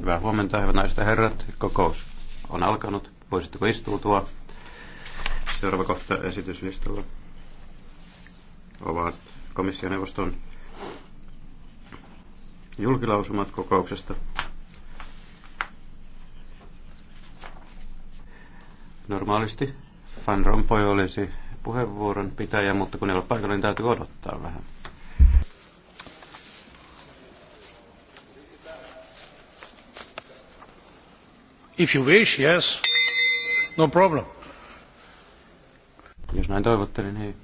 Hyvää huomenta, hyvät naiset ja herrat. Kokous on alkanut. Voisitteko istuutua? Seuraava kohta esityslistalla ovat komissioneuvoston julkilausumat kokouksesta. Normaalisti Van Rompuy olisi puheenvuoron pitäjä, mutta kun ei ole paikalla, niin täytyy odottaa vähän. No Jos näin toivotte, niin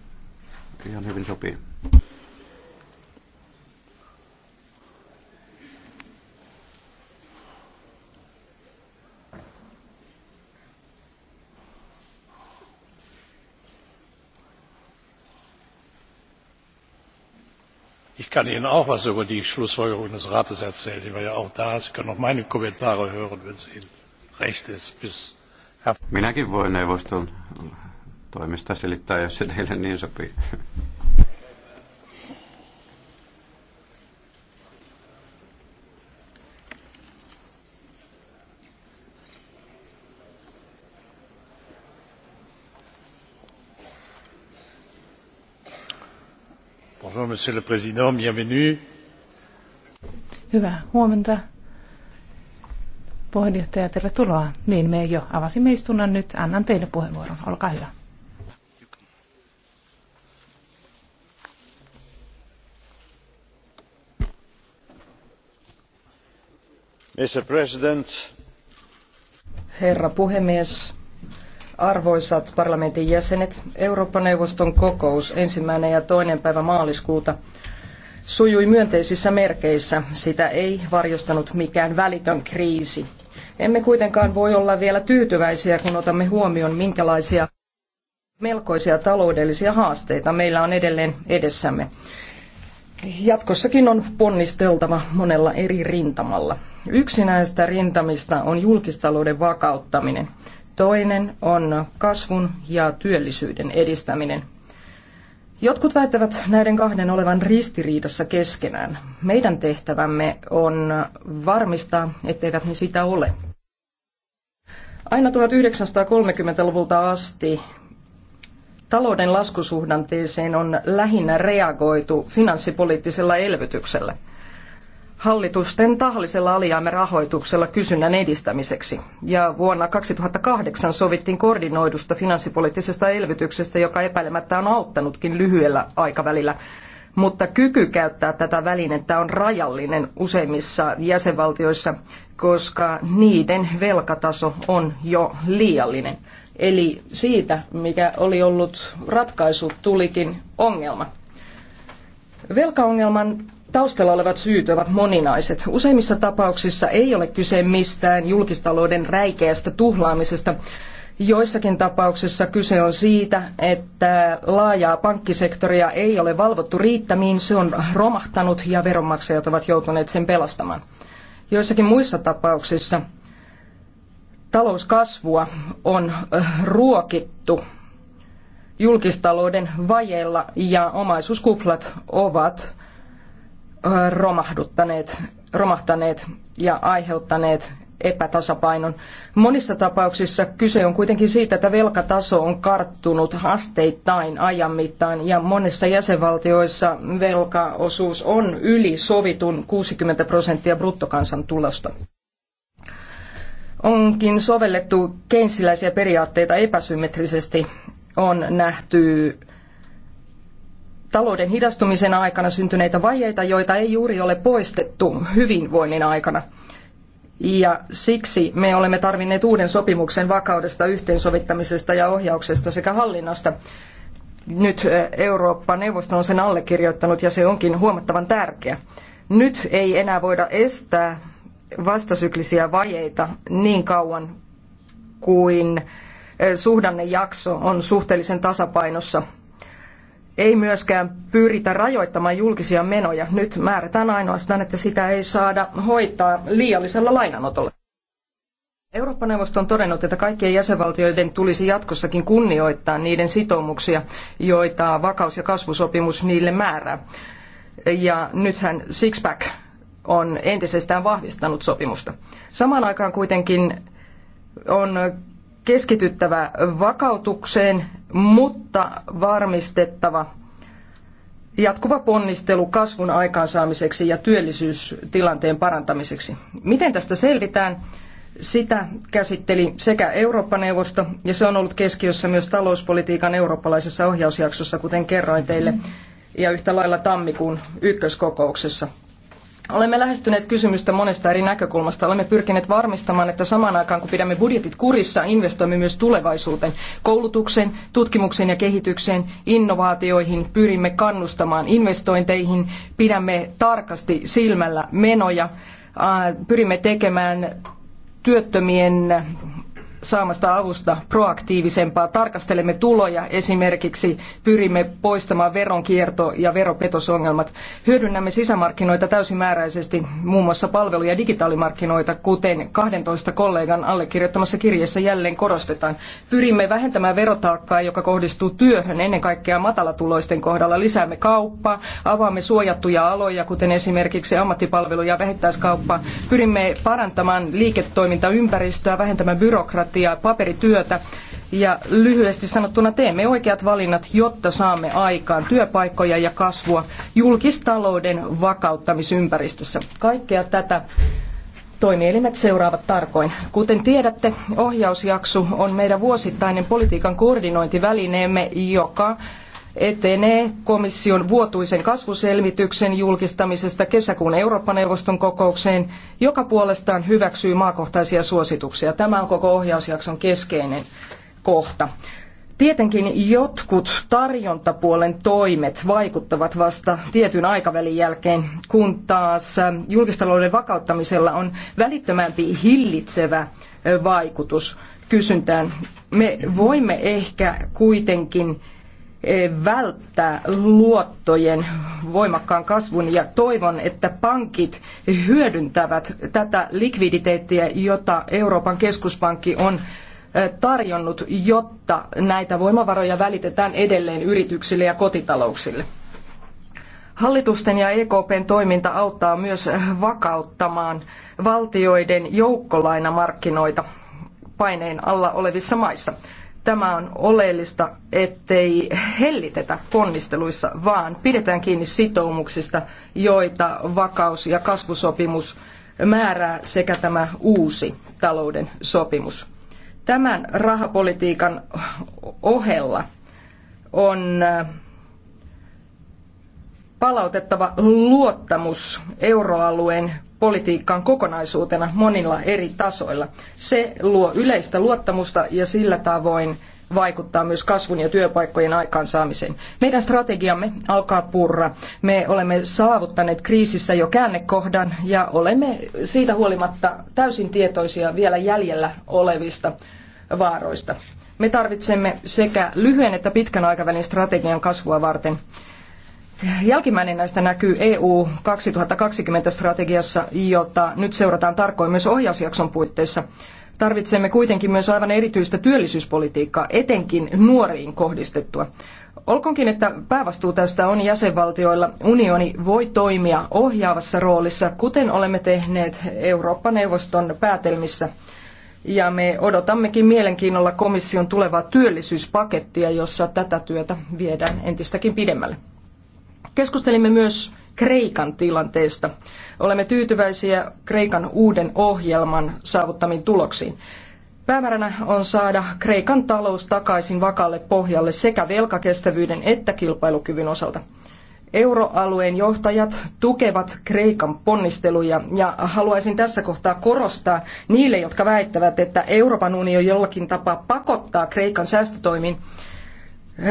ihan hyvin sopii. Ich kann Ihnen auch was über die Schlussfolgerung des Rates erzählen. Ich war ja auch da. Sie können auch meine Kommentare hören, wenn Sie ihn. Minäkin voin neuvoston toimista selittää, jos se teille niin sopii. Bonjour, Monsieur le Président, bienvenue. Hyvää huomenta, Puheenjohtaja, tervetuloa. Niin, me jo avasimme istunnan nyt. Annan teille puheenvuoron. Olkaa hyvä. Mr. President. Herra puhemies, arvoisat parlamentin jäsenet, Eurooppa-neuvoston kokous ensimmäinen ja toinen päivä maaliskuuta sujui myönteisissä merkeissä. Sitä ei varjostanut mikään välitön kriisi. Emme kuitenkaan voi olla vielä tyytyväisiä, kun otamme huomioon, minkälaisia melkoisia taloudellisia haasteita meillä on edelleen edessämme. Jatkossakin on ponnisteltava monella eri rintamalla. Yksi näistä rintamista on julkistalouden vakauttaminen. Toinen on kasvun ja työllisyyden edistäminen. Jotkut väittävät näiden kahden olevan ristiriidassa keskenään. Meidän tehtävämme on varmistaa, etteivät ne sitä ole. Aina 1930-luvulta asti talouden laskusuhdanteeseen on lähinnä reagoitu finanssipoliittisella elvytyksellä – hallitusten tahallisella alijäämärahoituksella kysynnän edistämiseksi. Ja vuonna 2008 sovittiin koordinoidusta finanssipoliittisesta elvytyksestä, joka epäilemättä on auttanutkin lyhyellä aikavälillä mutta kyky käyttää tätä välinettä on rajallinen useimmissa jäsenvaltioissa, koska niiden velkataso on jo liiallinen. Eli siitä, mikä oli ollut ratkaisu, tulikin ongelma. Velkaongelman Taustalla olevat syyt ovat moninaiset. Useimmissa tapauksissa ei ole kyse mistään julkistalouden räikeästä tuhlaamisesta. Joissakin tapauksissa kyse on siitä, että laajaa pankkisektoria ei ole valvottu riittämiin, se on romahtanut ja veronmaksajat ovat joutuneet sen pelastamaan. Joissakin muissa tapauksissa talouskasvua on äh, ruokittu julkistalouden vajeella ja omaisuuskuplat ovat romahduttaneet, romahtaneet ja aiheuttaneet epätasapainon. Monissa tapauksissa kyse on kuitenkin siitä, että velkataso on karttunut asteittain ajan mittaan ja monissa jäsenvaltioissa velkaosuus on yli sovitun 60 prosenttia bruttokansantulosta. Onkin sovellettu keinsiläisiä periaatteita epäsymmetrisesti. On nähty talouden hidastumisen aikana syntyneitä vajeita, joita ei juuri ole poistettu hyvinvoinnin aikana. Ja siksi me olemme tarvinneet uuden sopimuksen vakaudesta, yhteensovittamisesta ja ohjauksesta sekä hallinnasta. Nyt Eurooppa-neuvosto on sen allekirjoittanut ja se onkin huomattavan tärkeä. Nyt ei enää voida estää vastasyklisiä vajeita niin kauan kuin suhdannejakso on suhteellisen tasapainossa – ei myöskään pyritä rajoittamaan julkisia menoja. Nyt määrätään ainoastaan, että sitä ei saada hoitaa liiallisella lainanotolla. Eurooppa-neuvosto on todennut, että kaikkien jäsenvaltioiden tulisi jatkossakin kunnioittaa niiden sitoumuksia, joita vakaus- ja kasvusopimus niille määrää. Ja nythän Sixpack on entisestään vahvistanut sopimusta. Samaan aikaan kuitenkin on keskityttävä vakautukseen, mutta varmistettava jatkuva ponnistelu kasvun aikaansaamiseksi ja työllisyystilanteen parantamiseksi. Miten tästä selvitään? Sitä käsitteli sekä Eurooppa-neuvosto, ja se on ollut keskiössä myös talouspolitiikan eurooppalaisessa ohjausjaksossa, kuten kerroin teille, ja yhtä lailla tammikuun ykköskokouksessa. Olemme lähestyneet kysymystä monesta eri näkökulmasta. Olemme pyrkineet varmistamaan, että samaan aikaan kun pidämme budjetit kurissa, investoimme myös tulevaisuuteen. Koulutukseen, tutkimukseen ja kehitykseen, innovaatioihin, pyrimme kannustamaan investointeihin, pidämme tarkasti silmällä menoja, pyrimme tekemään työttömien saamasta avusta proaktiivisempaa. Tarkastelemme tuloja, esimerkiksi pyrimme poistamaan veronkierto- ja veropetosongelmat. Hyödynnämme sisämarkkinoita täysimääräisesti, muun muassa palvelu- ja digitaalimarkkinoita, kuten 12 kollegan allekirjoittamassa kirjassa jälleen korostetaan. Pyrimme vähentämään verotaakkaa, joka kohdistuu työhön ennen kaikkea matalatuloisten kohdalla. Lisäämme kauppaa, avaamme suojattuja aloja, kuten esimerkiksi ammattipalvelu ja vähittäiskauppa. Pyrimme parantamaan liiketoimintaympäristöä, vähentämään byrokratiaa tuntia paperityötä ja lyhyesti sanottuna teemme oikeat valinnat, jotta saamme aikaan työpaikkoja ja kasvua julkistalouden vakauttamisympäristössä. Kaikkea tätä Toimielimet seuraavat tarkoin. Kuten tiedätte, ohjausjakso on meidän vuosittainen politiikan koordinointivälineemme, joka etenee komission vuotuisen kasvuselvityksen julkistamisesta kesäkuun Eurooppa-neuvoston kokoukseen, joka puolestaan hyväksyy maakohtaisia suosituksia. Tämä on koko ohjausjakson keskeinen kohta. Tietenkin jotkut tarjontapuolen toimet vaikuttavat vasta tietyn aikavälin jälkeen, kun taas julkistalouden vakauttamisella on välittömämpi hillitsevä vaikutus kysyntään. Me voimme ehkä kuitenkin välttää luottojen voimakkaan kasvun ja toivon, että pankit hyödyntävät tätä likviditeettiä, jota Euroopan keskuspankki on tarjonnut, jotta näitä voimavaroja välitetään edelleen yrityksille ja kotitalouksille. Hallitusten ja EKPn toiminta auttaa myös vakauttamaan valtioiden joukkolainamarkkinoita paineen alla olevissa maissa. Tämä on oleellista, ettei hellitetä ponnisteluissa, vaan pidetään kiinni sitoumuksista, joita vakaus- ja kasvusopimus määrää sekä tämä uusi talouden sopimus. Tämän rahapolitiikan ohella on äh, palautettava luottamus euroalueen politiikkaan kokonaisuutena monilla eri tasoilla. Se luo yleistä luottamusta ja sillä tavoin vaikuttaa myös kasvun ja työpaikkojen aikaansaamiseen. Meidän strategiamme alkaa purra. Me olemme saavuttaneet kriisissä jo käännekohdan ja olemme siitä huolimatta täysin tietoisia vielä jäljellä olevista vaaroista. Me tarvitsemme sekä lyhyen että pitkän aikavälin strategian kasvua varten. Jälkimmäinen näistä näkyy EU 2020-strategiassa, jota nyt seurataan tarkoin myös ohjausjakson puitteissa. Tarvitsemme kuitenkin myös aivan erityistä työllisyyspolitiikkaa, etenkin nuoriin kohdistettua. Olkoonkin, että päävastuu tästä on jäsenvaltioilla, unioni voi toimia ohjaavassa roolissa, kuten olemme tehneet Eurooppa-neuvoston päätelmissä. Ja me odotammekin mielenkiinnolla komission tulevaa työllisyyspakettia, jossa tätä työtä viedään entistäkin pidemmälle. Keskustelimme myös Kreikan tilanteesta. Olemme tyytyväisiä Kreikan uuden ohjelman saavuttamiin tuloksiin. Päämääränä on saada Kreikan talous takaisin vakaalle pohjalle sekä velkakestävyyden että kilpailukyvyn osalta. Euroalueen johtajat tukevat Kreikan ponnisteluja ja haluaisin tässä kohtaa korostaa niille, jotka väittävät, että Euroopan unioni jollakin tapaa pakottaa Kreikan säästötoimiin,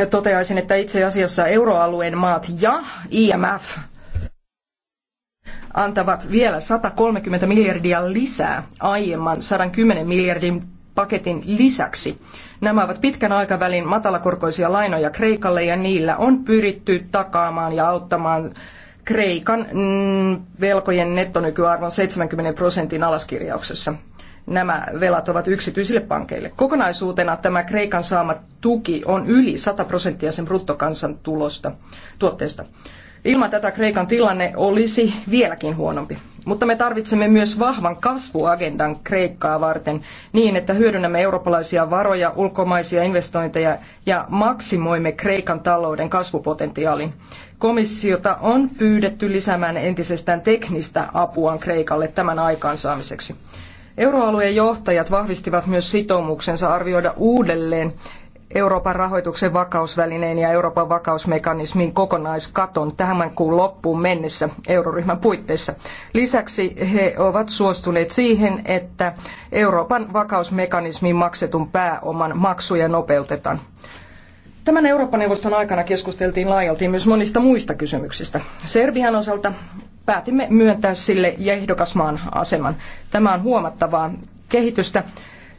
toteaisin, että itse asiassa euroalueen maat ja IMF antavat vielä 130 miljardia lisää aiemman 110 miljardin paketin lisäksi. Nämä ovat pitkän aikavälin matalakorkoisia lainoja Kreikalle ja niillä on pyritty takaamaan ja auttamaan Kreikan mm, velkojen nettonykyarvon 70 prosentin alaskirjauksessa nämä velat ovat yksityisille pankeille. Kokonaisuutena tämä Kreikan saama tuki on yli 100 prosenttia sen bruttokansantulosta tuotteesta. Ilman tätä Kreikan tilanne olisi vieläkin huonompi. Mutta me tarvitsemme myös vahvan kasvuagendan Kreikkaa varten niin, että hyödynnämme eurooppalaisia varoja, ulkomaisia investointeja ja maksimoimme Kreikan talouden kasvupotentiaalin. Komissiota on pyydetty lisäämään entisestään teknistä apuaan Kreikalle tämän aikaansaamiseksi. Euroalueen johtajat vahvistivat myös sitoumuksensa arvioida uudelleen Euroopan rahoituksen vakausvälineen ja Euroopan vakausmekanismin kokonaiskaton tämän kuun loppuun mennessä euroryhmän puitteissa. Lisäksi he ovat suostuneet siihen, että Euroopan vakausmekanismiin maksetun pääoman maksuja nopeutetaan. Tämän Eurooppa-neuvoston aikana keskusteltiin laajalti myös monista muista kysymyksistä. Serbian osalta päätimme myöntää sille ehdokasmaan aseman. Tämä on huomattavaa kehitystä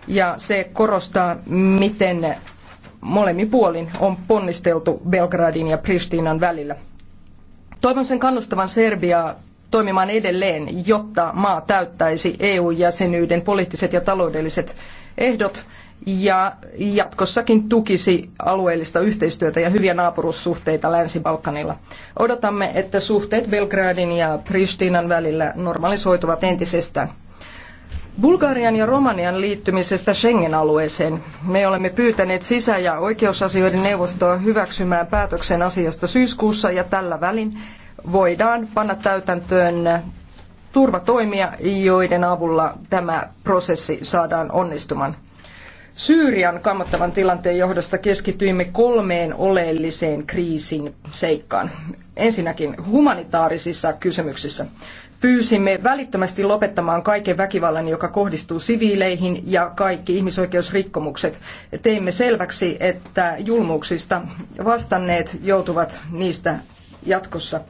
ja se korostaa, miten molemmin puolin on ponnisteltu Belgradin ja Pristinan välillä. Toivon sen kannustavan Serbiaa toimimaan edelleen, jotta maa täyttäisi EU-jäsenyyden poliittiset ja taloudelliset ehdot – ja jatkossakin tukisi alueellista yhteistyötä ja hyviä naapuruussuhteita Länsi-Balkanilla. Odotamme, että suhteet Belgradin ja Pristinan välillä normalisoituvat entisestään. Bulgarian ja Romanian liittymisestä Schengen-alueeseen. Me olemme pyytäneet sisä- ja oikeusasioiden neuvostoa hyväksymään päätöksen asiasta syyskuussa ja tällä välin voidaan panna täytäntöön turvatoimia, joiden avulla tämä prosessi saadaan onnistumaan. Syyrian kammottavan tilanteen johdosta keskityimme kolmeen oleelliseen kriisin seikkaan. Ensinnäkin humanitaarisissa kysymyksissä. Pyysimme välittömästi lopettamaan kaiken väkivallan, joka kohdistuu siviileihin ja kaikki ihmisoikeusrikkomukset. Teimme selväksi, että julmuuksista vastanneet joutuvat niistä jatkossa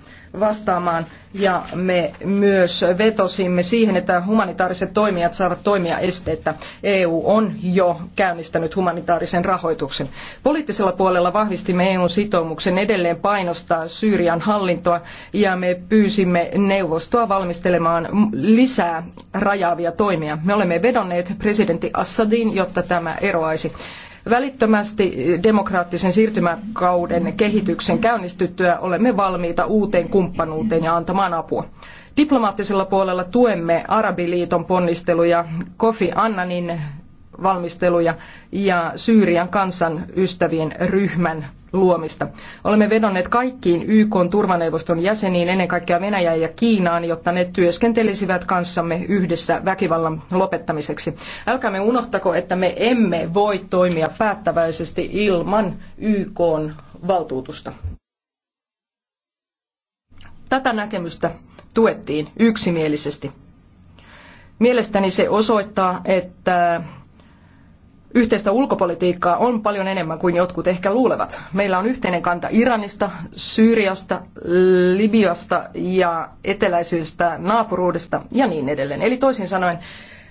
vastaamaan ja me myös vetosimme siihen, että humanitaariset toimijat saavat toimia esteettä. EU on jo käynnistänyt humanitaarisen rahoituksen. Poliittisella puolella vahvistimme EUn sitoumuksen edelleen painostaa Syyrian hallintoa ja me pyysimme neuvostoa valmistelemaan lisää rajaavia toimia. Me olemme vedonneet presidentti Assadin, jotta tämä eroaisi. Välittömästi demokraattisen siirtymäkauden kehityksen käynnistyttyä olemme valmiita uuteen kumppanuuteen ja antamaan apua. Diplomaattisella puolella tuemme Arabiliiton ponnisteluja, Kofi Annanin valmisteluja ja Syyrian kansan ystävien ryhmän luomista. Olemme vedonneet kaikkiin YK turvaneuvoston jäseniin, ennen kaikkea Venäjään ja Kiinaan, jotta ne työskentelisivät kanssamme yhdessä väkivallan lopettamiseksi. Älkäämme unohtako, että me emme voi toimia päättäväisesti ilman YK valtuutusta. Tätä näkemystä tuettiin yksimielisesti. Mielestäni se osoittaa, että Yhteistä ulkopolitiikkaa on paljon enemmän kuin jotkut ehkä luulevat. Meillä on yhteinen kanta Iranista, Syyriasta, Libiasta ja eteläisyydestä naapuruudesta ja niin edelleen. Eli toisin sanoen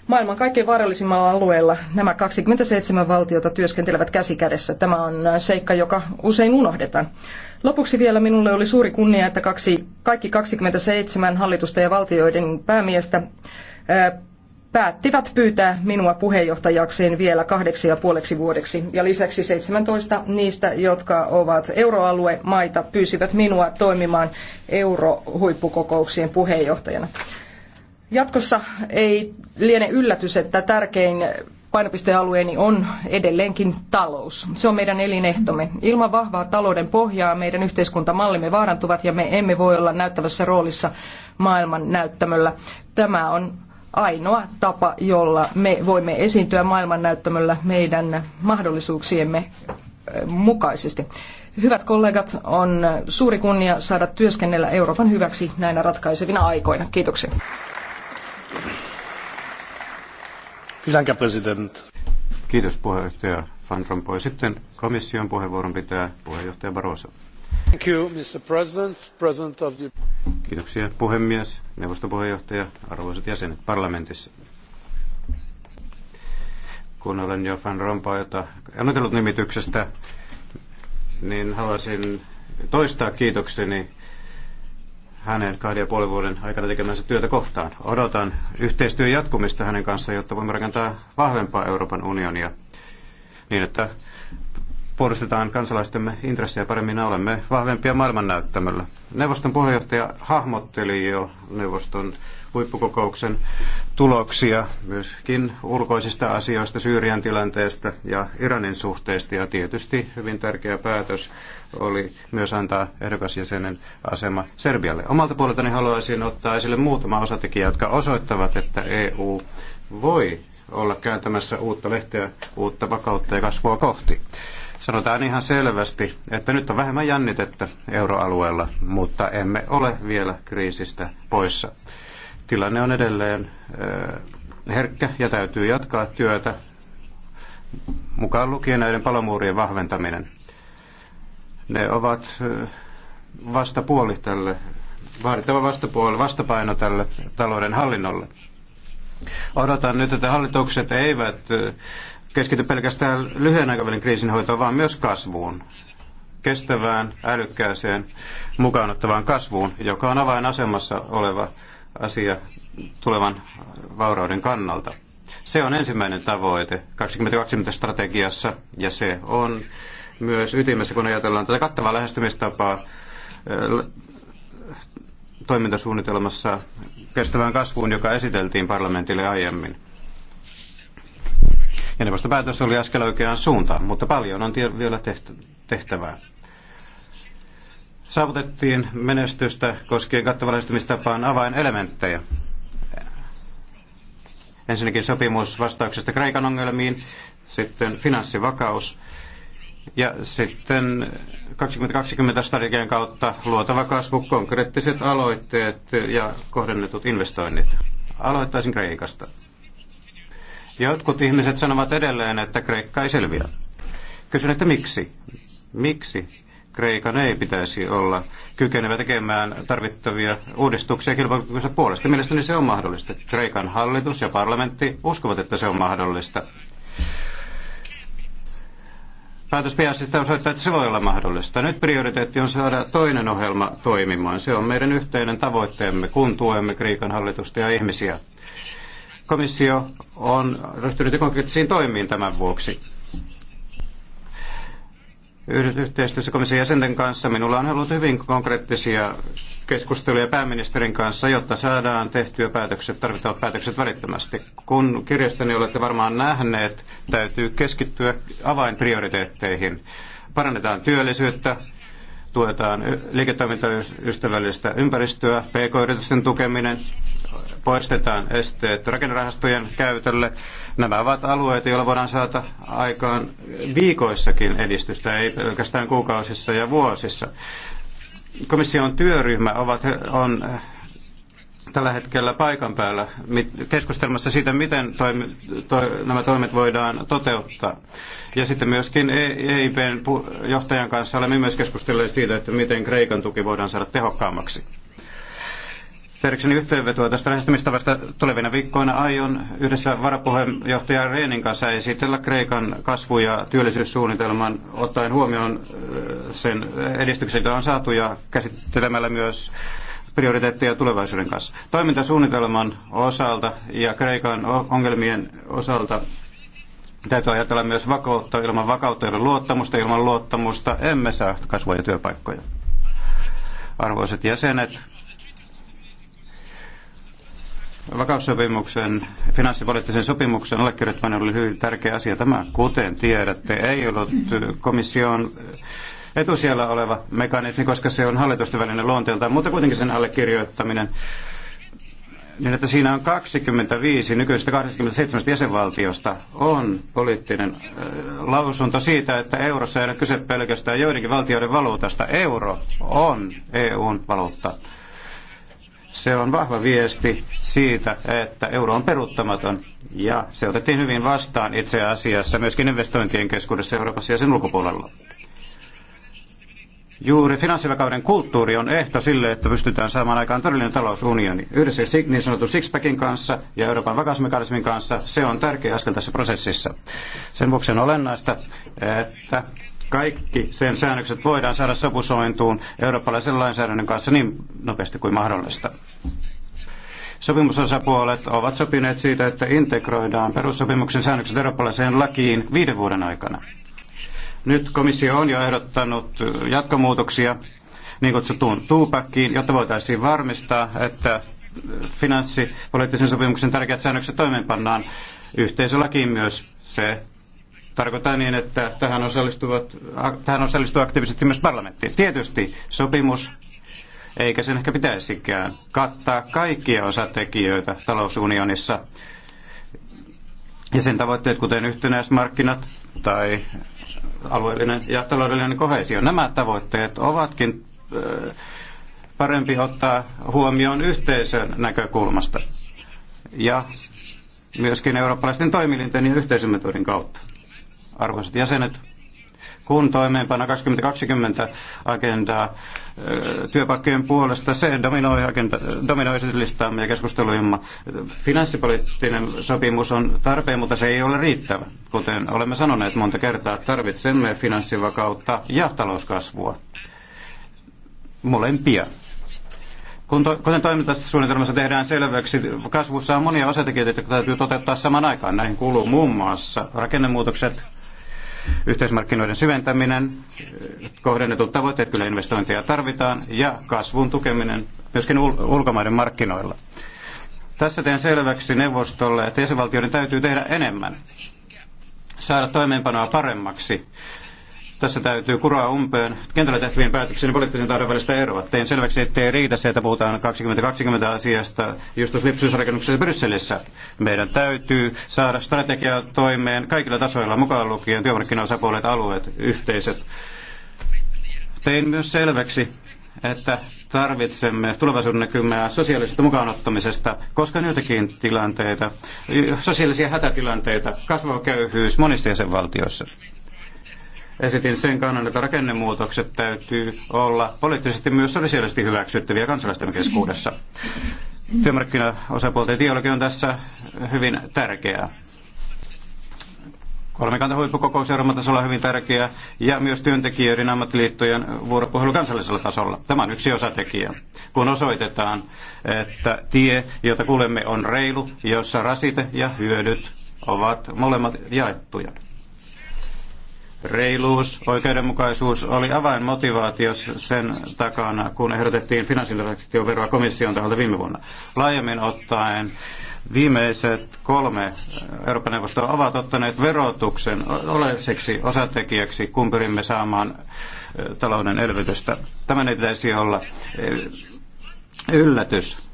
maailman kaikkein vaarallisimmalla alueella nämä 27 valtiota työskentelevät käsi kädessä. Tämä on seikka, joka usein unohdetaan. Lopuksi vielä minulle oli suuri kunnia, että kaksi, kaikki 27 hallitusta ja valtioiden päämiestä päättivät pyytää minua puheenjohtajakseen vielä kahdeksi ja puoleksi vuodeksi. Ja lisäksi 17 niistä, jotka ovat euroaluemaita, pyysivät minua toimimaan eurohuippukokouksien puheenjohtajana. Jatkossa ei liene yllätys, että tärkein painopistealueeni on edelleenkin talous. Se on meidän elinehtomme. Ilman vahvaa talouden pohjaa meidän yhteiskuntamallimme vaarantuvat ja me emme voi olla näyttävässä roolissa maailman näyttämöllä. Tämä on ainoa tapa, jolla me voimme esiintyä maailmannäyttämöllä meidän mahdollisuuksiemme mukaisesti. Hyvät kollegat, on suuri kunnia saada työskennellä Euroopan hyväksi näinä ratkaisevina aikoina. Kiitoksia. Kiitos puheenjohtaja Van Rompuy. Sitten komission puheenvuoron pitää puheenjohtaja Barroso. Thank Kiitoksia puhemies, neuvoston puheenjohtaja, arvoisat jäsenet parlamentissa. Kun olen jo Van Rompuyta otellut nimityksestä, niin haluaisin toistaa kiitokseni hänen kahden ja puolen vuoden aikana tekemänsä työtä kohtaan. Odotan yhteistyön jatkumista hänen kanssaan, jotta voimme rakentaa vahvempaa Euroopan unionia niin, että puolustetaan kansalaistemme intressejä paremmin ja olemme vahvempia maailmannäyttämällä. Neuvoston puheenjohtaja hahmotteli jo neuvoston huippukokouksen tuloksia myöskin ulkoisista asioista, Syyrian tilanteesta ja Iranin suhteista Ja tietysti hyvin tärkeä päätös oli myös antaa ehdokasjäsenen asema Serbialle. Omalta puoleltani haluaisin ottaa esille muutama osatekijä, jotka osoittavat, että EU voi olla kääntämässä uutta lehteä, uutta vakautta ja kasvua kohti. Sanotaan ihan selvästi, että nyt on vähemmän jännitettä euroalueella, mutta emme ole vielä kriisistä poissa. Tilanne on edelleen äh, herkkä ja täytyy jatkaa työtä, mukaan lukien näiden palomuurien vahventaminen. Ne ovat äh, vastapuoli tälle, vaadittava vastapuoli, vastapaino tälle talouden hallinnolle. Odotan nyt, että hallitukset eivät äh, keskity pelkästään lyhyen aikavälin kriisinhoitoon, vaan myös kasvuun kestävään, älykkääseen, mukaanottavaan kasvuun, joka on avainasemassa oleva asia tulevan vaurauden kannalta. Se on ensimmäinen tavoite 2020-strategiassa ja se on myös ytimessä, kun ajatellaan tätä kattavaa lähestymistapaa äh, toimintasuunnitelmassa kestävään kasvuun, joka esiteltiin parlamentille aiemmin. Ja neuvoston päätös oli askel oikeaan suuntaan, mutta paljon on vielä tehtävää. Saavutettiin menestystä koskien kattavallistumistapaan avainelementtejä. Ensinnäkin sopimus vastauksesta Kreikan ongelmiin, sitten finanssivakaus ja sitten 2020 strategian kautta luotava kasvu, konkreettiset aloitteet ja kohdennetut investoinnit. Aloittaisin Kreikasta. Jotkut ihmiset sanovat edelleen, että Kreikka ei selviä. Kysyn, että miksi? Miksi Kreikan ei pitäisi olla kykenevä tekemään tarvittavia uudistuksia kilpailukykynsä puolesta? Mielestäni se on mahdollista. Kreikan hallitus ja parlamentti uskovat, että se on mahdollista. Päätös PSistä osoittaa, että se voi olla mahdollista. Nyt prioriteetti on saada toinen ohjelma toimimaan. Se on meidän yhteinen tavoitteemme, kun tuemme Kreikan hallitusta ja ihmisiä. Komissio on ryhtynyt konkreettisiin toimiin tämän vuoksi. Yhteistyössä komission jäsenten kanssa minulla on ollut hyvin konkreettisia keskusteluja pääministerin kanssa, jotta saadaan tehtyä päätökset, tarvittavat päätökset välittömästi. Kun kirjastani olette varmaan nähneet, täytyy keskittyä avainprioriteetteihin. Parannetaan työllisyyttä, tuetaan liiketoimintaystävällistä ympäristöä, pk-yritysten tukeminen, poistetaan esteet rakennerahastojen käytölle. Nämä ovat alueita, joilla voidaan saada aikaan viikoissakin edistystä, ei pelkästään kuukausissa ja vuosissa. Komission työryhmä ovat, on tällä hetkellä paikan päällä keskustelmassa siitä, miten toimi, to, nämä toimet voidaan toteuttaa. Ja sitten myöskin EIPn e johtajan kanssa olemme myös keskustelleet siitä, että miten Kreikan tuki voidaan saada tehokkaammaksi. Teriksen yhteenvetoa tästä lähestymistavasta tulevina viikkoina aion yhdessä varapuheenjohtaja Reenin kanssa esitellä Kreikan kasvu- ja työllisyyssuunnitelman ottaen huomioon sen edistyksen, jota on saatu ja käsittelemällä myös prioriteetteja tulevaisuuden kanssa. Toimintasuunnitelman osalta ja Kreikan ongelmien osalta täytyy ajatella myös vakautta. Ilman vakautta ei luottamusta, ilman luottamusta emme saa kasvua ja työpaikkoja. Arvoisat jäsenet, vakaussopimuksen, finanssipoliittisen sopimuksen allekirjoittaminen oli hyvin tärkeä asia. Tämä, kuten tiedätte, ei ollut komission etusijalla oleva mekanismi, koska se on hallitusten välinen luonteelta, mutta kuitenkin sen allekirjoittaminen niin että siinä on 25 nykyisestä 27 jäsenvaltiosta on poliittinen lausunto siitä, että eurossa ei ole kyse pelkästään joidenkin valtioiden valuutasta. Euro on EUn valuutta. Se on vahva viesti siitä, että euro on peruuttamaton ja se otettiin hyvin vastaan itse asiassa myöskin investointien keskuudessa Euroopassa ja sen ulkopuolella. Juuri finanssivakauden kulttuuri on ehto sille, että pystytään saamaan aikaan todellinen talousunioni. Yhdessä niin sanotun Sixpackin kanssa ja Euroopan vakausmekanismin kanssa se on tärkeä askel tässä prosessissa. Sen vuoksi on olennaista, että kaikki sen säännökset voidaan saada sopusointuun eurooppalaisen lainsäädännön kanssa niin nopeasti kuin mahdollista. Sopimusosapuolet ovat sopineet siitä, että integroidaan perussopimuksen säännökset eurooppalaiseen lakiin viiden vuoden aikana. Nyt komissio on jo ehdottanut jatkomuutoksia niin kutsutuun tuupakkiin, jotta voitaisiin varmistaa, että finanssipoliittisen sopimuksen tärkeät säännökset toimeenpannaan yhteisölakiin myös. Se tarkoittaa niin, että tähän, osallistuvat, tähän osallistuu aktiivisesti myös parlamentti. Tietysti sopimus, eikä sen ehkä pitäisikään, kattaa kaikkia osatekijöitä talousunionissa ja sen tavoitteet, kuten yhtenäismarkkinat tai alueellinen ja taloudellinen kohesio. Nämä tavoitteet ovatkin äh, parempi ottaa huomioon yhteisön näkökulmasta ja myöskin eurooppalaisten toimilinten ja yhteisömetodin kautta. Arvoisat jäsenet, kun toimeenpana 2020 agendaa työpaikkojen puolesta. Se dominoi, agenda, dominoi esityslistaamme ja keskusteluimme. Finanssipoliittinen sopimus on tarpeen, mutta se ei ole riittävä. Kuten olemme sanoneet monta kertaa, tarvitsemme finanssivakautta ja talouskasvua. Molempia. Kun to, kuten toimintasuunnitelmassa tehdään selväksi, kasvussa on monia osatekijöitä, jotka täytyy toteuttaa saman aikaan. Näihin kuuluu muun muassa rakennemuutokset, Yhteismarkkinoiden syventäminen, kohdennetut tavoitteet, kyllä investointeja tarvitaan, ja kasvun tukeminen myöskin ul- ulkomaiden markkinoilla. Tässä teen selväksi neuvostolle, että jäsenvaltioiden täytyy tehdä enemmän saada toimeenpanoa paremmaksi tässä täytyy kuraa umpeen kentällä tehtävien päätöksien ja poliittisen tahdon välistä eroa. Tein selväksi, ettei riitä se, että puhutaan 2020 asiasta just lipsyysrakennuksessa Brysselissä. Meidän täytyy saada strategiaa toimeen kaikilla tasoilla, mukaan lukien työmarkkinaosapuolet, alueet, yhteiset. Tein myös selväksi, että tarvitsemme tulevaisuuden näkymää sosiaalisesta mukaanottamisesta, koska on joitakin tilanteita, sosiaalisia hätätilanteita, kasvava köyhyys monissa jäsenvaltioissa esitin sen kannan, että rakennemuutokset täytyy olla poliittisesti myös sosiaalisesti hyväksyttäviä kansalaisten keskuudessa. Työmarkkinaosapuolten ideologia on tässä hyvin tärkeää. huippukokous Euroopan tasolla on hyvin tärkeä ja myös työntekijöiden ammattiliittojen vuoropuhelu kansallisella tasolla. Tämä on yksi osatekijä, kun osoitetaan, että tie, jota kuulemme, on reilu, jossa rasite ja hyödyt ovat molemmat jaettuja. Reiluus, oikeudenmukaisuus oli avainmotivaatio sen takana, kun ehdotettiin finanssitransaktioveroa komission taholta viime vuonna. Laajemmin ottaen viimeiset kolme Euroopan neuvostoa ovat ottaneet verotuksen oleelliseksi osatekijäksi, kun pyrimme saamaan talouden elvytystä. Tämän ei pitäisi olla yllätys.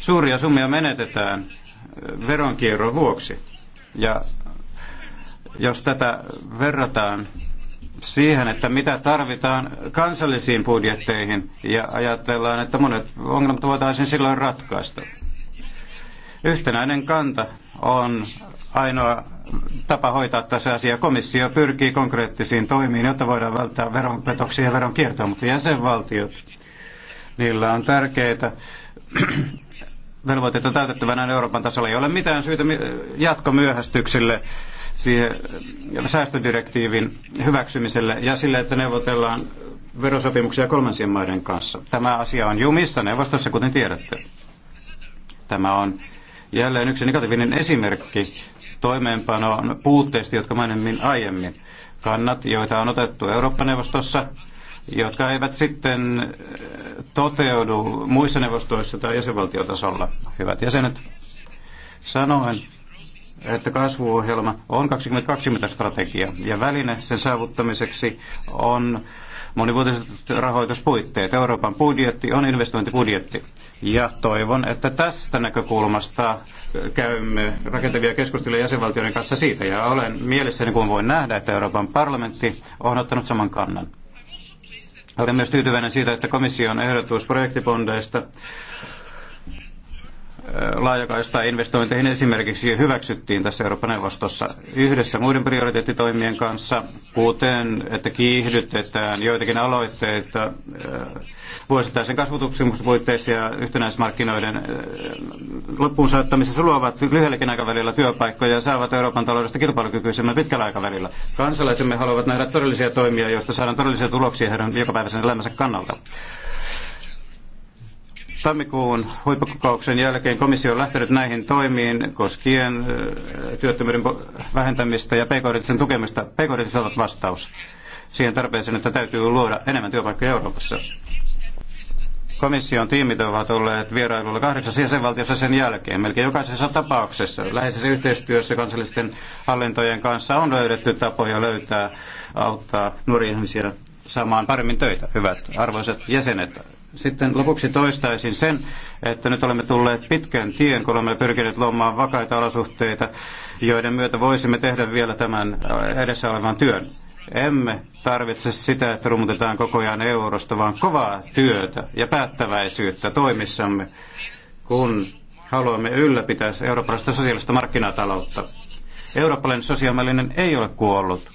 Suuria summia menetetään veronkierron vuoksi. Ja jos tätä verrataan siihen, että mitä tarvitaan kansallisiin budjetteihin ja ajatellaan, että monet ongelmat voitaisiin silloin ratkaista. Yhtenäinen kanta on ainoa tapa hoitaa tässä asia. Komissio pyrkii konkreettisiin toimiin, jotta voidaan välttää veronpetoksia ja veronkiertoa, mutta jäsenvaltiot, niillä on tärkeitä velvoitteita täytettävänä Euroopan tasolla. Ei ole mitään syytä jatkomyöhästyksille siihen säästödirektiivin hyväksymiselle ja sille, että neuvotellaan verosopimuksia kolmansien maiden kanssa. Tämä asia on jumissa neuvostossa, kuten tiedätte. Tämä on jälleen yksi negatiivinen esimerkki toimeenpanon puutteista, jotka mainitsin aiemmin. Kannat, joita on otettu Eurooppa-neuvostossa, jotka eivät sitten eh, toteudu muissa neuvostoissa tai jäsenvaltiotasolla. Hyvät jäsenet, sanoen, että kasvuohjelma on 2020-strategia ja väline sen saavuttamiseksi on monivuotiset rahoituspuitteet. Euroopan budjetti on investointibudjetti ja toivon, että tästä näkökulmasta käymme rakentavia keskusteluja jäsenvaltioiden kanssa siitä ja olen mielessäni, kun voin nähdä, että Euroopan parlamentti on ottanut saman kannan. Olen myös tyytyväinen siitä, että komission ehdotus projektibondeista laajakaista investointeihin esimerkiksi hyväksyttiin tässä Euroopan neuvostossa yhdessä muiden prioriteettitoimien kanssa, kuten että kiihdytetään joitakin aloitteita äh, vuosittaisen kasvututkimuksen puitteissa ja yhtenäismarkkinoiden äh, loppuun saattamisessa luovat lyhyelläkin aikavälillä työpaikkoja ja saavat Euroopan taloudesta kilpailukykyisemmän pitkällä aikavälillä. Kansalaisemme haluavat nähdä todellisia toimia, joista saadaan todellisia tuloksia heidän jokapäiväisen elämänsä kannalta. Tammikuun huippukokouksen jälkeen komissio on lähtenyt näihin toimiin koskien työttömyyden vähentämistä ja pk tukemista. pk ovat vastaus siihen tarpeeseen, että täytyy luoda enemmän työpaikkoja Euroopassa. Komission tiimit ovat olleet vierailulla kahdeksassa jäsenvaltiossa sen jälkeen. Melkein jokaisessa tapauksessa läheisessä yhteistyössä kansallisten hallintojen kanssa on löydetty tapoja löytää auttaa nuoria ihmisiä saamaan paremmin töitä. Hyvät arvoisat jäsenet, sitten lopuksi toistaisin sen, että nyt olemme tulleet pitkän tien, kun olemme pyrkineet luomaan vakaita olosuhteita, joiden myötä voisimme tehdä vielä tämän edessä olevan työn. Emme tarvitse sitä, että rumutetaan koko ajan eurosta, vaan kovaa työtä ja päättäväisyyttä toimissamme, kun haluamme ylläpitää eurooppalaista sosiaalista markkinataloutta. Eurooppalainen sosiaalinen ei ole kuollut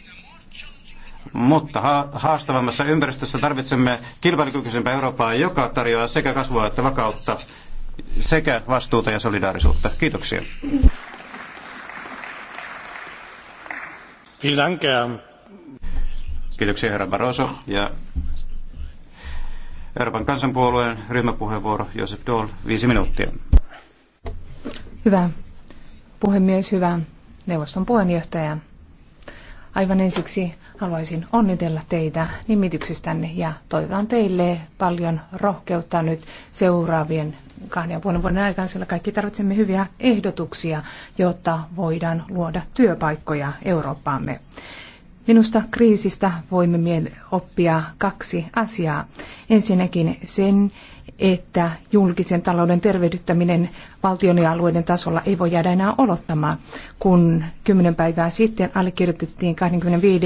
mutta haastavammassa ympäristössä tarvitsemme kilpailukykyisempää Eurooppaa, joka tarjoaa sekä kasvua että vakautta, sekä vastuuta ja solidaarisuutta. Kiitoksia. Kiitoksia herra Barroso ja Euroopan kansanpuolueen ryhmäpuheenvuoro Josep Daul, viisi minuuttia. Hyvä puhemies, hyvä neuvoston puheenjohtaja. Aivan ensiksi haluaisin onnitella teitä nimityksistänne ja toivotan teille paljon rohkeutta nyt seuraavien kahden ja puolen vuoden aikana, sillä kaikki tarvitsemme hyviä ehdotuksia, jotta voidaan luoda työpaikkoja Eurooppaamme. Minusta kriisistä voimme oppia kaksi asiaa. Ensinnäkin sen, että julkisen talouden tervehdyttäminen valtion ja alueiden tasolla ei voi jäädä enää odottamaan, kun kymmenen päivää sitten allekirjoitettiin 25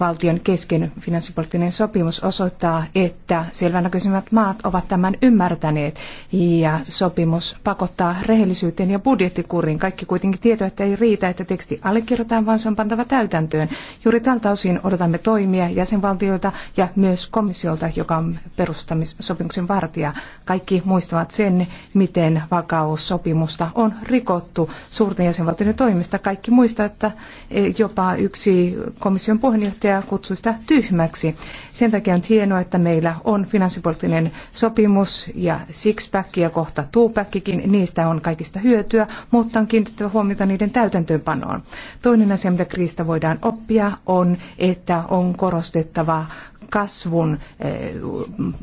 valtion kesken finanssipoliittinen sopimus osoittaa, että selvänäköisimmät maat ovat tämän ymmärtäneet ja sopimus pakottaa rehellisyyteen ja budjettikuriin. Kaikki kuitenkin tietävät, että ei riitä, että teksti allekirjoitetaan, vaan se on pantava täytäntöön. Juuri tältä osin odotamme toimia jäsenvaltioilta ja myös komissiolta, joka on perustamissopimuksen vartija. Kaikki muistavat sen, miten vakaus sopimusta on rikottu suurten jäsenvaltioiden toimista. Kaikki muista, että eh, jopa yksi komission puheenjohtaja kutsui sitä tyhmäksi. Sen takia on hienoa, että meillä on finanssipoliittinen sopimus ja sixpack ja kohta twopackikin. Niistä on kaikista hyötyä, mutta on kiinnitettävä huomiota niiden täytäntöönpanoon. Toinen asia, mitä kriisistä voidaan oppia, on, että on korostettava kasvun eh,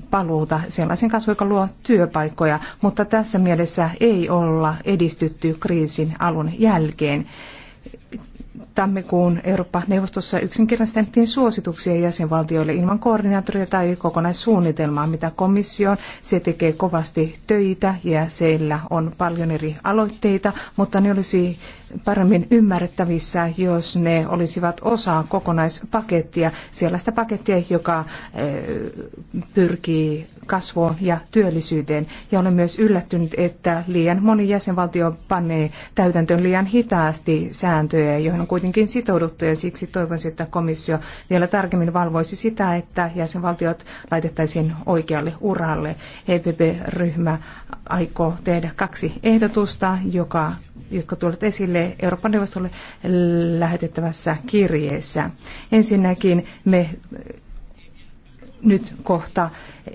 paluuta, sellaisen kasvun, joka luo työpaikkoja, mutta tässä mielessä ei olla edistytty kriisin alun jälkeen. Tammikuun Eurooppa-neuvostossa yksinkertaisesti annettiin suosituksia jäsenvaltioille ilman koordinaattoria tai kokonaissuunnitelmaa, mitä komissio Se tekee kovasti töitä ja siellä on paljon eri aloitteita, mutta ne olisi paremmin ymmärrettävissä, jos ne olisivat osa kokonaispakettia, sellaista pakettia, joka eh, pyrkii kasvuun ja työllisyyteen. Ja olen myös yllättynyt, että liian moni jäsenvaltio panee täytäntöön liian hitaasti sääntöjä, joihin on kuitenkin sitouduttu, ja siksi toivoisin, että komissio vielä tarkemmin valvoisi sitä, että jäsenvaltiot laitettaisiin oikealle uralle. EPP-ryhmä aikoo tehdä kaksi ehdotusta, joka jotka tulevat esille Euroopan neuvostolle lähetettävässä kirjeessä. Ensinnäkin me eh, nyt kohta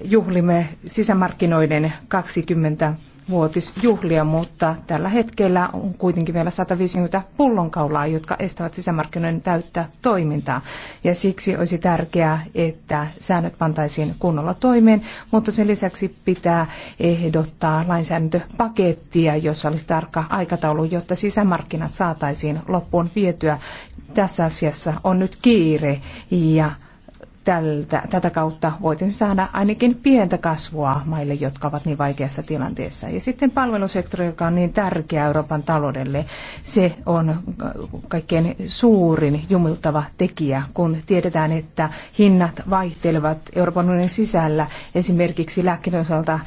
juhlimme sisämarkkinoiden 20 vuotisjuhlia, mutta tällä hetkellä on kuitenkin vielä 150 pullonkaulaa, jotka estävät sisämarkkinoiden täyttää toimintaa. Ja siksi olisi tärkeää, että säännöt pantaisiin kunnolla toimeen, mutta sen lisäksi pitää ehdottaa lainsäädäntöpakettia, jossa olisi tarkka aikataulu, jotta sisämarkkinat saataisiin loppuun vietyä. Tässä asiassa on nyt kiire ja tältä, tätä kautta voitaisiin saada ainakin pientä kasvua maille, jotka ovat niin vaikeassa tilanteessa. Ja sitten palvelusektori, joka on niin tärkeä Euroopan taloudelle, se on kaikkein suurin jumiltava tekijä, kun tiedetään, että hinnat vaihtelevat Euroopan unionin sisällä esimerkiksi lääkkeiden osalta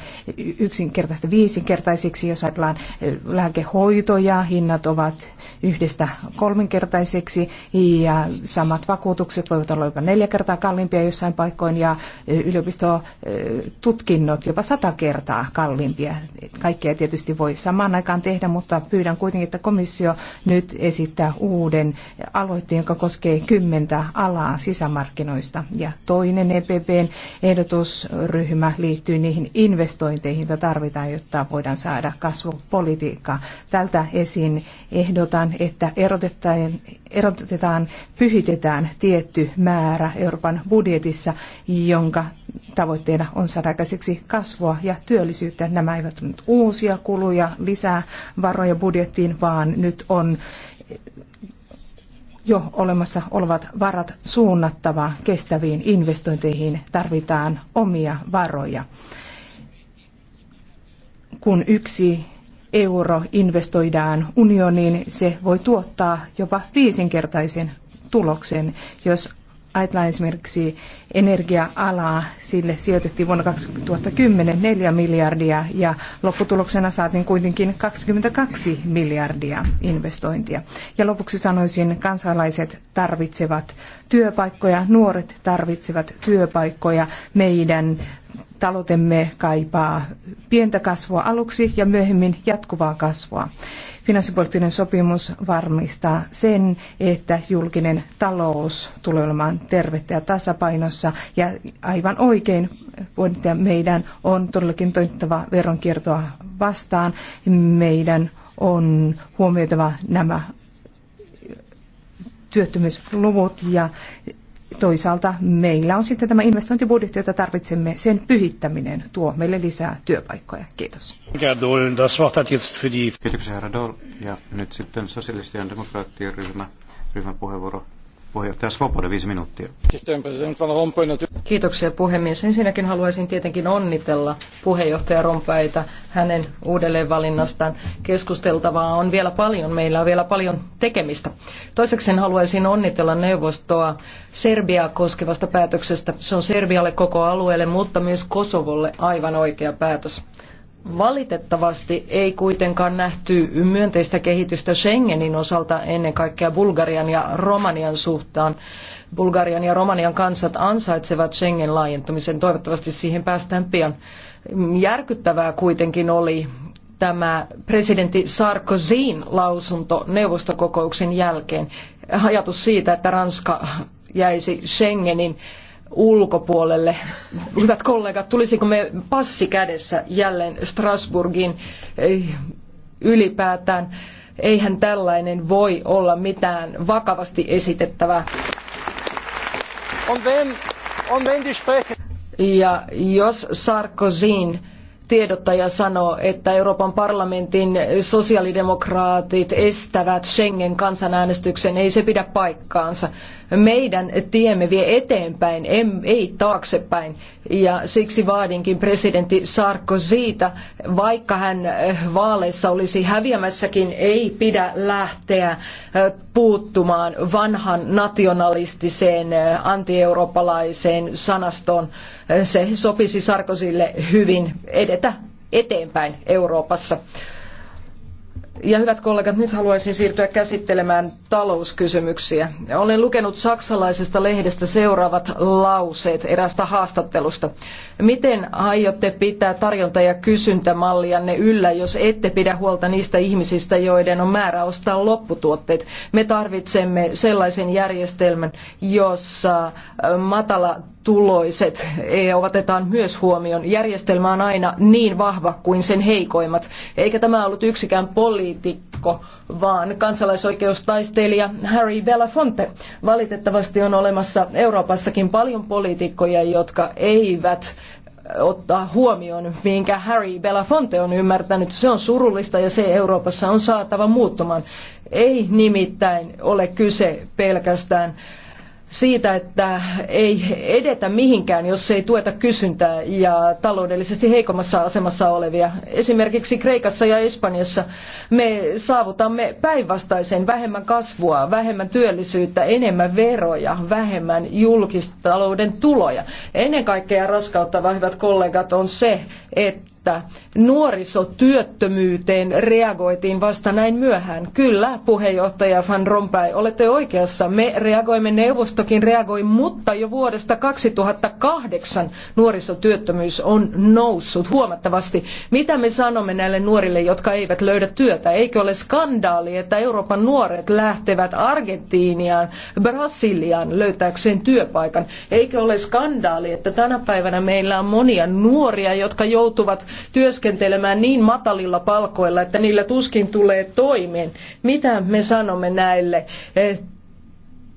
yksinkertaisesti viisinkertaisiksi, jos ajatellaan eh, lääkehoitoja, hinnat ovat yhdestä kolminkertaiseksi ja samat vakuutukset voivat olla jopa neljä kertaa kalliimpia kalliimpia jossain paikoin ja e, yliopistotutkinnot jopa sata kertaa kalliimpia. Kaikkea tietysti voi samaan aikaan tehdä, mutta pyydän kuitenkin, että komissio nyt esittää uuden aloitteen, joka koskee kymmentä alaa sisämarkkinoista. Ja toinen EPPn ehdotusryhmä liittyy niihin investointeihin, joita tarvitaan, jotta voidaan saada kasvupolitiikkaa. Tältä esiin ehdotan, että erotetaan, erotetaan pyhitetään tietty määrä Euroopan budjetissa, jonka tavoitteena on saada aikaiseksi kasvua ja työllisyyttä. Nämä eivät nyt uusia kuluja, lisää varoja budjettiin, vaan nyt on jo olemassa olevat varat suunnattava kestäviin investointeihin. Tarvitaan omia varoja. Kun yksi euro investoidaan unioniin, se voi tuottaa jopa viisinkertaisen tuloksen. Jos ajatellaan esimerkiksi energia-alaa, sille sijoitettiin vuonna 2010 4 miljardia ja lopputuloksena saatiin kuitenkin 22 miljardia investointia. Ja lopuksi sanoisin, kansalaiset tarvitsevat työpaikkoja, nuoret tarvitsevat työpaikkoja, meidän taloutemme kaipaa pientä kasvua aluksi ja myöhemmin jatkuvaa kasvua. Finanssipoliittinen sopimus varmistaa sen, että julkinen talous tulee olemaan tervettä ja tasapainossa. Ja aivan oikein meidän on todellakin toimittava veronkiertoa vastaan. Meidän on huomioitava nämä työttömyysluvut ja toisaalta meillä on sitten tämä investointibudjetti, jota tarvitsemme, sen pyhittäminen tuo meille lisää työpaikkoja. Kiitos. Kiitoksia herra Dol. Ja nyt sitten sosialistien demokraattien ryhmä, ryhmän puheenvuoro Puheenjohtaja Svoboda, viisi minuuttia. Kiitoksia puhemies. Ensinnäkin haluaisin tietenkin onnitella puheenjohtaja Rompäitä hänen uudelleenvalinnastaan. Keskusteltavaa on vielä paljon, meillä on vielä paljon tekemistä. Toiseksi haluaisin onnitella neuvostoa Serbiaa koskevasta päätöksestä. Se on Serbialle koko alueelle, mutta myös Kosovolle aivan oikea päätös. Valitettavasti ei kuitenkaan nähty myönteistä kehitystä Schengenin osalta ennen kaikkea Bulgarian ja Romanian suhtaan. Bulgarian ja Romanian kansat ansaitsevat Schengen laajentumisen. Toivottavasti siihen päästään pian. Järkyttävää kuitenkin oli tämä presidentti Sarkozyn lausunto neuvostokokouksen jälkeen. Ajatus siitä, että Ranska jäisi Schengenin ulkopuolelle. Hyvät kollegat, tulisiko me passi kädessä jälleen Strasburgiin eh, ylipäätään? Eihän tällainen voi olla mitään vakavasti esitettävää. Ja jos Sarkozyn tiedottaja sanoo, että Euroopan parlamentin sosiaalidemokraatit estävät Schengen kansanäänestyksen, ei se pidä paikkaansa. Meidän tiemme vie eteenpäin, ei taaksepäin. Ja siksi vaadinkin presidentti Sarkozyta, vaikka hän eh, vaaleissa olisi häviämässäkin, ei pidä lähteä eh, puuttumaan vanhan nationalistiseen eh, antieurooppalaiseen sanastoon. Se sopisi Sarkozylle hyvin edetä eteenpäin Euroopassa. Ja hyvät kollegat, nyt haluaisin siirtyä käsittelemään talouskysymyksiä. Olen lukenut saksalaisesta lehdestä seuraavat lauseet erästä haastattelusta. Miten aiotte pitää tarjonta- ja kysyntämallianne yllä, jos ette pidä huolta niistä ihmisistä, joiden on määrä ostaa lopputuotteet? Me tarvitsemme sellaisen järjestelmän, jossa matala tuloiset otetaan myös huomioon. Järjestelmä on aina niin vahva kuin sen heikoimmat. Eikä tämä ollut yksikään poliitikko, vaan kansalaisoikeustaistelija Harry Belafonte. Valitettavasti on olemassa Euroopassakin paljon poliitikkoja, jotka eivät ottaa huomioon, minkä Harry Belafonte on ymmärtänyt. Se on surullista ja se Euroopassa on saatava muuttumaan. Ei nimittäin ole kyse pelkästään siitä, että ei edetä mihinkään, jos ei tueta kysyntää ja taloudellisesti heikommassa asemassa olevia. Esimerkiksi Kreikassa ja Espanjassa me saavutamme päinvastaisen vähemmän kasvua, vähemmän työllisyyttä, enemmän veroja, vähemmän julkistalouden tuloja. Ennen kaikkea raskautta hyvät kollegat, on se, että että nuorisotyöttömyyteen reagoitiin vasta näin myöhään. Kyllä, puheenjohtaja Van Rompuy, olette oikeassa. Me reagoimme, neuvostokin reagoi, mutta jo vuodesta 2008 nuorisotyöttömyys on noussut huomattavasti. Mitä me sanomme näille nuorille, jotka eivät löydä työtä? Eikö ole skandaali, että Euroopan nuoret lähtevät Argentiiniaan, Brasiliaan löytääkseen työpaikan? Eikö ole skandaali, että tänä päivänä meillä on monia nuoria, jotka joutuvat työskentelemään niin matalilla palkoilla, että niillä tuskin tulee toimeen. Mitä me sanomme näille eh,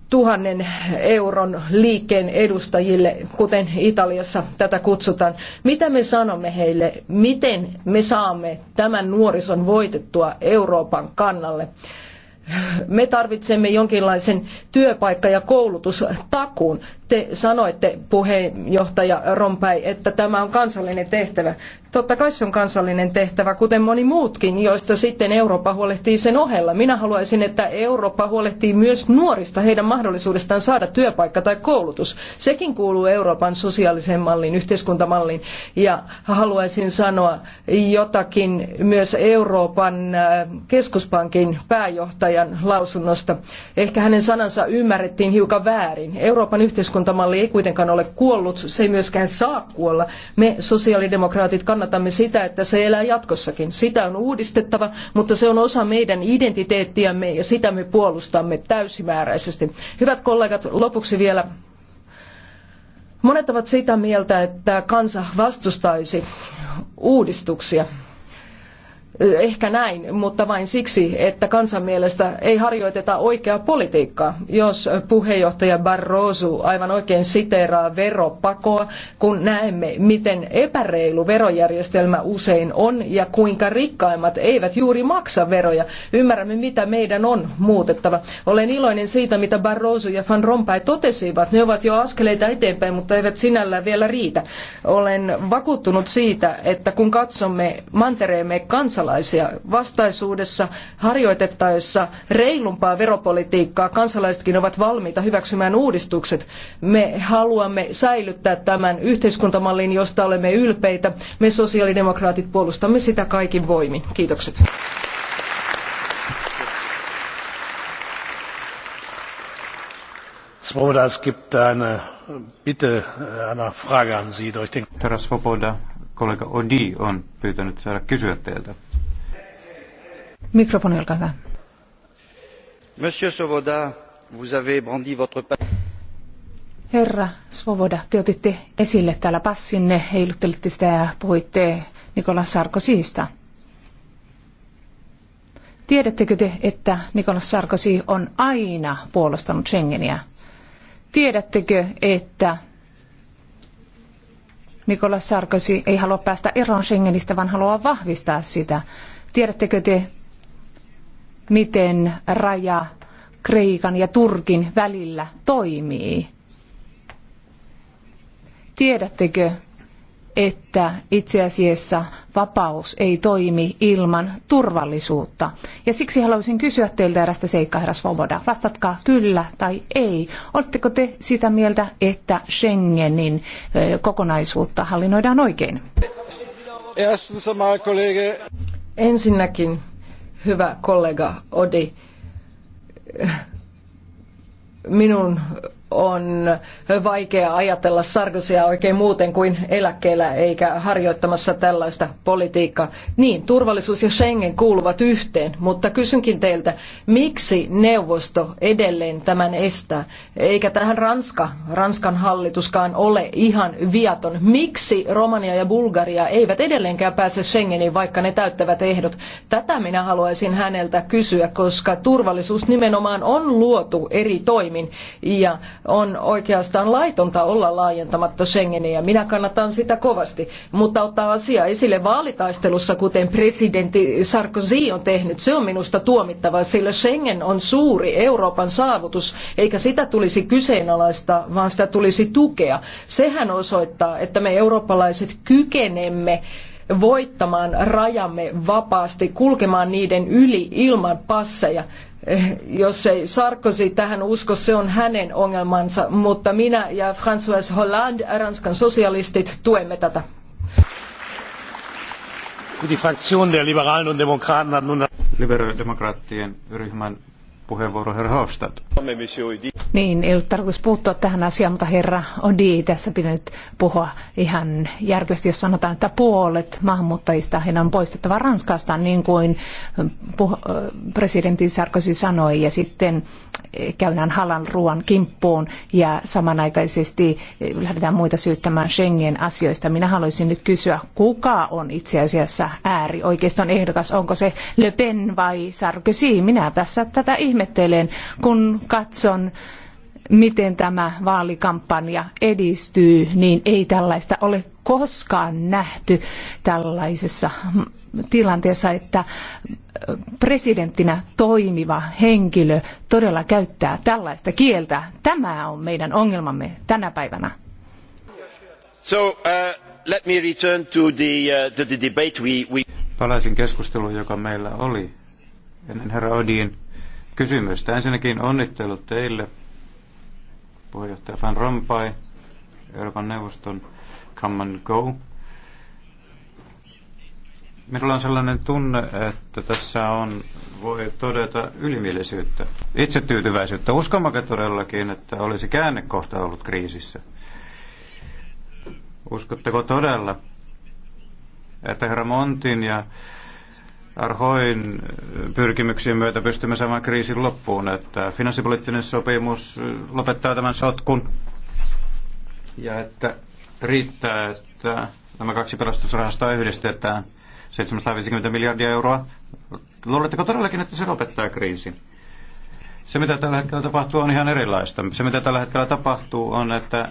tuhannen euron liikkeen edustajille, kuten Italiassa tätä kutsutaan. Mitä me sanomme heille? Miten me saamme tämän nuorison voitettua Euroopan kannalle? Me tarvitsemme jonkinlaisen työpaikka- ja koulutustakuun. Te sanoitte, puheenjohtaja Rompäi, että tämä on kansallinen tehtävä. Totta kai se on kansallinen tehtävä, kuten moni muutkin, joista sitten Eurooppa huolehtii sen ohella. Minä haluaisin, että Eurooppa huolehtii myös nuorista, heidän mahdollisuudestaan saada työpaikka tai koulutus. Sekin kuuluu Euroopan sosiaaliseen malliin, yhteiskuntamalliin. Ja haluaisin sanoa jotakin myös Euroopan äh, keskuspankin pääjohtajan lausunnosta. Ehkä hänen sanansa ymmärrettiin hiukan väärin. Euroopan yhteiskunta yhteiskuntamalli ei kuitenkaan ole kuollut, se ei myöskään saa kuolla. Me sosiaalidemokraatit kannatamme sitä, että se elää jatkossakin. Sitä on uudistettava, mutta se on osa meidän identiteettiämme ja sitä me puolustamme täysimääräisesti. Hyvät kollegat, lopuksi vielä Monet ovat sitä mieltä, että kansa vastustaisi uudistuksia. Ehkä näin, mutta vain siksi, että kansan mielestä ei harjoiteta oikeaa politiikkaa. Jos puheenjohtaja Barroso aivan oikein siteeraa veropakoa, kun näemme, miten epäreilu verojärjestelmä usein on ja kuinka rikkaimmat eivät juuri maksa veroja, ymmärrämme, mitä meidän on muutettava. Olen iloinen siitä, mitä Barroso ja Van Rompuy totesivat. Ne ovat jo askeleita eteenpäin, mutta eivät sinällään vielä riitä. Olen vakuuttunut siitä, että kun katsomme mantereemme kansalaisia, kansalaisia. Vastaisuudessa harjoitettaessa reilumpaa veropolitiikkaa kansalaisetkin ovat valmiita hyväksymään uudistukset. Me haluamme säilyttää tämän yhteiskuntamallin, josta olemme ylpeitä. Me sosiaalidemokraatit puolustamme sitä kaikin voimin. Kiitokset. Svoboda, es gibt eine bitte eine frage an sie herra kollega Odi on pyytänyt saada kysyä teiltä. Mikrofoni, olkaa hyvä. Monsieur Svoboda, vous avez brandi votre... Herra Svoboda, te otitte esille täällä passinne, heiluttelitte sitä ja puhuitte Nikolas Sarkozysta. Tiedättekö te, että Nikolas Sarkosi on aina puolustanut Schengeniä? Tiedättekö, että Nikolas Sarkosi ei halua päästä eroon Schengenistä, vaan haluaa vahvistaa sitä? Tiedättekö te, miten raja Kreikan ja Turkin välillä toimii. Tiedättekö, että itse asiassa vapaus ei toimi ilman turvallisuutta. Ja siksi haluaisin kysyä teiltä erästä seikkaa, herra Svoboda. Vastatkaa kyllä tai ei. Oletteko te sitä mieltä, että Schengenin kokonaisuutta hallinnoidaan oikein? Ensinnäkin hyvä kollega Odi, minun on vaikea ajatella Sarkosia oikein muuten kuin eläkkeellä eikä harjoittamassa tällaista politiikkaa. Niin, turvallisuus ja Schengen kuuluvat yhteen, mutta kysynkin teiltä, miksi neuvosto edelleen tämän estää? Eikä tähän Ranska, Ranskan hallituskaan ole ihan viaton. Miksi Romania ja Bulgaria eivät edelleenkään pääse Schengeniin, vaikka ne täyttävät ehdot? Tätä minä haluaisin häneltä kysyä, koska turvallisuus nimenomaan on luotu eri toimin ja on oikeastaan laitonta olla laajentamatta Schengeniä. Minä kannatan sitä kovasti, mutta ottaa asia esille vaalitaistelussa, kuten presidentti Sarkozy on tehnyt, se on minusta tuomittava, sillä Schengen on suuri Euroopan saavutus, eikä sitä tulisi kyseenalaistaa, vaan sitä tulisi tukea. Sehän osoittaa, että me eurooppalaiset kykenemme voittamaan rajamme vapaasti, kulkemaan niiden yli ilman passeja. Eh, jos ei Sarkozy tähän usko, se on hänen ongelmansa, mutta minä ja François Hollande, Ranskan sosialistit, tuemme tätä. Liberaalidemokraattien ryhmän puheenvuoro herra Hofstad. Niin, ei ollut tarkoitus puuttua tähän asiaan, mutta herra Odi, tässä pitää nyt puhua ihan järkevästi, jos sanotaan, että puolet maahanmuuttajista heidän on poistettava Ranskasta, niin kuin presidentti Sarkozy sanoi, ja sitten käydään halan ruoan kimppuun ja samanaikaisesti lähdetään muita syyttämään Schengen-asioista. Minä haluaisin nyt kysyä, kuka on itse asiassa äärioikeiston ehdokas? Onko se Le Pen vai Sarkozy? Minä tässä tätä ihmettelen ihmettelen, kun katson miten tämä vaalikampanja edistyy, niin ei tällaista ole koskaan nähty tällaisessa tilanteessa, että presidenttinä toimiva henkilö todella käyttää tällaista kieltä. Tämä on meidän ongelmamme tänä päivänä. So, uh, let me return to the, uh, to the debate we, we... Palaisin keskusteluun, joka meillä oli ennen herra Odin kysymystä. Ensinnäkin onnittelut teille, puheenjohtaja Van Rompuy, Euroopan neuvoston Come and Go. Minulla on sellainen tunne, että tässä on, voi todeta ylimielisyyttä, itsetyytyväisyyttä. Uskommeko todellakin, että olisi käännekohta ollut kriisissä? Uskotteko todella, että herra Montin ja Arhoin äh, pyrkimyksien myötä pystymme saamaan kriisin loppuun, että finanssipoliittinen sopimus äh, lopettaa tämän sotkun ja että riittää, että nämä kaksi pelastusrahastoa yhdistetään 750 miljardia euroa. Luuletteko todellakin, että se lopettaa kriisin? Se, mitä tällä hetkellä tapahtuu, on ihan erilaista. Se, mitä tällä hetkellä tapahtuu, on, että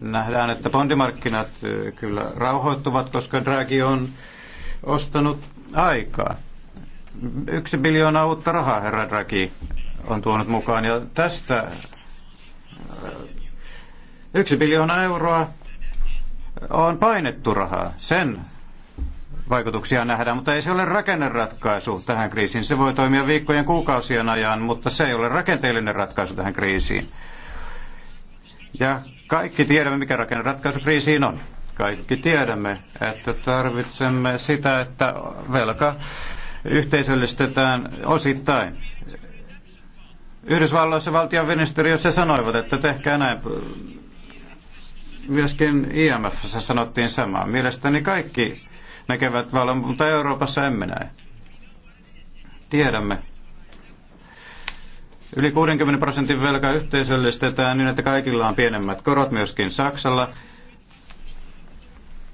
nähdään, että bondimarkkinat äh, kyllä rauhoittuvat, koska Draghi on ostanut aikaa. Yksi biljoonaa uutta rahaa herra Draghi on tuonut mukaan ja tästä äh, yksi biljoonaa euroa on painettu rahaa. Sen vaikutuksia nähdään, mutta ei se ole rakenneratkaisu tähän kriisiin. Se voi toimia viikkojen, kuukausien ajan, mutta se ei ole rakenteellinen ratkaisu tähän kriisiin. Ja kaikki tiedämme, mikä rakenneratkaisu kriisiin on kaikki tiedämme, että tarvitsemme sitä, että velka yhteisöllistetään osittain. Yhdysvalloissa valtionministeriössä sanoivat, että tehkää näin. Myöskin IMF sanottiin samaa. Mielestäni kaikki näkevät valon, mutta Euroopassa emme näe. Tiedämme. Yli 60 prosentin velka yhteisöllistetään niin, että kaikilla on pienemmät korot, myöskin Saksalla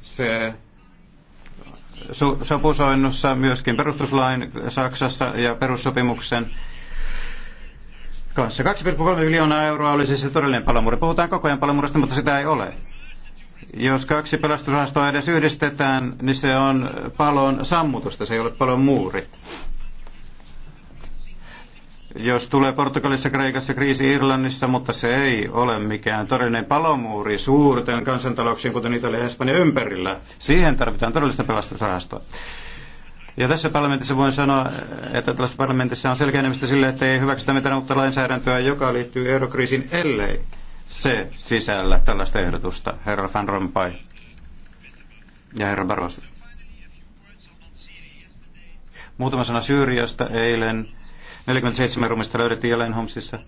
se sopusoinnussa myöskin perustuslain Saksassa ja perussopimuksen kanssa. 2,3 miljoonaa euroa olisi se todellinen palomuuri. Puhutaan koko ajan palomuurista, mutta sitä ei ole. Jos kaksi pelastusrahastoa edes yhdistetään, niin se on palon sammutusta, se ei ole palon muuri jos tulee Portugalissa, Kreikassa kriisi Irlannissa, mutta se ei ole mikään todellinen palomuuri suurten kansantalouksien, kuten Italia ja Espanja ympärillä. Siihen tarvitaan todellista pelastusrahastoa. Ja tässä parlamentissa voin sanoa, että tällaisessa parlamentissa on selkeä enemmistö sille, että ei hyväksytä mitään uutta lainsäädäntöä, joka liittyy eurokriisin, ellei se sisällä tällaista ehdotusta, herra Van Rompuy ja herra Barroso. Muutama sana Syyriasta eilen 47 ruumista löydettiin jälleen Homsissa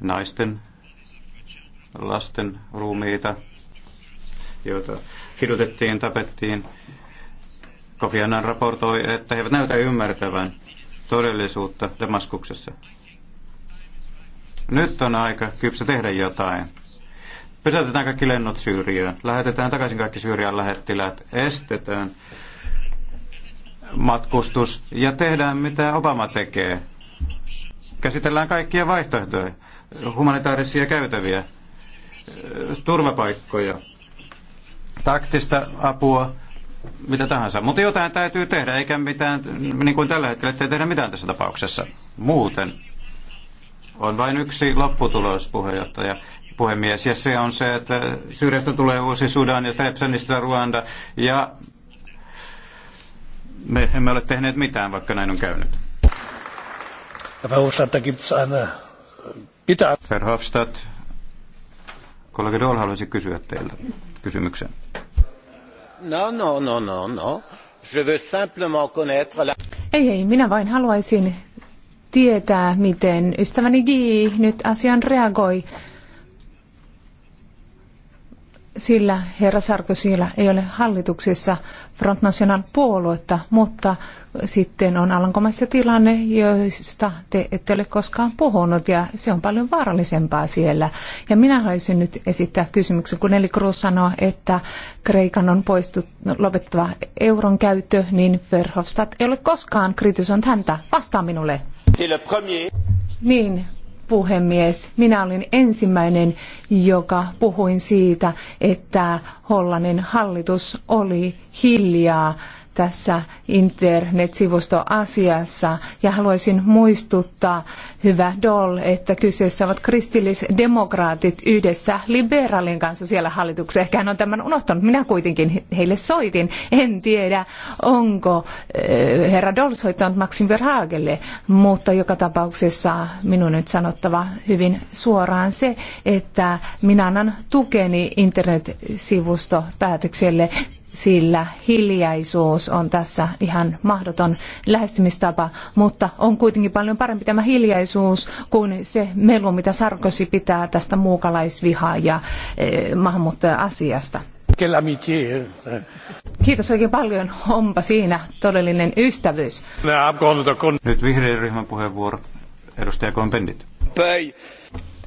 naisten, lasten ruumiita, joita kidutettiin, tapettiin. Kofi Annan raportoi, että he eivät näytä ymmärtävän todellisuutta Damaskuksessa. Nyt on aika kypsä tehdä jotain. Pysäytetään kaikki lennot Syyriaan. Lähetetään takaisin kaikki Syyrian lähettiläät. Estetään matkustus ja tehdään mitä Obama tekee. Käsitellään kaikkia vaihtoehtoja, humanitaarisia käytäviä, turvapaikkoja, taktista apua, mitä tahansa. Mutta jotain täytyy tehdä, eikä mitään, niin kuin tällä hetkellä, ettei tehdä mitään tässä tapauksessa. Muuten on vain yksi lopputulos, puheenjohtaja, puhemies, ja se on se, että Syyriasta tulee uusi Sudan ja Stepsenistä Ruanda, ja me emme ole tehneet mitään, vaikka näin on käynyt. Herr Verhofstadt, da gibt's eine äh, Bitte. Verhofstadt, kollega Dole haluaisi kysyä teiltä kysymyksen. No, no, no, no, no. Je veux simplement connaître la... Ei, ei, minä vain haluaisin tietää, miten ystäväni G nyt asian reagoi sillä herra Sarkozylla ei ole hallituksessa Front National puoluetta, mutta sitten on Alankomaissa tilanne, josta te ette ole koskaan puhunut ja se on paljon vaarallisempaa siellä. Ja minä haluaisin nyt esittää kysymyksen, kun Eli Cruz sanoo, että Kreikan on poistut, lopettava euron käyttö, niin Verhofstadt ei ole koskaan kritisoinut häntä. Vastaa minulle. Niin, puhemies. Minä olin ensimmäinen, joka puhuin siitä, että Hollannin hallitus oli hiljaa tässä internet-sivustoasiassa. Ja haluaisin muistuttaa, hyvä Doll, että kyseessä ovat kristillisdemokraatit yhdessä liberaalien kanssa siellä hallituksessa. Ehkä hän on tämän unohtanut. Minä kuitenkin heille soitin. En tiedä, onko eh, herra Doll soittanut Maxim Verhagelle, mutta joka tapauksessa minun nyt sanottava hyvin suoraan se, että minä annan tukeni internet-sivustopäätökselle sillä hiljaisuus on tässä ihan mahdoton lähestymistapa, mutta on kuitenkin paljon parempi tämä hiljaisuus kuin se melu, mitä Sarkosi pitää tästä muukalaisvihaa ja e, maahanmuuttaja-asiasta. Kiitos oikein paljon. Onpa siinä todellinen ystävyys. Nyt vihreän ryhmän puheenvuoro. Edustaja Kompendit.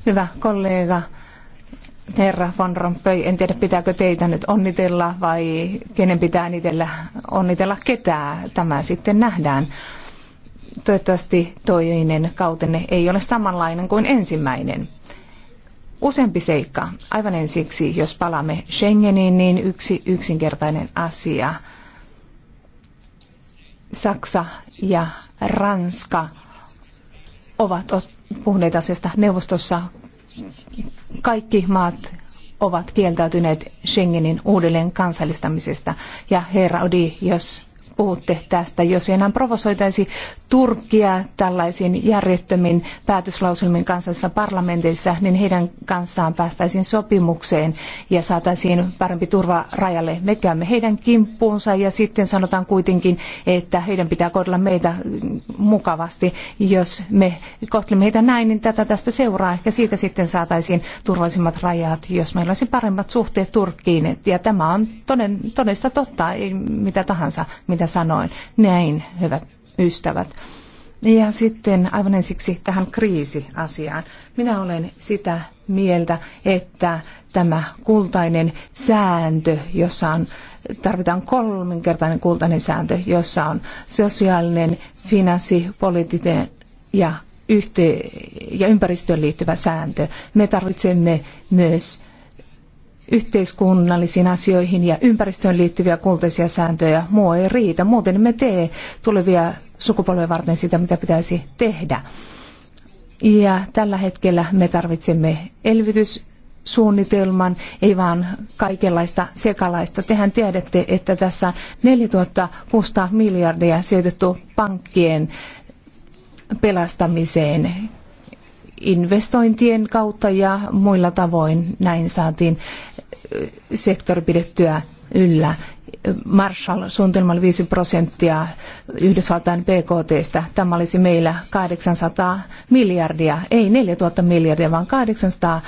Hyvä kollega herra Van Rompuy, en tiedä pitääkö teitä nyt onnitella vai kenen pitää onnitella, onnitella ketään. Tämä sitten nähdään. Toivottavasti toinen kautenne ei ole samanlainen kuin ensimmäinen. Useampi seikka. Aivan ensiksi, jos palaamme Schengeniin, niin yksi yksinkertainen asia. Saksa ja Ranska ovat puhuneet asiasta neuvostossa kaikki maat ovat kieltäytyneet Schengenin uudelleen kansallistamisesta. Ja herra Odi, jos puhutte tästä, jos ei enää provosoitaisi Turkkia tällaisiin järjettömin päätöslauselmin kansallisissa parlamenteissa, niin heidän kanssaan päästäisiin sopimukseen ja saataisiin parempi turva rajalle. Me käymme heidän kimppuunsa ja sitten sanotaan kuitenkin, että heidän pitää kohdella meitä mukavasti. Jos me kohtelemme heitä näin, niin tätä tästä seuraa. Ehkä siitä sitten saataisiin turvallisimmat rajat, jos meillä olisi paremmat suhteet Turkkiin. Ja tämä on toden, todesta totta, ei mitä tahansa, mitä sanoin. Näin, hyvät ystävät. Ja sitten aivan ensiksi tähän kriisiasiaan. Minä olen sitä mieltä, että tämä kultainen sääntö, jossa on, tarvitaan kolminkertainen kultainen sääntö, jossa on sosiaalinen, finanssi, poliittinen ja, yhte- ja ympäristöön liittyvä sääntö. Me tarvitsemme myös yhteiskunnallisiin asioihin ja ympäristöön liittyviä kultaisia sääntöjä. Muu ei riitä. Muuten me tee tulevia sukupolvia varten sitä, mitä pitäisi tehdä. Ja tällä hetkellä me tarvitsemme elvytys suunnitelman, ei vaan kaikenlaista sekalaista. Tehän tiedätte, että tässä on 4600 miljardia sijoitettu pankkien pelastamiseen investointien kautta ja muilla tavoin. Näin saatiin sektori pidettyä yllä. Marshall-suunnitelma viisi 5 prosenttia Yhdysvaltain BKTstä. Tämä olisi meillä 800 miljardia, ei 4000 miljardia, vaan 800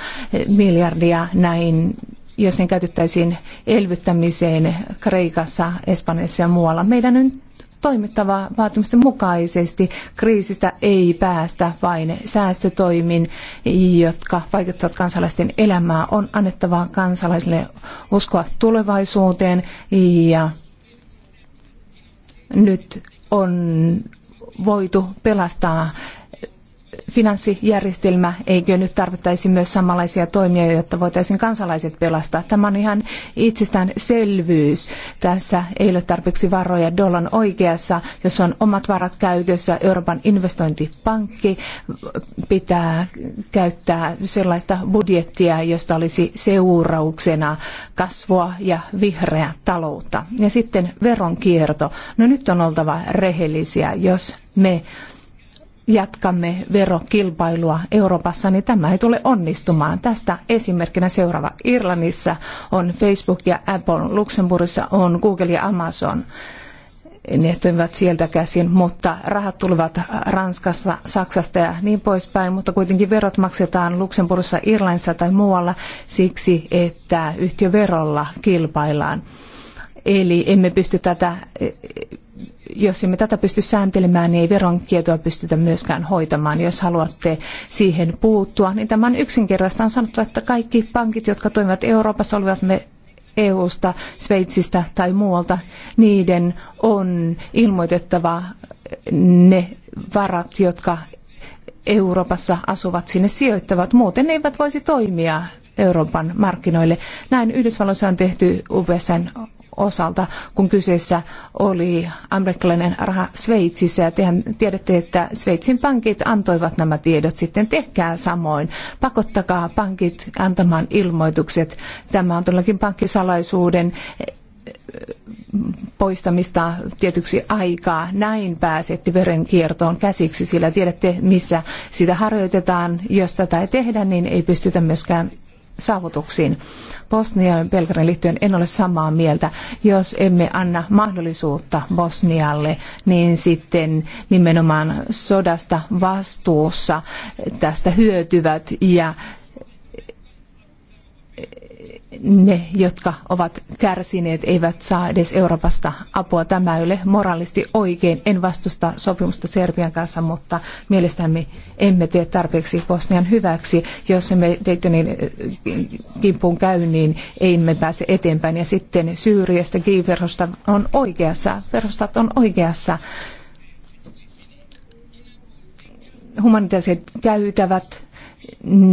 miljardia näin jos ne käytettäisiin elvyttämiseen Kreikassa, Espanjassa ja muualla. Meidän on toimittava vaatimusten mukaisesti. Kriisistä ei päästä vain säästötoimin, jotka vaikuttavat kansalaisten elämään. On annettava kansalaisille uskoa tulevaisuuteen ja nyt on voitu pelastaa finanssijärjestelmä, eikö nyt tarvittaisi myös samanlaisia toimia, jotta voitaisiin kansalaiset pelastaa. Tämä on ihan itsestäänselvyys. Tässä ei ole tarpeeksi varoja. Dollan oikeassa, jos on omat varat käytössä, Euroopan investointipankki pitää käyttää sellaista budjettia, josta olisi seurauksena kasvua ja vihreää taloutta. Ja sitten veronkierto. No nyt on oltava rehellisiä, jos me jatkamme verokilpailua Euroopassa, niin tämä ei tule onnistumaan. Tästä esimerkkinä seuraava. Irlannissa on Facebook ja Apple, Luxemburgissa on Google ja Amazon ne toimivat sieltä käsin, mutta rahat tulevat Ranskasta, Saksasta ja niin poispäin, mutta kuitenkin verot maksetaan Luxemburgissa, Irlannissa tai muualla siksi, että yhtiöverolla kilpaillaan. Eli emme pysty tätä jos emme tätä pysty sääntelemään, niin ei veronkietoa pystytä myöskään hoitamaan. Jos haluatte siihen puuttua, niin tämä on yksinkertaista. On sanottu, että kaikki pankit, jotka toimivat Euroopassa, olivat me EU-sta, Sveitsistä tai muualta, niiden on ilmoitettava ne varat, jotka Euroopassa asuvat sinne sijoittavat. Muuten ne eivät voisi toimia Euroopan markkinoille. Näin Yhdysvalloissa on tehty UBSn osalta, kun kyseessä oli amerikkalainen raha Sveitsissä. Ja tehän tiedätte, että Sveitsin pankit antoivat nämä tiedot sitten. Tehkää samoin. Pakottakaa pankit antamaan ilmoitukset. Tämä on todellakin pankkisalaisuuden eh, poistamista tietyksi aikaa. Näin pääsette verenkiertoon käsiksi, sillä tiedätte, missä sitä harjoitetaan. Jos tätä ei tehdä, niin ei pystytä myöskään saavutuksiin. Bosnian Belgradin liittyen en ole samaa mieltä. Jos emme anna mahdollisuutta Bosnialle, niin sitten nimenomaan sodasta vastuussa tästä hyötyvät ja ne, jotka ovat kärsineet, eivät saa edes Euroopasta apua. Tämä ei ole moraalisti oikein. En vastusta sopimusta Serbian kanssa, mutta mielestäni emme tee tarpeeksi Bosnian hyväksi. Jos emme Daytonin eh, kimppuun käy, niin emme pääse eteenpäin. Ja sitten Syyriasta G. on oikeassa. Verhostat on oikeassa. Humanitaariset käytävät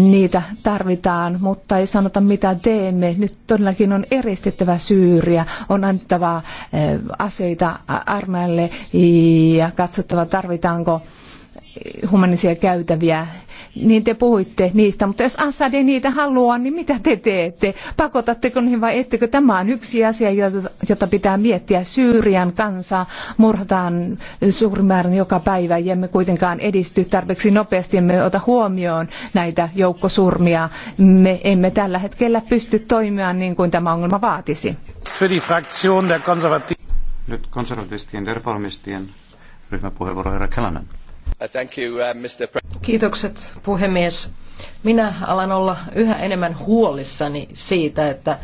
niitä tarvitaan, mutta ei sanota mitä teemme. Nyt todellakin on eristettävä Syyriä, on antava eh, aseita armeijalle ja katsottava tarvitaanko humanisia käytäviä niin te puhuitte niistä, mutta jos Assad ei niitä halua, niin mitä te teette? Pakotatteko niihin vai ettekö? Tämä on yksi asia, jota pitää miettiä. Syyrian kansaa murhataan suuri määrin joka päivä ja emme kuitenkaan edisty tarpeeksi nopeasti, emme ota huomioon näitä joukkosurmia. Me emme tällä hetkellä pysty toimimaan niin kuin tämä ongelma vaatisi. Nyt konservatistien ja reformistien ryhmäpuheenvuoro herra Uh, Kiitokset puhemies. Minä alan olla yhä enemmän huolissani siitä, että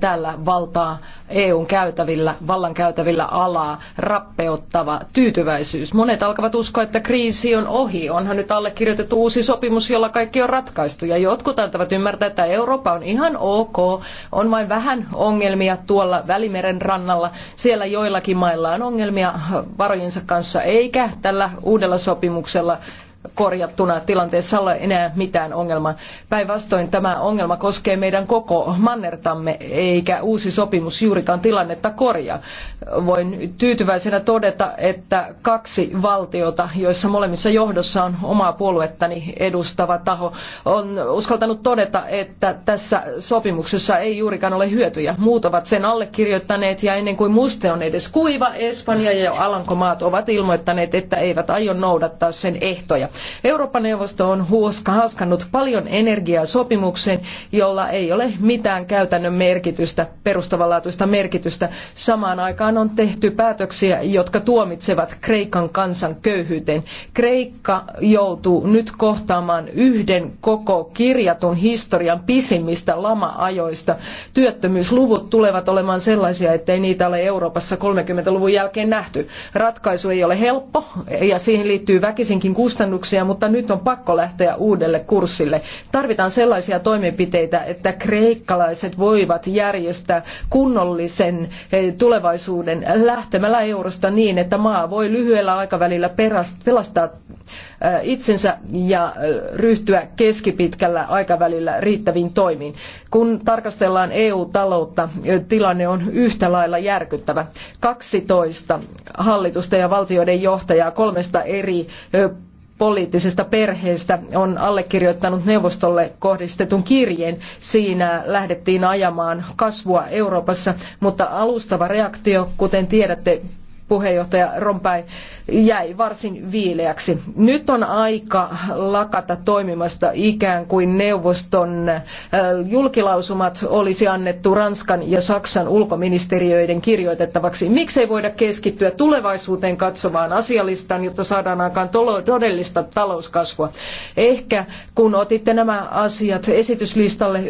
tällä valtaa EUn käytävillä, vallan käytävillä alaa rappeuttava tyytyväisyys. Monet alkavat uskoa, että kriisi on ohi. Onhan nyt allekirjoitettu uusi sopimus, jolla kaikki on ratkaistu. Ja jotkut antavat ymmärtää, että Eurooppa on ihan ok. On vain vähän ongelmia tuolla Välimeren rannalla. Siellä joillakin mailla on ongelmia varojensa kanssa, eikä tällä uudella sopimuksella korjattuna tilanteessa ole enää mitään ongelmaa. Päinvastoin tämä ongelma koskee meidän koko mannertamme, eikä uusi sopimus juurikaan tilannetta korjaa. Voin tyytyväisenä todeta, että kaksi valtiota, joissa molemmissa johdossa on omaa puoluettani edustava taho, on uskaltanut todeta, että tässä sopimuksessa ei juurikaan ole hyötyjä. Muut ovat sen allekirjoittaneet ja ennen kuin muste on edes kuiva, Espanja ja Alankomaat ovat ilmoittaneet, että eivät aio noudattaa sen ehtoja. Eurooppa-neuvosto on huoska, haaskannut paljon energiaa sopimukseen, jolla ei ole mitään käytännön merkitystä, perustavanlaatuista merkitystä. Samaan aikaan on tehty päätöksiä, jotka tuomitsevat Kreikan kansan köyhyyteen. Kreikka joutuu nyt kohtaamaan yhden koko kirjatun historian pisimmistä lama-ajoista. Työttömyysluvut tulevat olemaan sellaisia, ettei niitä ole Euroopassa 30-luvun jälkeen nähty. Ratkaisu ei ole helppo ja siihen liittyy väkisinkin kustannuksia vaikutuksia, mutta nyt on pakko lähteä uudelle kurssille. Tarvitaan sellaisia toimenpiteitä, että kreikkalaiset voivat järjestää kunnollisen eh, tulevaisuuden lähtemällä eurosta niin, että maa voi lyhyellä aikavälillä pelastaa eh, itsensä ja eh, ryhtyä keskipitkällä aikavälillä riittäviin toimiin. Kun tarkastellaan EU-taloutta, tilanne on yhtä lailla järkyttävä. 12 hallitusta ja valtioiden johtajaa kolmesta eri poliittisesta perheestä on allekirjoittanut neuvostolle kohdistetun kirjeen. Siinä lähdettiin ajamaan kasvua Euroopassa, mutta alustava reaktio, kuten tiedätte, puheenjohtaja Rompäi jäi varsin viileäksi. Nyt on aika lakata toimimasta ikään kuin neuvoston äh, julkilausumat olisi annettu Ranskan ja Saksan ulkoministeriöiden kirjoitettavaksi. Miksei voida keskittyä tulevaisuuteen katsovaan asialistaan, jotta saadaan aikaan todellista talouskasvua. Ehkä kun otitte nämä asiat esityslistalle,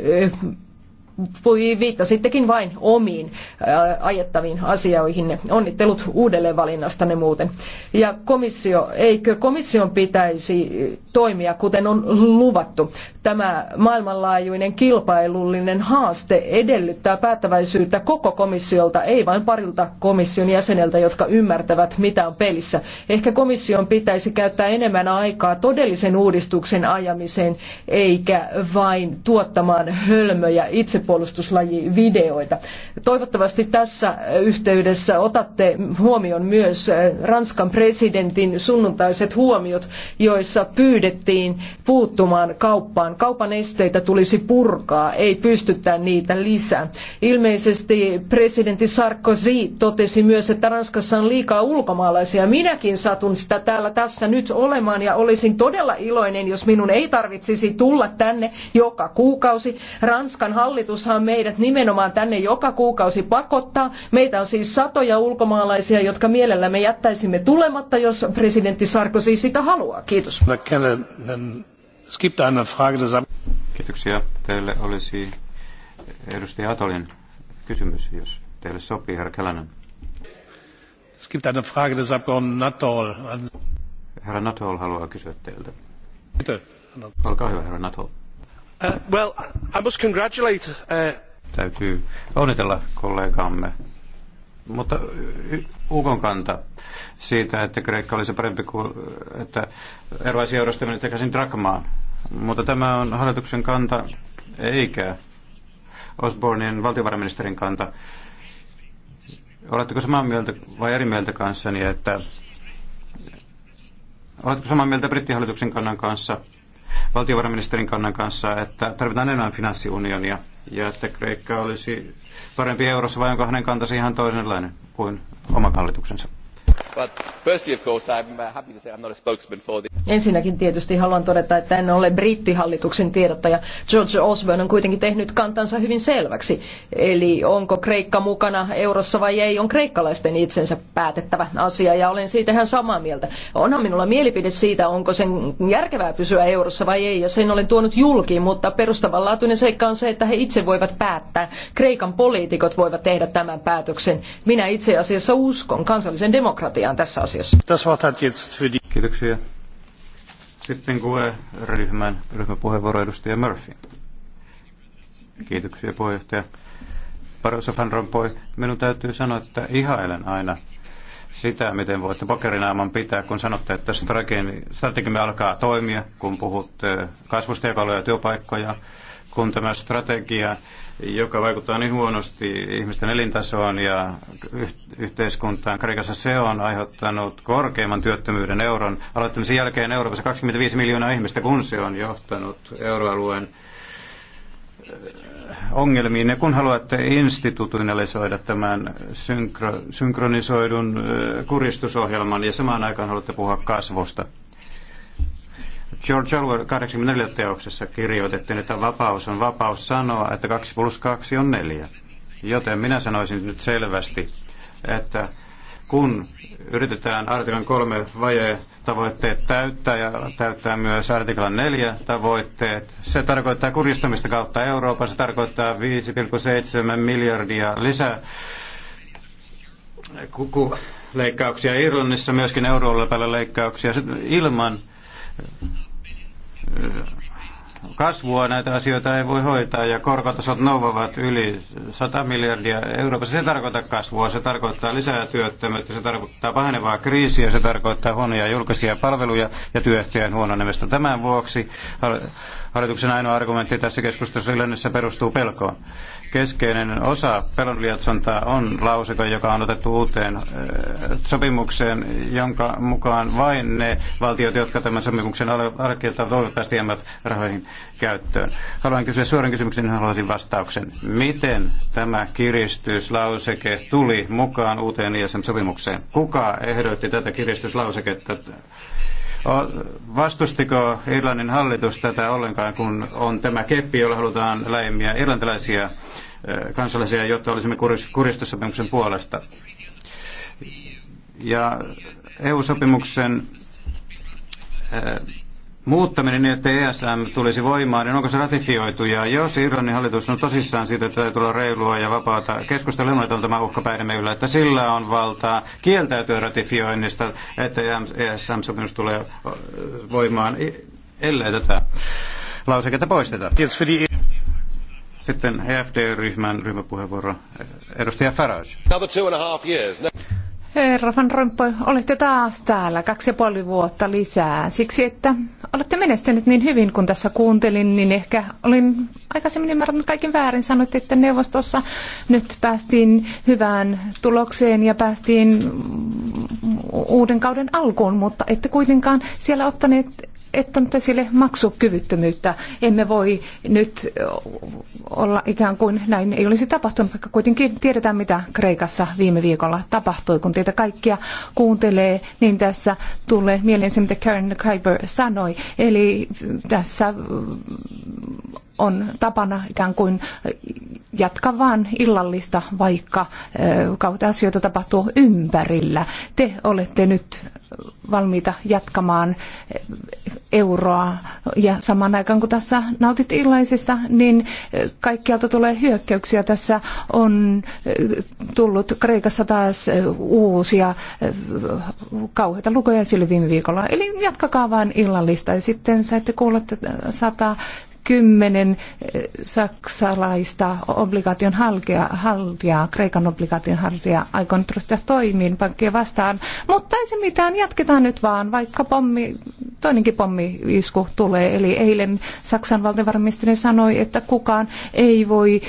voi viittasittekin vain omiin äh, ajettaviin asioihinne. Onnittelut uudelleenvalinnastanne muuten. Ja komissio, eikö komission pitäisi toimia kuten on luvattu? Tämä maailmanlaajuinen kilpailullinen haaste edellyttää päättäväisyyttä koko komissiolta, ei vain parilta komission jäseneltä, jotka ymmärtävät mitä on pelissä. Ehkä komission pitäisi käyttää enemmän aikaa todellisen uudistuksen ajamiseen, eikä vain tuottamaan hölmöjä itse itsepuolustuslajivideoita. videoita. Toivottavasti tässä yhteydessä otatte huomioon myös eh, Ranskan presidentin sunnuntaiset huomiot, joissa pyydettiin puuttumaan kauppaan. Kaupan esteitä tulisi purkaa, ei pystyttää niitä lisää. Ilmeisesti presidentti Sarkozy totesi myös, että Ranskassa on liikaa ulkomaalaisia. Minäkin satun sitä täällä tässä nyt olemaan ja olisin todella iloinen, jos minun ei tarvitsisi tulla tänne joka kuukausi. Ranskan hallitus tarkoitushan meidät nimenomaan tänne joka kuukausi pakottaa. Meitä on siis satoja ulkomaalaisia, jotka mielellämme jättäisimme tulematta, jos presidentti Sarkozy sitä haluaa. Kiitos. Kiitoksia. Teille olisi edustaja Atolin kysymys, jos teille sopii, herra Kälänen. Es gibt eine Frage des Herra Natol haluaa kysyä teiltä. Bitte. Olkaa hyvä, herra Natol. Uh, well, I must congratulate, uh... Täytyy onnitella kollegaamme. Mutta Ukon kanta siitä, että Kreikka olisi parempi kuin, että eroaisi eurosta meni takaisin Drakmaan. Mutta tämä on hallituksen kanta, eikä Osbornin valtiovarainministerin kanta. Oletteko samaa mieltä vai eri mieltä kanssani, että Oletko samaa mieltä brittihallituksen kannan kanssa, valtiovarainministerin kannan kanssa, että tarvitaan enemmän finanssiunionia ja että Kreikka olisi parempi eurossa vai onko hänen kantansa ihan toisenlainen kuin oma hallituksensa? Uh, Ensinnäkin tietysti haluan todeta, että en ole brittihallituksen tiedottaja. George Osborne on kuitenkin tehnyt kantansa hyvin selväksi. Eli onko Kreikka mukana eurossa vai ei, on kreikkalaisten itsensä päätettävä asia ja olen siitä ihan samaa mieltä. Onhan minulla mielipide siitä, onko sen järkevää pysyä eurossa vai ei ja sen olen tuonut julki, mutta perustavanlaatuinen seikka on se, että he itse voivat päättää. Kreikan poliitikot voivat tehdä tämän päätöksen. Minä itse asiassa uskon kansallisen demokratian demokratiaan tässä asiassa. Kiitoksia. Sitten QE-ryhmän ryhmäpuheenvuoro edustaja Murphy. Kiitoksia puheenjohtaja. Parossa Van Rompuy, minun täytyy sanoa, että ihailen aina sitä, miten voitte pokerinaaman pitää, kun sanotte, että strategiamme alkaa toimia, kun puhutte kasvusta, ja työpaikkoja, kun tämä strategia, joka vaikuttaa niin huonosti ihmisten elintasoon ja yhteiskuntaan, Kreikassa se on aiheuttanut korkeimman työttömyyden euron aloittamisen jälkeen Euroopassa 25 miljoonaa ihmistä, kun se on johtanut euroalueen ongelmiin. Ja kun haluatte institutionalisoida tämän synkro, synkronisoidun kuristusohjelman ja samaan aikaan haluatte puhua kasvusta. George Orwell 84 teoksessa kirjoitettiin, että vapaus on vapaus sanoa, että 2 plus 2 on 4. Joten minä sanoisin nyt selvästi, että kun yritetään artiklan kolme vaje tavoitteet täyttää ja täyttää myös artiklan neljä tavoitteet. Se tarkoittaa kuristamista kautta Euroopan, se tarkoittaa 5,7 miljardia lisää leikkauksia Irlannissa, myöskin euroalueella leikkauksia ilman kasvua näitä asioita ei voi hoitaa ja korkotasot nousevat yli 100 miljardia Euroopassa. Se tarkoittaa kasvua, se tarkoittaa lisää työttömyyttä, se tarkoittaa pahenevaa kriisiä, se tarkoittaa huonoja julkisia palveluja ja työehtojen huononemista. Tämän vuoksi hallituksen ainoa argumentti tässä keskustelussa yleensä perustuu pelkoon. Keskeinen osa pelon lietsontaa on lauseke, joka on otettu uuteen äh, sopimukseen, jonka mukaan vain ne valtiot, jotka tämän sopimuksen allekirjoittavat, voivat päästä rahoihin käyttöön. Haluan kysyä suoran kysymyksen, haluaisin vastauksen. Miten tämä kiristyslauseke tuli mukaan uuteen ISM-sopimukseen? Kuka ehdotti tätä kiristyslauseketta? Vastustiko Irlannin hallitus tätä ollenkaan, kun on tämä keppi, jolla halutaan läimiä irlantilaisia kansalaisia, jotta olisimme kuristussopimuksen puolesta? Ja EU-sopimuksen muuttaminen niin, että ESM tulisi voimaan, niin onko se ratifioitu? Ja jos Irlannin hallitus on tosissaan siitä, että täytyy olla reilua ja vapaata keskustelua, niin että on tämä uhkapäidemme yllä, että sillä on valtaa kieltäytyä ratifioinnista, että ESM-sopimus tulee voimaan, ellei tätä lauseketta poisteta. Sitten EFD-ryhmän ryhmäpuheenvuoro, edustaja Farage. Herra Van Rompuy, olette taas täällä kaksi ja puoli vuotta lisää. Siksi, että olette menestyneet niin hyvin, kun tässä kuuntelin, niin ehkä olin aikaisemmin ymmärtänyt kaiken väärin. Sanoitte, että neuvostossa nyt päästiin hyvään tulokseen ja päästiin uuden kauden alkuun, mutta ette kuitenkaan siellä ottaneet että on esille maksukyvyttömyyttä. Emme voi nyt olla ikään kuin näin ei olisi tapahtunut, vaikka kuitenkin tiedetään, mitä Kreikassa viime viikolla tapahtui. Kun teitä kaikkia kuuntelee, niin tässä tulee mieleen se, mitä Karen Kuiper sanoi. Eli tässä on tapana ikään kuin jatkaa vaan illallista, vaikka kautta asioita tapahtuu ympärillä. Te olette nyt valmiita jatkamaan euroa ja samaan aikaan kun tässä nautit illallisesta, niin kaikkialta tulee hyökkäyksiä. Tässä on tullut Kreikassa taas uusia kauheita lukuja sillä viime viikolla. Eli jatkakaa vaan illallista ja sitten saatte kuulla, että Sataa kymmenen eh, saksalaista obligaation haltijaa, Kreikan obligaation haltijaa aikonut ryhtyä toimiin pankkeja vastaan. Mutta ei se mitään, jatketaan nyt vaan, vaikka pommi, toinenkin pommi-isku tulee. Eli eilen Saksan valtiovarainministeri sanoi, että kukaan ei voi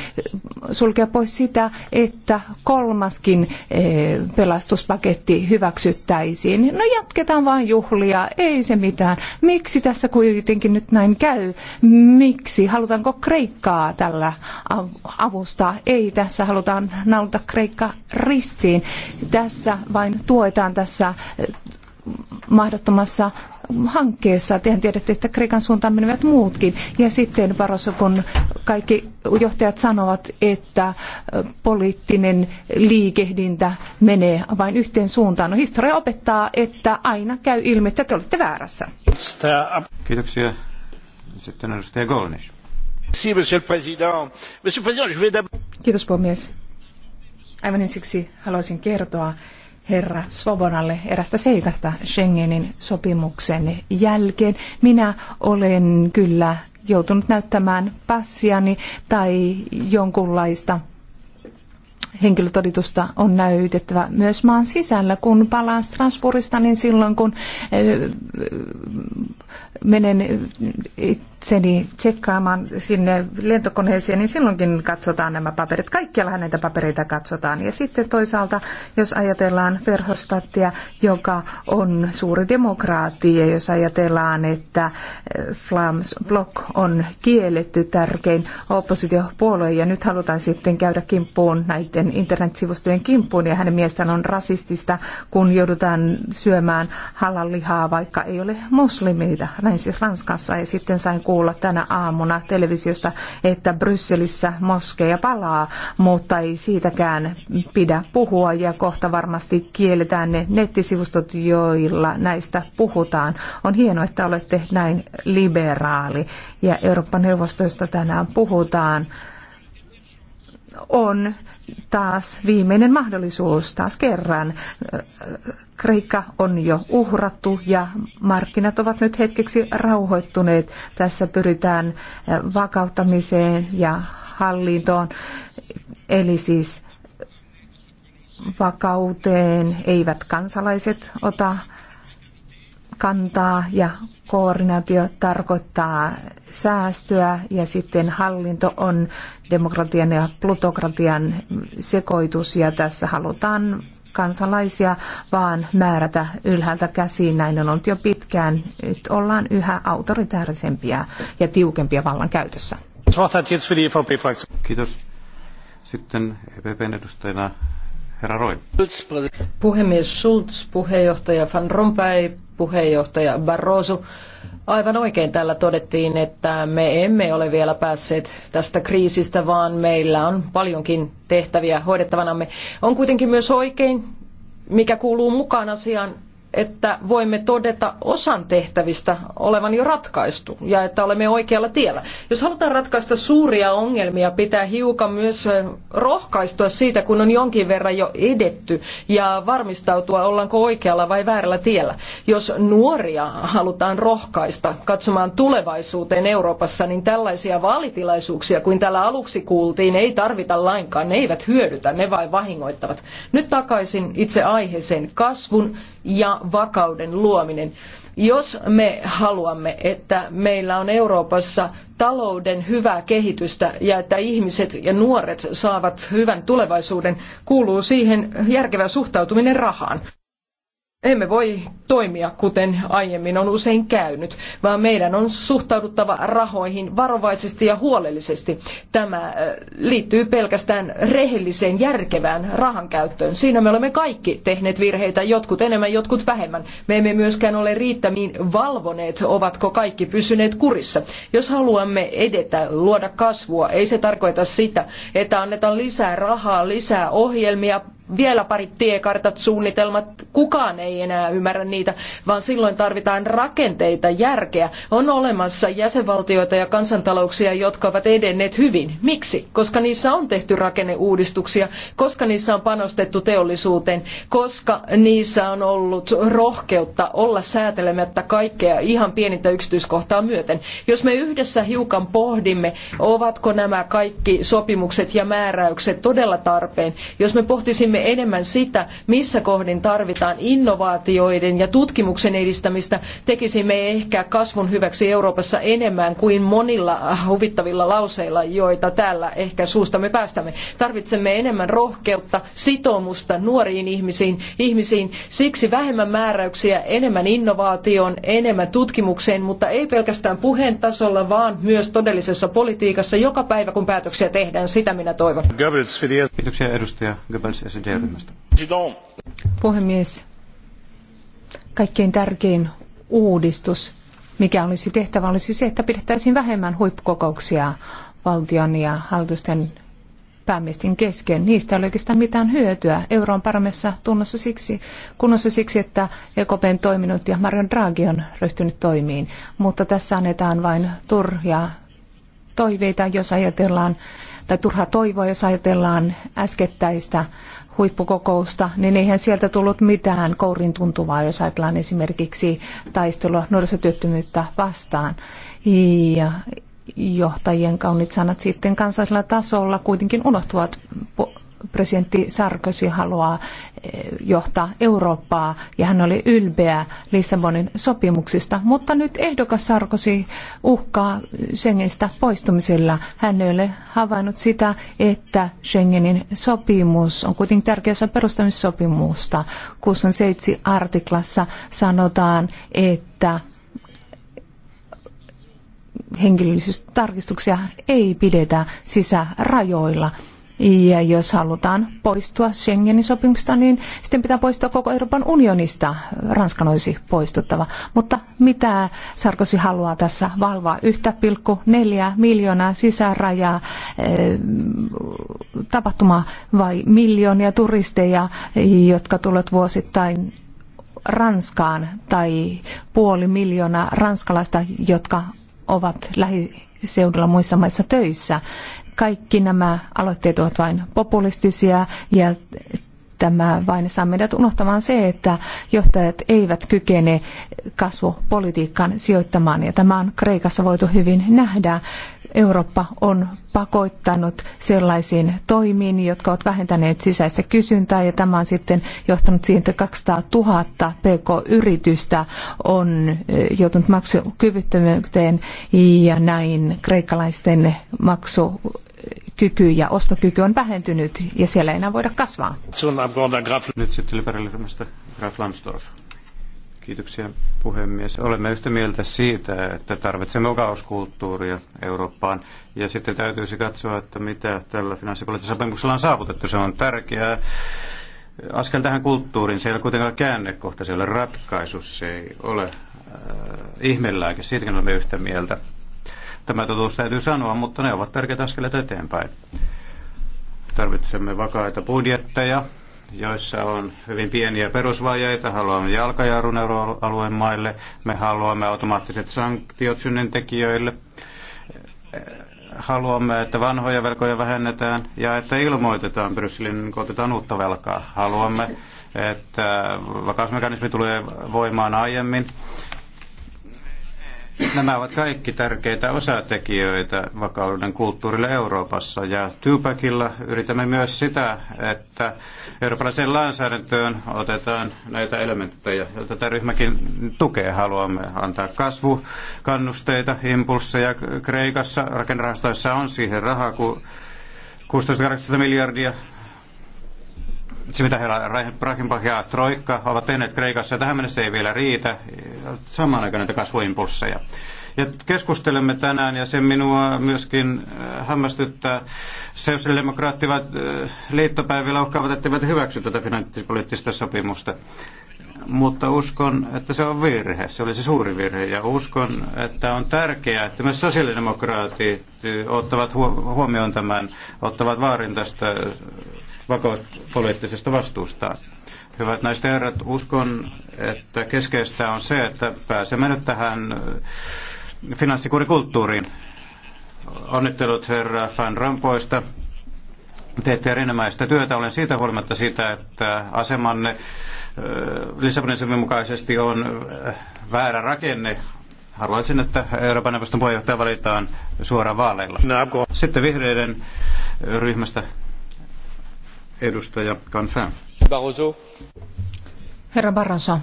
sulkea pois sitä, että kolmaskin eh, pelastuspaketti hyväksyttäisiin. No jatketaan vaan juhlia, ei se mitään. Miksi tässä kuitenkin nyt näin käy? miksi, halutaanko Kreikkaa tällä avustaa. Ei, tässä halutaan naulata Kreikka ristiin. Tässä vain tuetaan tässä eh, mahdottomassa hankkeessa. Tehän tiedätte, että Kreikan suuntaan menevät muutkin. Ja sitten Varossa, kun kaikki johtajat sanovat, että eh, poliittinen liikehdintä menee vain yhteen suuntaan. No historia opettaa, että aina käy ilmi, että te olette väärässä. Kiitoksia. Sitten edustaja Golnish. Kiitos puhemies. Aivan ensiksi haluaisin kertoa herra Svobodalle erästä seikasta Schengenin sopimuksen jälkeen. Minä olen kyllä joutunut näyttämään passiani tai jonkunlaista henkilötodistusta on näytettävä myös maan sisällä. Kun palaan Strasbourgista, niin silloin kun eh, menen itseni tsekkaamaan sinne lentokoneeseen, niin silloinkin katsotaan nämä paperit. Kaikkialla näitä papereita katsotaan. Ja sitten toisaalta, jos ajatellaan Verhofstadtia, joka on suuri demokraatti, ja jos ajatellaan, että eh, Flams Block on kielletty tärkein oppositiopuolue, ja nyt halutaan sitten käydä kimppuun näiden internetsivustojen kimppuun, ja hänen miestään on rasistista, kun joudutaan syömään halallihaa, vaikka ei ole muslimiita, näin siis Ranskassa, ja sitten sain kuulla tänä aamuna televisiosta, että Brysselissä moskeja palaa, mutta ei siitäkään pidä puhua ja kohta varmasti kielletään ne nettisivustot, joilla näistä puhutaan. On hienoa, että olette näin liberaali ja Euroopan neuvostoista tänään puhutaan. On taas viimeinen mahdollisuus taas kerran. Kreikka on jo uhrattu ja markkinat ovat nyt hetkeksi rauhoittuneet. Tässä pyritään eh, vakauttamiseen ja hallintoon, eli siis vakauteen eivät kansalaiset ota kantaa ja koordinaatio tarkoittaa säästöä ja sitten hallinto on demokratian ja plutokratian sekoitus ja tässä halutaan kansalaisia vaan määrätä ylhäältä käsiin. Näin on ollut jo pitkään. Nyt ollaan yhä autoritäärisempiä ja tiukempia vallan käytössä. Kiitos. Sitten EPPn edustajana Herra Roin. Puhemies Schulz, puheenjohtaja Van Rompuy, puheenjohtaja Barroso. Aivan oikein täällä todettiin, että me emme ole vielä päässeet tästä kriisistä, vaan meillä on paljonkin tehtäviä hoidettavanamme. On kuitenkin myös oikein, mikä kuuluu mukaan asiaan, että voimme todeta osan tehtävistä olevan jo ratkaistu ja että olemme oikealla tiellä. Jos halutaan ratkaista suuria ongelmia, pitää hiukan myös rohkaistua siitä, kun on jonkin verran jo edetty ja varmistautua, ollaanko oikealla vai väärällä tiellä. Jos nuoria halutaan rohkaista katsomaan tulevaisuuteen Euroopassa, niin tällaisia vaalitilaisuuksia kuin täällä aluksi kuultiin ei tarvita lainkaan. Ne eivät hyödytä, ne vain vahingoittavat. Nyt takaisin itse aiheeseen kasvun ja vakauden luominen. Jos me haluamme, että meillä on Euroopassa talouden hyvää kehitystä ja että ihmiset ja nuoret saavat hyvän tulevaisuuden, kuuluu siihen järkevä suhtautuminen rahaan. Emme voi toimia kuten aiemmin on usein käynyt, vaan meidän on suhtauduttava rahoihin varovaisesti ja huolellisesti. Tämä äh, liittyy pelkästään rehelliseen järkevään rahankäyttöön. Siinä me olemme kaikki tehneet virheitä, jotkut enemmän, jotkut vähemmän. Me emme myöskään ole riittämiin valvoneet, ovatko kaikki pysyneet kurissa. Jos haluamme edetä, luoda kasvua, ei se tarkoita sitä, että annetaan lisää rahaa, lisää ohjelmia, vielä parit tiekartat, suunnitelmat, kukaan ei enää ymmärrä niitä, vaan silloin tarvitaan rakenteita, järkeä. On olemassa jäsenvaltioita ja kansantalouksia, jotka ovat edenneet hyvin. Miksi? Koska niissä on tehty rakenneuudistuksia, koska niissä on panostettu teollisuuteen, koska niissä on ollut rohkeutta olla säätelemättä kaikkea ihan pienintä yksityiskohtaa myöten. Jos me yhdessä hiukan pohdimme, ovatko nämä kaikki sopimukset ja määräykset todella tarpeen, jos me pohtisimme pohtisimme enemmän sitä, missä kohdin tarvitaan innovaatioiden ja tutkimuksen edistämistä, tekisimme ehkä kasvun hyväksi Euroopassa enemmän kuin monilla huvittavilla lauseilla, joita täällä ehkä suustamme päästämme. Tarvitsemme enemmän rohkeutta, sitoumusta nuoriin ihmisiin, ihmisiin, siksi vähemmän määräyksiä, enemmän innovaatioon, enemmän tutkimukseen, mutta ei pelkästään puheen tasolla, vaan myös todellisessa politiikassa joka päivä, kun päätöksiä tehdään. Sitä minä toivon. Kiitoksia edustaja Goebbels SD-ryhmästä. Puhemies, kaikkein tärkein uudistus, mikä olisi tehtävä, olisi se, että pidettäisiin vähemmän huippukokouksia valtion ja hallitusten päämiesten kesken. Niistä ei ole oikeastaan mitään hyötyä. Euro on paremmassa tunnossa siksi, kunnossa siksi, että EKPn toiminut ja Marion Draghi on ryhtynyt toimiin. Mutta tässä annetaan vain turhia toiveita, jos ajatellaan, tai turhaa toivoa, jos ajatellaan äskettäistä huippukokousta, niin eihän sieltä tullut mitään kourin tuntuvaa, jos ajatellaan esimerkiksi taistelua nuorisotyöttömyyttä vastaan. Ja johtajien kaunit sanat sitten kansallisella tasolla kuitenkin unohtuvat presidentti Sarkozy haluaa eh, johtaa Eurooppaa ja hän oli ylpeä Lissabonin sopimuksista, mutta nyt ehdokas Sarkozy uhkaa Schengenistä poistumisella. Hän ei ole havainnut sitä, että Schengenin sopimus on kuitenkin tärkeä osa perustamissopimusta. 67 artiklassa sanotaan, että henkilöllisyystarkistuksia ei pidetä sisärajoilla. Ja jos halutaan poistua Schengenin sopimuksesta, niin sitten pitää poistua koko Euroopan unionista. Ranskan olisi poistuttava. Mutta mitä Sarkosi haluaa tässä valvoa? 1,4 miljoonaa sisärajaa eh, tapahtuma vai miljoonia turisteja, jotka tulevat vuosittain Ranskaan tai puoli miljoonaa ranskalaista, jotka ovat lähi seudulla muissa maissa töissä. Kaikki nämä aloitteet ovat vain populistisia ja tämä vain saa meidät unohtamaan se, että johtajat eivät kykene kasvupolitiikkaan sijoittamaan. Ja tämä on Kreikassa voitu hyvin nähdä. Eurooppa on pakottanut sellaisiin toimiin, jotka ovat vähentäneet sisäistä kysyntää ja tämä on sitten johtanut siihen, että 200 000 pk-yritystä on joutunut maksukyvyttömyyteen ja näin kreikkalaisten maksu kyky ja ostokyky on vähentynyt ja siellä ei enää voida kasvaa. Nyt sitten liberaaliryhmästä Graf Lambsdorff. Kiitoksia puhemies. Olemme yhtä mieltä siitä, että tarvitsemme vakauskulttuuria Eurooppaan. Ja sitten täytyisi katsoa, että mitä tällä finanssipoliittisella sopimuksella on saavutettu. Se on tärkeää. Askel tähän kulttuuriin, se ei ole kuitenkaan käännekohta, se ei ole ratkaisu, se ei ole äh, ihmelääke, siitäkin olemme yhtä mieltä. Tämä totuus täytyy sanoa, mutta ne ovat tärkeitä askeleita eteenpäin. Tarvitsemme vakaita budjetteja, joissa on hyvin pieniä perusvajeita. Haluamme jalkajarun euroalueen maille. Me haluamme automaattiset sanktiot synnyntekijöille. Haluamme, että vanhoja velkoja vähennetään ja että ilmoitetaan Brysselin, kun otetaan uutta velkaa. Haluamme, että vakausmekanismi tulee voimaan aiemmin Nämä ovat kaikki tärkeitä osatekijöitä vakauden kulttuurille Euroopassa. Ja Tupacilla yritämme myös sitä, että eurooppalaiseen lainsäädäntöön otetaan näitä elementtejä, joita tämä ryhmäkin tukee. Haluamme antaa kasvukannusteita, impulsseja. Kreikassa rakennerahastoissa on siihen rahaa, kun 16 miljardia se mitä heillä ja Troikka ovat tehneet Kreikassa, ja tähän mennessä ei vielä riitä, samaan aikaan näitä kasvuimpulsseja. Ja keskustelemme tänään, ja sen minua myöskin äh, hämmästyttää, sosiaalidemokraattivat äh, liittopäivillä uhkaavat, etteivät hyväksy tätä finanssipoliittista sopimusta. Mutta uskon, että se on virhe. Se oli se suuri virhe. Ja uskon, että on tärkeää, että myös sosiaalidemokraatit äh, ottavat huomioon tämän, ottavat vaarin tästä vakauspoliittisesta vastuustaan. Hyvät naiset ja herrat, uskon, että keskeistä on se, että pääsemme nyt tähän äh, finanssikurikulttuuriin. Onnittelut herra Van Rampoista. Teette erinomaista työtä. Olen siitä huolimatta siitä, että asemanne äh, Lissabonin sovun mukaisesti on äh, väärä rakenne. Haluaisin, että Euroopan neuvoston puheenjohtaja valitaan suoraan vaaleilla. Sitten vihreiden ryhmästä Edustaja Kanfään. Barroso. Herra Barroso,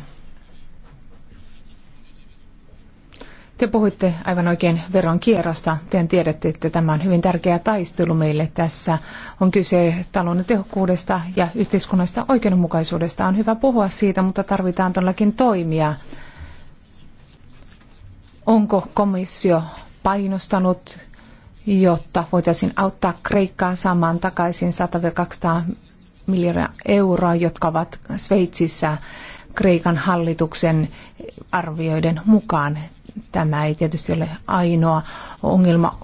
Te puhuitte aivan oikein veronkierrosta. Te tiedätte, että tämä on hyvin tärkeä taistelu meille tässä. On kyse talouden tehokkuudesta ja yhteiskunnallisesta oikeudenmukaisuudesta. On hyvä puhua siitä, mutta tarvitaan todellakin toimia. Onko komissio painostanut, jotta voitaisiin auttaa Kreikkaa saamaan takaisin 100-200 miljardia euroa, jotka ovat Sveitsissä Kreikan hallituksen arvioiden mukaan. Tämä ei tietysti ole ainoa ongelma.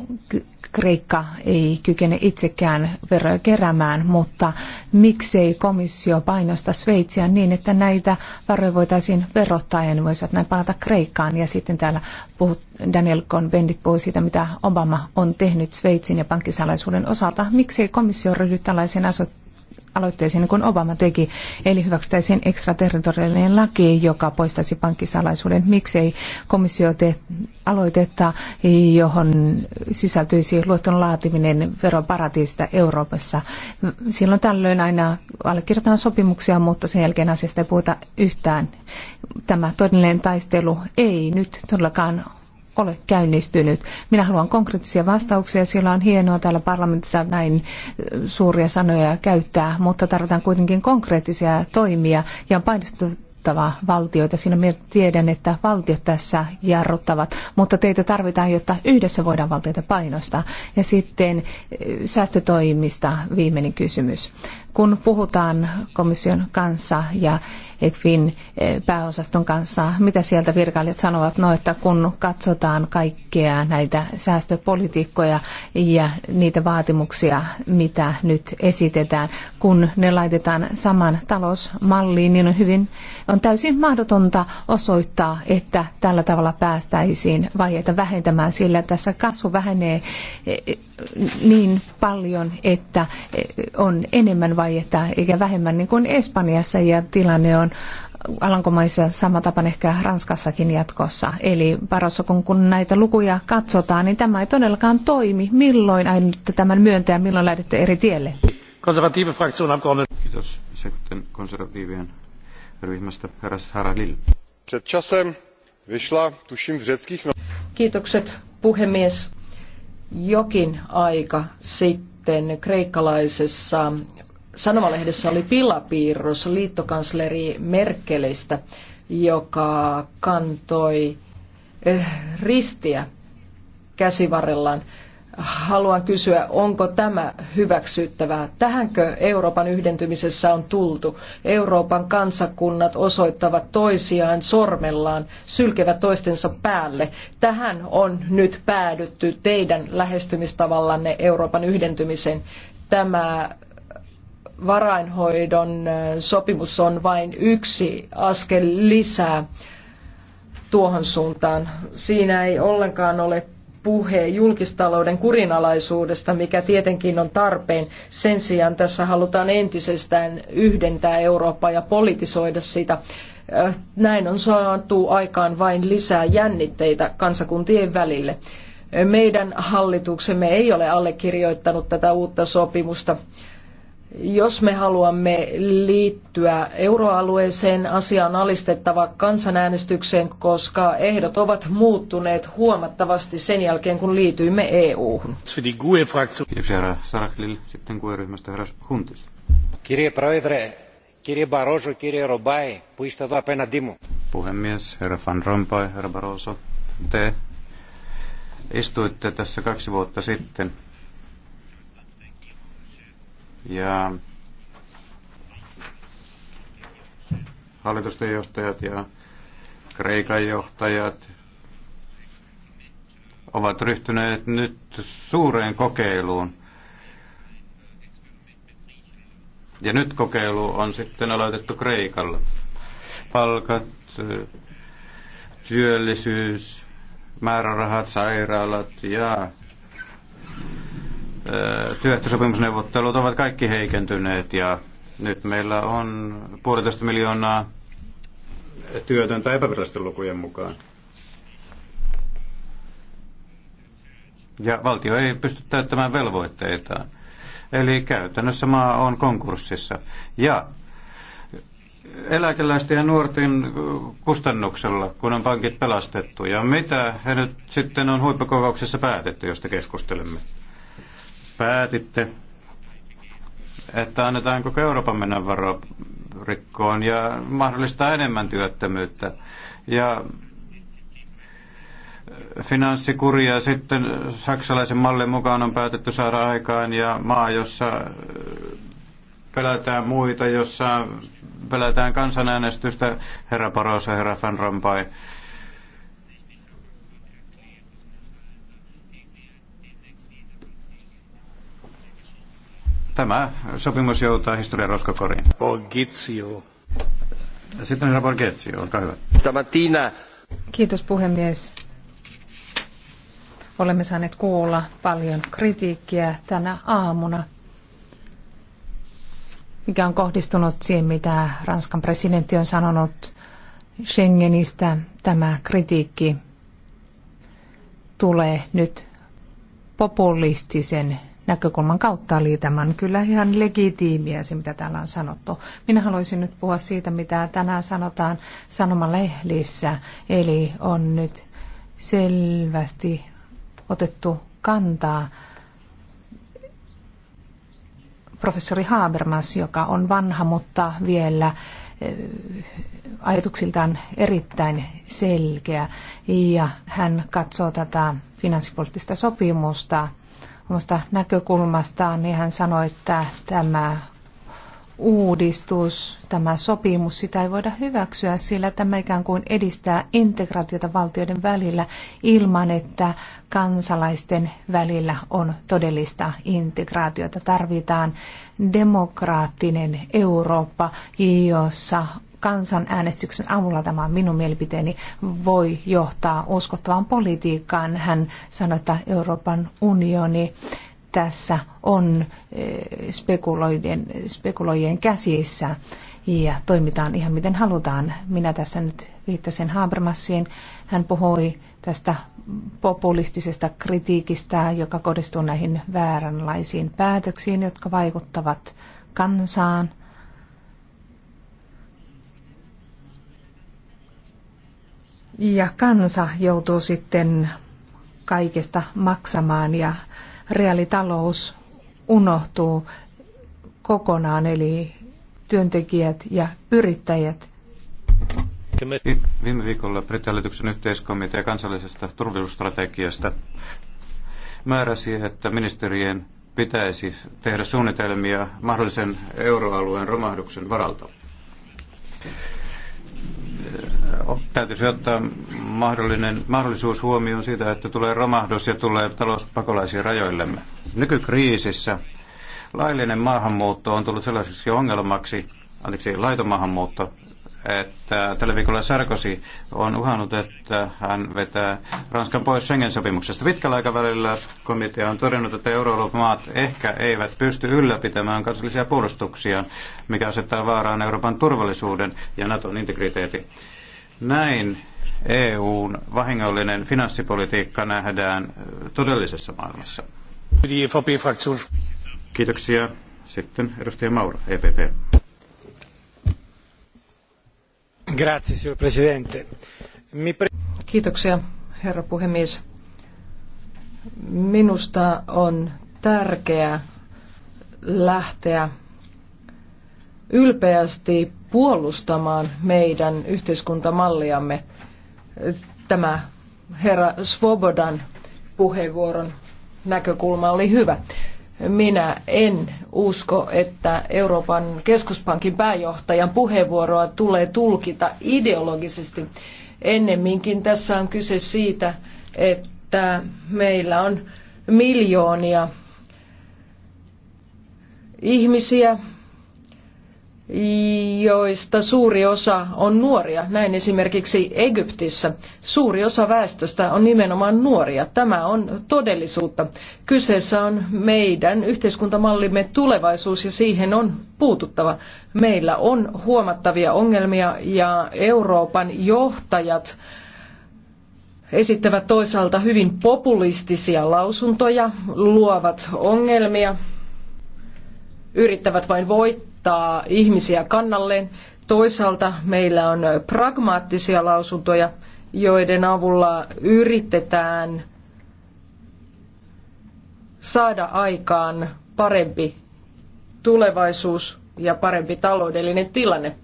Kreikka ei kykene itsekään veroja keräämään, mutta miksei komissio painosta Sveitsiä niin, että näitä varoja voitaisiin verottaa ja ne voisivat näin palata Kreikkaan. Ja sitten täällä puhut, Daniel Cohn-Bendit puhui siitä, mitä Obama on tehnyt Sveitsin ja pankkisalaisuuden osalta. Miksei komissio ryhdy tällaiseen asettumaan? aloitteeseen niin kuin Obama teki, eli hyväksyttäisiin ekstraterritoriaalinen laki, joka poistaisi pankkisalaisuuden. Miksei komissio tee aloitetta, johon sisältyisi luoton laatiminen veroparatiisista Euroopassa. Silloin tällöin aina allekirjoitetaan sopimuksia, mutta sen jälkeen asiasta ei puhuta yhtään. Tämä todellinen taistelu ei nyt todellakaan ole käynnistynyt. Minä haluan konkreettisia vastauksia, sillä on hienoa täällä parlamentissa näin suuria sanoja käyttää, mutta tarvitaan kuitenkin konkreettisia toimia ja painostettava valtioita. Siinä minä tiedän, että valtiot tässä jarruttavat, mutta teitä tarvitaan, jotta yhdessä voidaan valtioita painostaa. Ja sitten säästötoimista viimeinen kysymys kun puhutaan komission kanssa ja ECFIN eh, pääosaston kanssa, mitä sieltä virkailijat sanovat, no että kun katsotaan kaikkea näitä säästöpolitiikkoja ja niitä vaatimuksia, mitä nyt esitetään, kun ne laitetaan saman talousmalliin, niin on, hyvin, on täysin mahdotonta osoittaa, että tällä tavalla päästäisiin vaiheita vähentämään, sillä tässä kasvu vähenee eh, niin paljon, että eh, on enemmän vaietta eikä vähemmän niin kuin Espanjassa ja tilanne on on Alankomaissa sama tapan ehkä Ranskassakin jatkossa. Eli Barossa, kun, kun näitä lukuja katsotaan, niin tämä ei todellakaan toimi. Milloin aiotte tämän myöntää, milloin lähdette eri tielle? Kiitos. Sitten konservatiivien ryhmästä herra Saralil. No- Kiitokset, puhemies. Jokin aika sitten kreikkalaisessa sanomalehdessä oli pilapiirros liittokansleri Merkelistä, joka kantoi eh, ristiä käsivarrellaan. Haluan kysyä, onko tämä hyväksyttävää? Tähänkö Euroopan yhdentymisessä on tultu? Euroopan kansakunnat osoittavat toisiaan sormellaan, sylkevät toistensa päälle. Tähän on nyt päädytty teidän lähestymistavallanne Euroopan yhdentymisen. Tämä varainhoidon sopimus on vain yksi askel lisää tuohon suuntaan. Siinä ei ollenkaan ole puhe julkistalouden kurinalaisuudesta, mikä tietenkin on tarpeen. Sen sijaan tässä halutaan entisestään yhdentää Eurooppaa ja politisoida sitä. Näin on saatu aikaan vain lisää jännitteitä kansakuntien välille. Meidän hallituksemme ei ole allekirjoittanut tätä uutta sopimusta. Jos me haluamme liittyä euroalueeseen, asia on alistettava kansanäänestykseen, koska ehdot ovat muuttuneet huomattavasti sen jälkeen, kun liityimme EU-hun. E sitten Puhemies, herra Van Rompuy, herra Barroso, te istuitte tässä kaksi vuotta sitten ja hallitusten johtajat ja Kreikan johtajat ovat ryhtyneet nyt suureen kokeiluun. Ja nyt kokeilu on sitten aloitettu Kreikalla. Palkat, työllisyys, määrärahat, sairaalat ja työehtosopimusneuvottelut ovat kaikki heikentyneet ja nyt meillä on puolitoista miljoonaa työtöntä epävirallisten lukujen mukaan. Ja valtio ei pysty täyttämään velvoitteitaan. Eli käytännössä maa on konkurssissa. Ja eläkeläisten ja nuorten kustannuksella, kun on pankit pelastettu. Ja mitä he nyt sitten on huippukokouksessa päätetty, josta keskustelemme? päätitte, että annetaan koko Euroopan mennä varorikkoon ja mahdollistaa enemmän työttömyyttä. Ja finanssikuria sitten saksalaisen mallin mukaan on päätetty saada aikaan ja maa, jossa äh, pelätään muita, jossa pelätään kansanäänestystä, herra Paroosa, herra Van Rompuy Tämä sopimus joutaa historian roskakoriin. Borgizio. Sitten herra Borgizio, olkaa hyvä. Stamattina. Kiitos puhemies. Olemme saaneet kuulla paljon kritiikkiä tänä aamuna mikä on kohdistunut siihen, mitä Ranskan presidentti on sanonut Schengenistä. Tämä kritiikki tulee nyt populistisen näkökulman kautta oli tämän kyllä ihan legitiimiä se, mitä täällä on sanottu. Minä haluaisin nyt puhua siitä, mitä tänään sanotaan sanomalehdissä, eli on nyt selvästi otettu kantaa professori Habermas, joka on vanha, mutta vielä eh, ajatuksiltaan erittäin selkeä ja hän katsoo tätä finanssipoliittista sopimusta omasta näkökulmastaan, niin hän sanoi, että tämä uudistus, tämä sopimus, sitä ei voida hyväksyä, sillä tämä ikään kuin edistää integraatiota valtioiden välillä ilman, että kansalaisten välillä on todellista integraatiota. Tarvitaan demokraattinen Eurooppa, jossa kansanäänestyksen avulla, tämä on minun mielipiteeni, voi johtaa uskottavaan politiikkaan. Hän sanoi, että Euroopan unioni tässä on eh, spekuloiden, spekuloijien käsissä ja toimitaan ihan miten halutaan. Minä tässä nyt viittasin Habermasiin. Hän puhui tästä populistisesta kritiikistä, joka kohdistuu näihin vääränlaisiin päätöksiin, jotka vaikuttavat kansaan – ja kansa joutuu sitten kaikesta maksamaan ja reaalitalous unohtuu kokonaan, eli työntekijät ja yrittäjät. Viime viikolla Brittihallituksen yhteiskomitea kansallisesta turvallisuusstrategiasta määräsi, että ministerien pitäisi tehdä suunnitelmia mahdollisen euroalueen romahduksen varalta täytyisi ottaa mahdollinen, mahdollisuus huomioon siitä, että tulee romahdus ja tulee talouspakolaisia rajoillemme. Nykykriisissä laillinen maahanmuutto on tullut sellaiseksi ongelmaksi, anteeksi, laiton maahanmuutto että tällä viikolla Sarkosi on uhannut, että hän vetää Ranskan pois Schengen-sopimuksesta. Pitkällä aikavälillä komitea on todennut, että Euroopan maat ehkä eivät pysty ylläpitämään kansallisia puolustuksia, mikä asettaa vaaraan Euroopan turvallisuuden ja Naton integriteetin. Näin EUn vahingollinen finanssipolitiikka nähdään todellisessa maailmassa. Kiitoksia. Sitten edustaja Maura, EPP. Kiitoksia, herra puhemies. Minusta on tärkeää lähteä ylpeästi puolustamaan meidän yhteiskuntamalliamme. Tämä herra Svobodan puheenvuoron näkökulma oli hyvä. Minä en usko, että Euroopan keskuspankin pääjohtajan puheenvuoroa tulee tulkita ideologisesti. Ennemminkin tässä on kyse siitä, että meillä on miljoonia ihmisiä, joista suuri osa on nuoria. Näin esimerkiksi Egyptissä. Suuri osa väestöstä on nimenomaan nuoria. Tämä on todellisuutta. Kyseessä on meidän yhteiskuntamallimme tulevaisuus ja siihen on puututtava. Meillä on huomattavia ongelmia ja Euroopan johtajat esittävät toisaalta hyvin populistisia lausuntoja, luovat ongelmia, yrittävät vain voittaa ottaa ihmisiä kannalleen. Toisaalta meillä on pragmaattisia lausuntoja, joiden avulla yritetään saada aikaan parempi tulevaisuus ja parempi taloudellinen tilanne.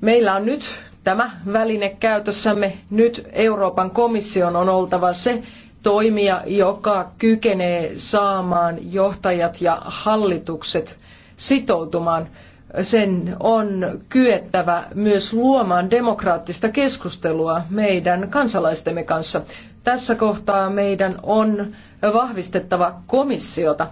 Meillä on nyt tämä väline käytössämme. Nyt Euroopan komission on oltava se, toimija, joka kykenee saamaan johtajat ja hallitukset sitoutumaan. Sen on kyettävä myös luomaan demokraattista keskustelua meidän kansalaistemme kanssa. Tässä kohtaa meidän on vahvistettava komissiota.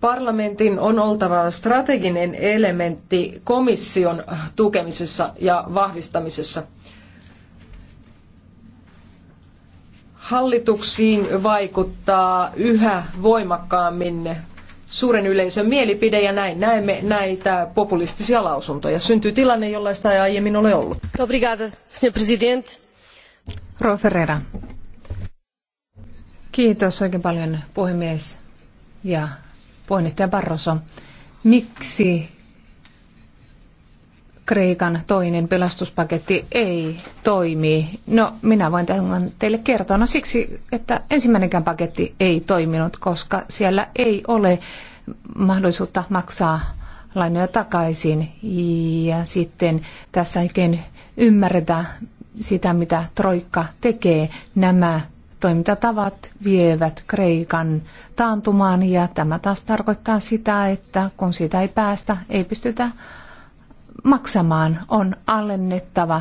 Parlamentin on oltava strateginen elementti komission tukemisessa ja vahvistamisessa. hallituksiin vaikuttaa yhä voimakkaammin suuren yleisön mielipide ja näin näemme näitä populistisia lausuntoja. Syntyy tilanne, jollaista ei aiemmin ole ollut. Obrigada, Ferreira. Kiitos oikein paljon puhemies ja puheenjohtaja Barroso. Miksi Kreikan toinen pelastuspaketti ei toimi. No, minä voin tämän teille kertoa. No siksi, että ensimmäinenkään paketti ei toiminut, koska siellä ei ole mahdollisuutta maksaa lainoja takaisin. Ja sitten tässä oikein ymmärretä sitä, mitä Troikka tekee. Nämä toimintatavat vievät Kreikan taantumaan ja tämä taas tarkoittaa sitä, että kun siitä ei päästä, ei pystytä maksamaan. On alennettava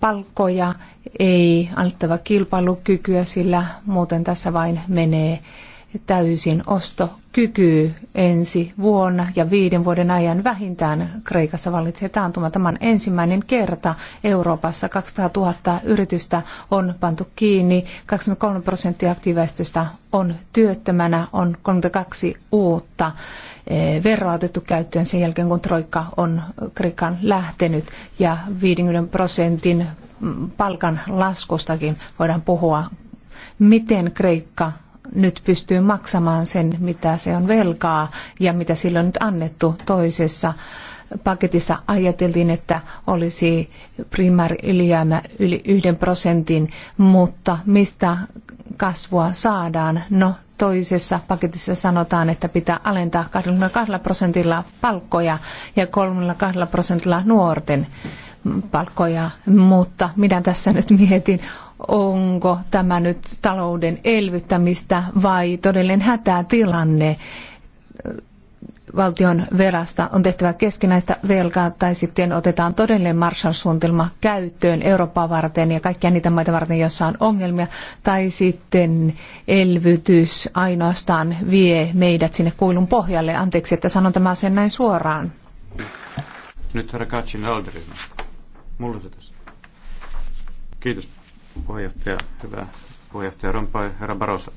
palkkoja, ei annettava kilpailukykyä, sillä muuten tässä vain menee täysin ostokyky ensi vuonna ja viiden vuoden ajan vähintään Kreikassa vallitsee taantuma. Tämä on ensimmäinen kerta Euroopassa. 200 000 yritystä on pantu kiinni, 23 prosenttia aktiiväistöstä on työttömänä, on 32 uutta eh, veroa otettu käyttöön sen jälkeen, kun Troikka on Kreikan lähtenyt ja 50 prosentin mm, palkan laskustakin voidaan puhua. Miten Kreikka nyt pystyy maksamaan sen, mitä se on velkaa ja mitä sillä on nyt annettu toisessa paketissa ajateltiin, että olisi primääri yli yhden prosentin, mutta mistä kasvua saadaan? No toisessa paketissa sanotaan, että pitää alentaa 22 prosentilla palkkoja ja 32 prosentilla nuorten palkkoja, mutta minä tässä nyt mietin, onko tämä nyt talouden elvyttämistä vai todellinen hätätilanne. Valtion verasta on tehtävä keskinäistä velkaa tai sitten otetaan todellinen Marshall-suunnitelma käyttöön Eurooppaa varten ja kaikkia niitä maita varten, joissa on ongelmia. Tai sitten elvytys ainoastaan vie meidät sinne kuilun pohjalle. Anteeksi, että sanon tämän sen näin suoraan. Nyt herra Katsin Alderin. Mulla se tässä. Kiitos puheenjohtaja, hyvä puheenjohtaja Rompa, herra Barossa.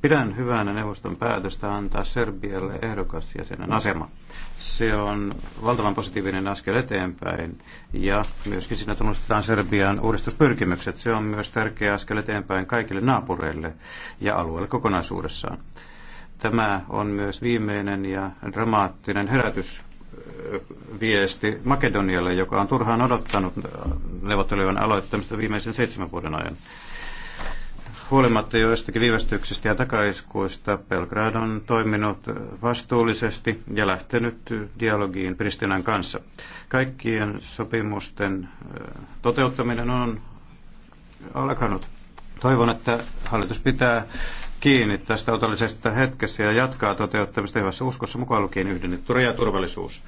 Pidän hyvänä neuvoston päätöstä antaa Serbialle jäsenen asema. Se on valtavan positiivinen askel eteenpäin ja myöskin siinä tunnustetaan Serbian uudistuspyrkimykset. Se on myös tärkeä askel eteenpäin kaikille naapureille ja alueelle kokonaisuudessaan. Tämä on myös viimeinen ja dramaattinen herätys viesti Makedonialle, joka on turhaan odottanut neuvottelujen aloittamista viimeisen seitsemän vuoden ajan. Huolimatta joistakin viivästyksistä ja takaiskuista, Belgrad on toiminut vastuullisesti ja lähtenyt dialogiin Pristinan kanssa. Kaikkien sopimusten toteuttaminen on alkanut. Toivon, että hallitus pitää kiinni tästä otollisesta hetkessä ja jatkaa toteuttamista hyvässä uskossa mukaan lukien yhdennetty turvallisuus.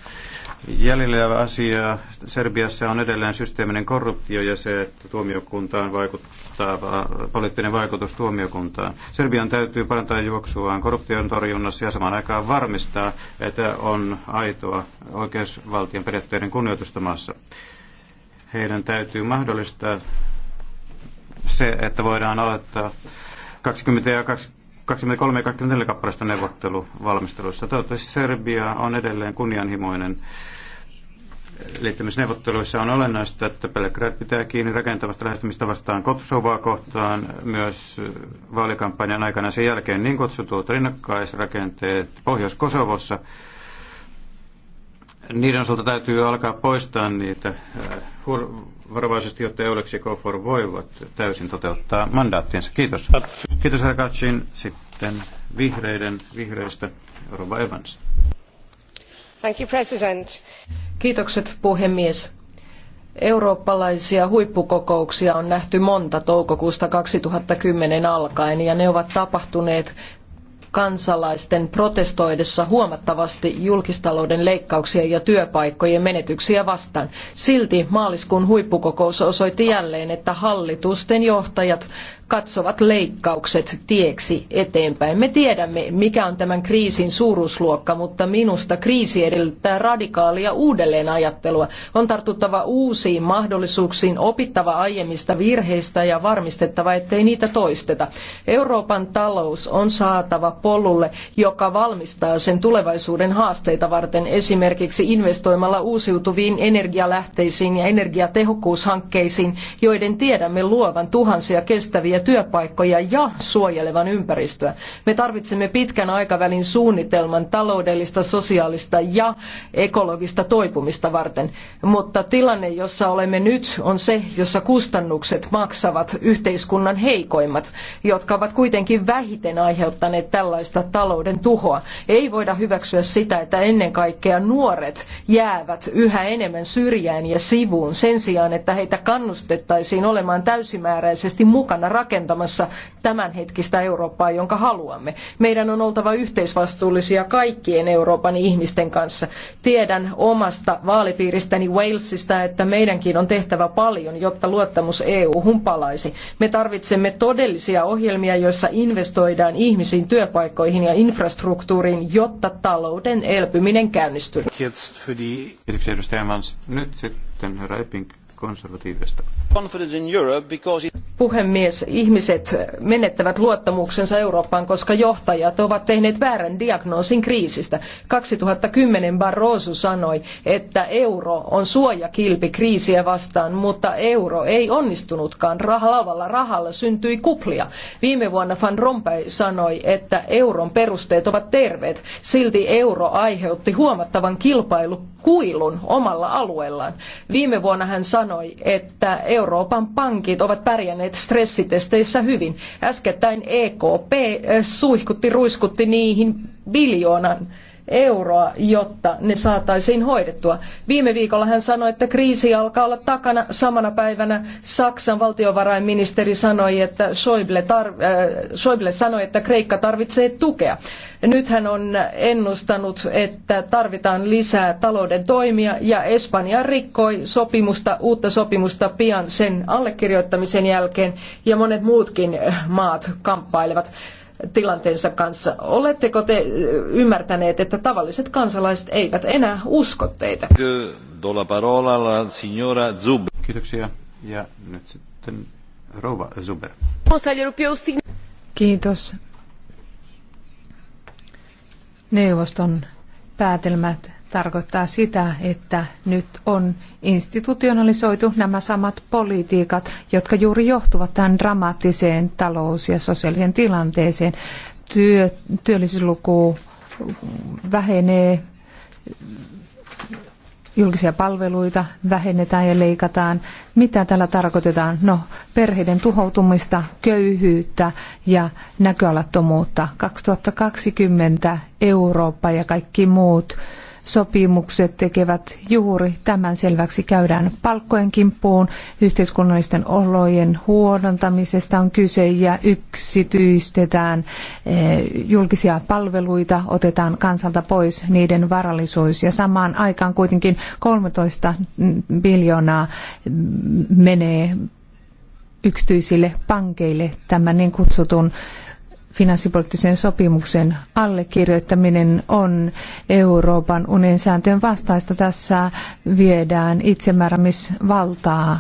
Jäljellä jäävä asia Serbiassa on edelleen systeeminen korruptio ja se, että tuomiokuntaan vaikuttaa, poliittinen vaikutus tuomiokuntaan. Serbian täytyy parantaa juoksuaan korruption torjunnassa ja samaan aikaan varmistaa, että on aitoa oikeusvaltion periaatteiden kunnioitusta maassa. Heidän täytyy mahdollistaa se, että voidaan aloittaa 20 ja 23 ja 24 kappaleista neuvotteluvalmisteluissa. Toivottavasti Serbia on edelleen kunnianhimoinen liittymisneuvotteluissa on olennaista, että Belgrad pitää kiinni rakentavasta lähestymistä vastaan Kotsovaa kohtaan myös vaalikampanjan aikana sen jälkeen niin kutsutut rinnakkaisrakenteet Pohjois-Kosovossa. Niiden osalta täytyy alkaa poistaa niitä äh, varovaisesti, jotta Eulex ja KFOR voivat täysin toteuttaa mandaattiensa. Kiitos. Kiitos herra Katsin. Sitten vihreiden vihreistä Rova Evans. Thank you, President. Kiitokset puhemies. Eurooppalaisia huippukokouksia on nähty monta toukokuusta 2010 alkaen ja ne ovat tapahtuneet kansalaisten protestoidessa huomattavasti julkistalouden leikkauksia ja työpaikkojen menetyksiä vastaan. Silti maaliskuun huippukokous osoitti jälleen, että hallitusten johtajat katsovat leikkaukset tieksi eteenpäin. Me tiedämme, mikä on tämän kriisin suuruusluokka, mutta minusta kriisi edellyttää radikaalia uudelleenajattelua. On tartuttava uusiin mahdollisuuksiin, opittava aiemmista virheistä ja varmistettava, ettei niitä toisteta. Euroopan talous on saatava polulle, joka valmistaa sen tulevaisuuden haasteita varten esimerkiksi investoimalla uusiutuviin energialähteisiin ja energiatehokkuushankkeisiin, joiden tiedämme luovan tuhansia kestäviä luovia työpaikkoja ja suojelevan ympäristöä. Me tarvitsemme pitkän aikavälin suunnitelman taloudellista, sosiaalista ja ekologista toipumista varten. Mutta tilanne, jossa olemme nyt, on se, jossa kustannukset maksavat yhteiskunnan heikoimmat, jotka ovat kuitenkin vähiten aiheuttaneet tällaista talouden tuhoa. Ei voida hyväksyä sitä, että ennen kaikkea nuoret jäävät yhä enemmän syrjään ja sivuun sen sijaan, että heitä kannustettaisiin olemaan täysimääräisesti mukana rakentamassa tämänhetkistä Eurooppaa, jonka haluamme. Meidän on oltava yhteisvastuullisia kaikkien Euroopan ihmisten kanssa. Tiedän omasta vaalipiiristäni Walesista, että meidänkin on tehtävä paljon, jotta luottamus EU-hun palaisi. Me tarvitsemme todellisia ohjelmia, joissa investoidaan ihmisiin, työpaikkoihin ja infrastruktuuriin, jotta talouden elpyminen käynnistyy. Nyt sitten herra Epping konservatiivista. Puhemies, ihmiset menettävät luottamuksensa Eurooppaan, koska johtajat ovat tehneet väärän diagnoosin kriisistä. 2010 Barroso sanoi, että euro on suojakilpi kriisiä vastaan, mutta euro ei onnistunutkaan. Rahalvalla rahalla syntyi kuplia. Viime vuonna Van Rompuy sanoi, että euron perusteet ovat terveet. Silti euro aiheutti huomattavan kilpailukuilun omalla alueellaan. Viime vuonna hän sanoi, sanoi, että Euroopan pankit ovat pärjänneet stressitesteissä hyvin. Äskettäin EKP eh, suihkutti ruiskutti niihin biljoonan euroa, jotta ne saataisiin hoidettua. Viime viikolla hän sanoi, että kriisi alkaa olla takana. Samana päivänä Saksan valtiovarainministeri sanoi, että Schäuble, äh, Schäuble sanoi, että Kreikka tarvitsee tukea. Nyt hän on ennustanut, että tarvitaan lisää talouden toimia ja Espanja rikkoi sopimusta, uutta sopimusta pian sen allekirjoittamisen jälkeen ja monet muutkin maat kamppailevat tilanteensa kanssa. Oletteko te ymmärtäneet, että tavalliset kansalaiset eivät enää usko teitä? Kiitoksia. Ja nyt sitten rouva Zuber. Kiitos. Neuvoston päätelmät tarkoittaa sitä, että nyt on institutionalisoitu nämä samat politiikat, jotka juuri johtuvat tähän dramaattiseen talous- ja sosiaaliseen tilanteeseen. Työ, työllisyysluku vähenee, julkisia palveluita vähennetään ja leikataan. Mitä tällä tarkoitetaan? No, perheiden tuhoutumista, köyhyyttä ja näköalattomuutta. 2020 Eurooppa ja kaikki muut sopimukset tekevät juuri tämän selväksi. Käydään palkkojen kimppuun, yhteiskunnallisten olojen huonontamisesta on kyse ja yksityistetään eh, julkisia palveluita, otetaan kansalta pois niiden varallisuus ja samaan aikaan kuitenkin 13 miljoonaa mm, menee yksityisille pankeille tämän niin kutsutun finanssipoliittisen sopimuksen allekirjoittaminen on Euroopan unionin sääntöjen vastaista. Tässä viedään itsemääräämisvaltaa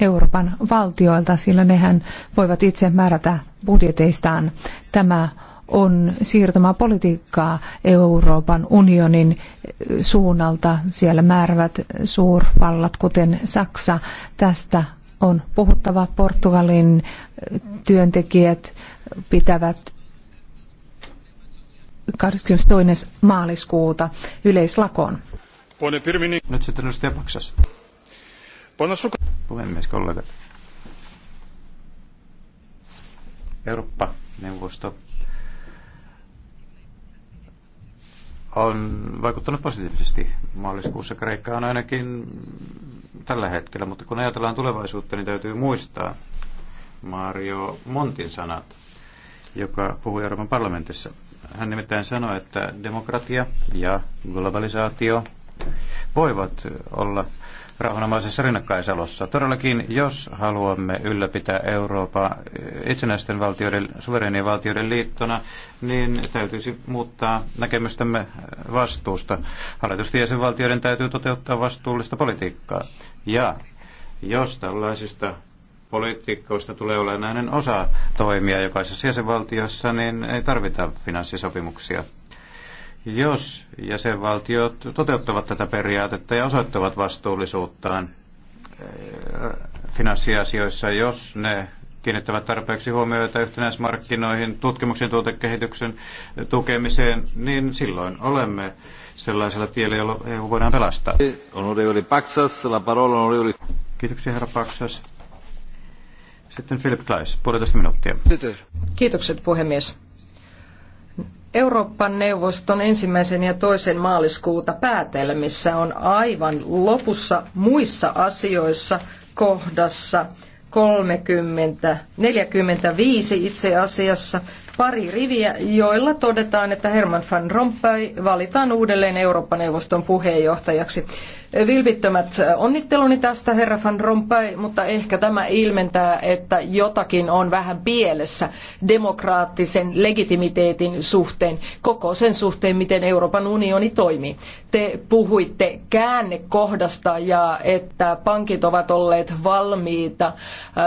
Euroopan valtioilta, sillä nehän voivat itse määrätä budjeteistaan. Tämä on siirtomapolitiikkaa Euroopan unionin suunnalta. Siellä määrävät suurvallat, kuten Saksa. Tästä on puhuttava. Portugalin eh, työntekijät pitävät 22. maaliskuuta yleislakon. Nyt sitten edustaja Paksas. Puhemies, kollegat. Eurooppa-neuvosto on vaikuttanut positiivisesti. Maaliskuussa Kreikka on ainakin tällä hetkellä, mutta kun ajatellaan tulevaisuutta, niin täytyy muistaa Mario Montin sanat, joka puhui Euroopan parlamentissa. Hän nimittäin sanoi, että demokratia ja globalisaatio voivat olla rauhanomaisessa rinnakkaiselossa. Todellakin, jos haluamme ylläpitää Eurooppaa itsenäisten valtioiden, suverenien valtioiden liittona, niin täytyisi muuttaa näkemystämme vastuusta. Hallitusten jäsenvaltioiden täytyy toteuttaa vastuullista politiikkaa. Ja jos tällaisista politiikkoista tulee olennainen osa toimia jokaisessa jäsenvaltiossa, niin ei tarvita finanssisopimuksia. Jos jäsenvaltiot toteuttavat tätä periaatetta ja osoittavat vastuullisuuttaan eh, finanssiasioissa, jos ne kiinnittävät tarpeeksi huomiota yhtenäismarkkinoihin, tutkimuksen tuotekehityksen tukemiseen, niin silloin olemme sellaisella tiellä, jolla EU voidaan pelastaa. la Kiitoksia herra Paksas. Sitten Philip Klaes, puolitoista minuuttia. Kiitokset puhemies. Euroopan neuvoston ensimmäisen ja toisen maaliskuuta päätelmissä on aivan lopussa muissa asioissa kohdassa 30, 45 itse asiassa pari riviä, joilla todetaan, että Herman van Rompuy valitaan uudelleen Eurooppa-neuvoston puheenjohtajaksi. Vilpittömät onnitteluni tästä, herra Van Rompuy, mutta ehkä tämä ilmentää, että jotakin on vähän pielessä demokraattisen legitimiteetin suhteen, koko sen suhteen, miten Euroopan unioni toimii. Te puhuitte käännekohdasta ja että pankit ovat olleet valmiita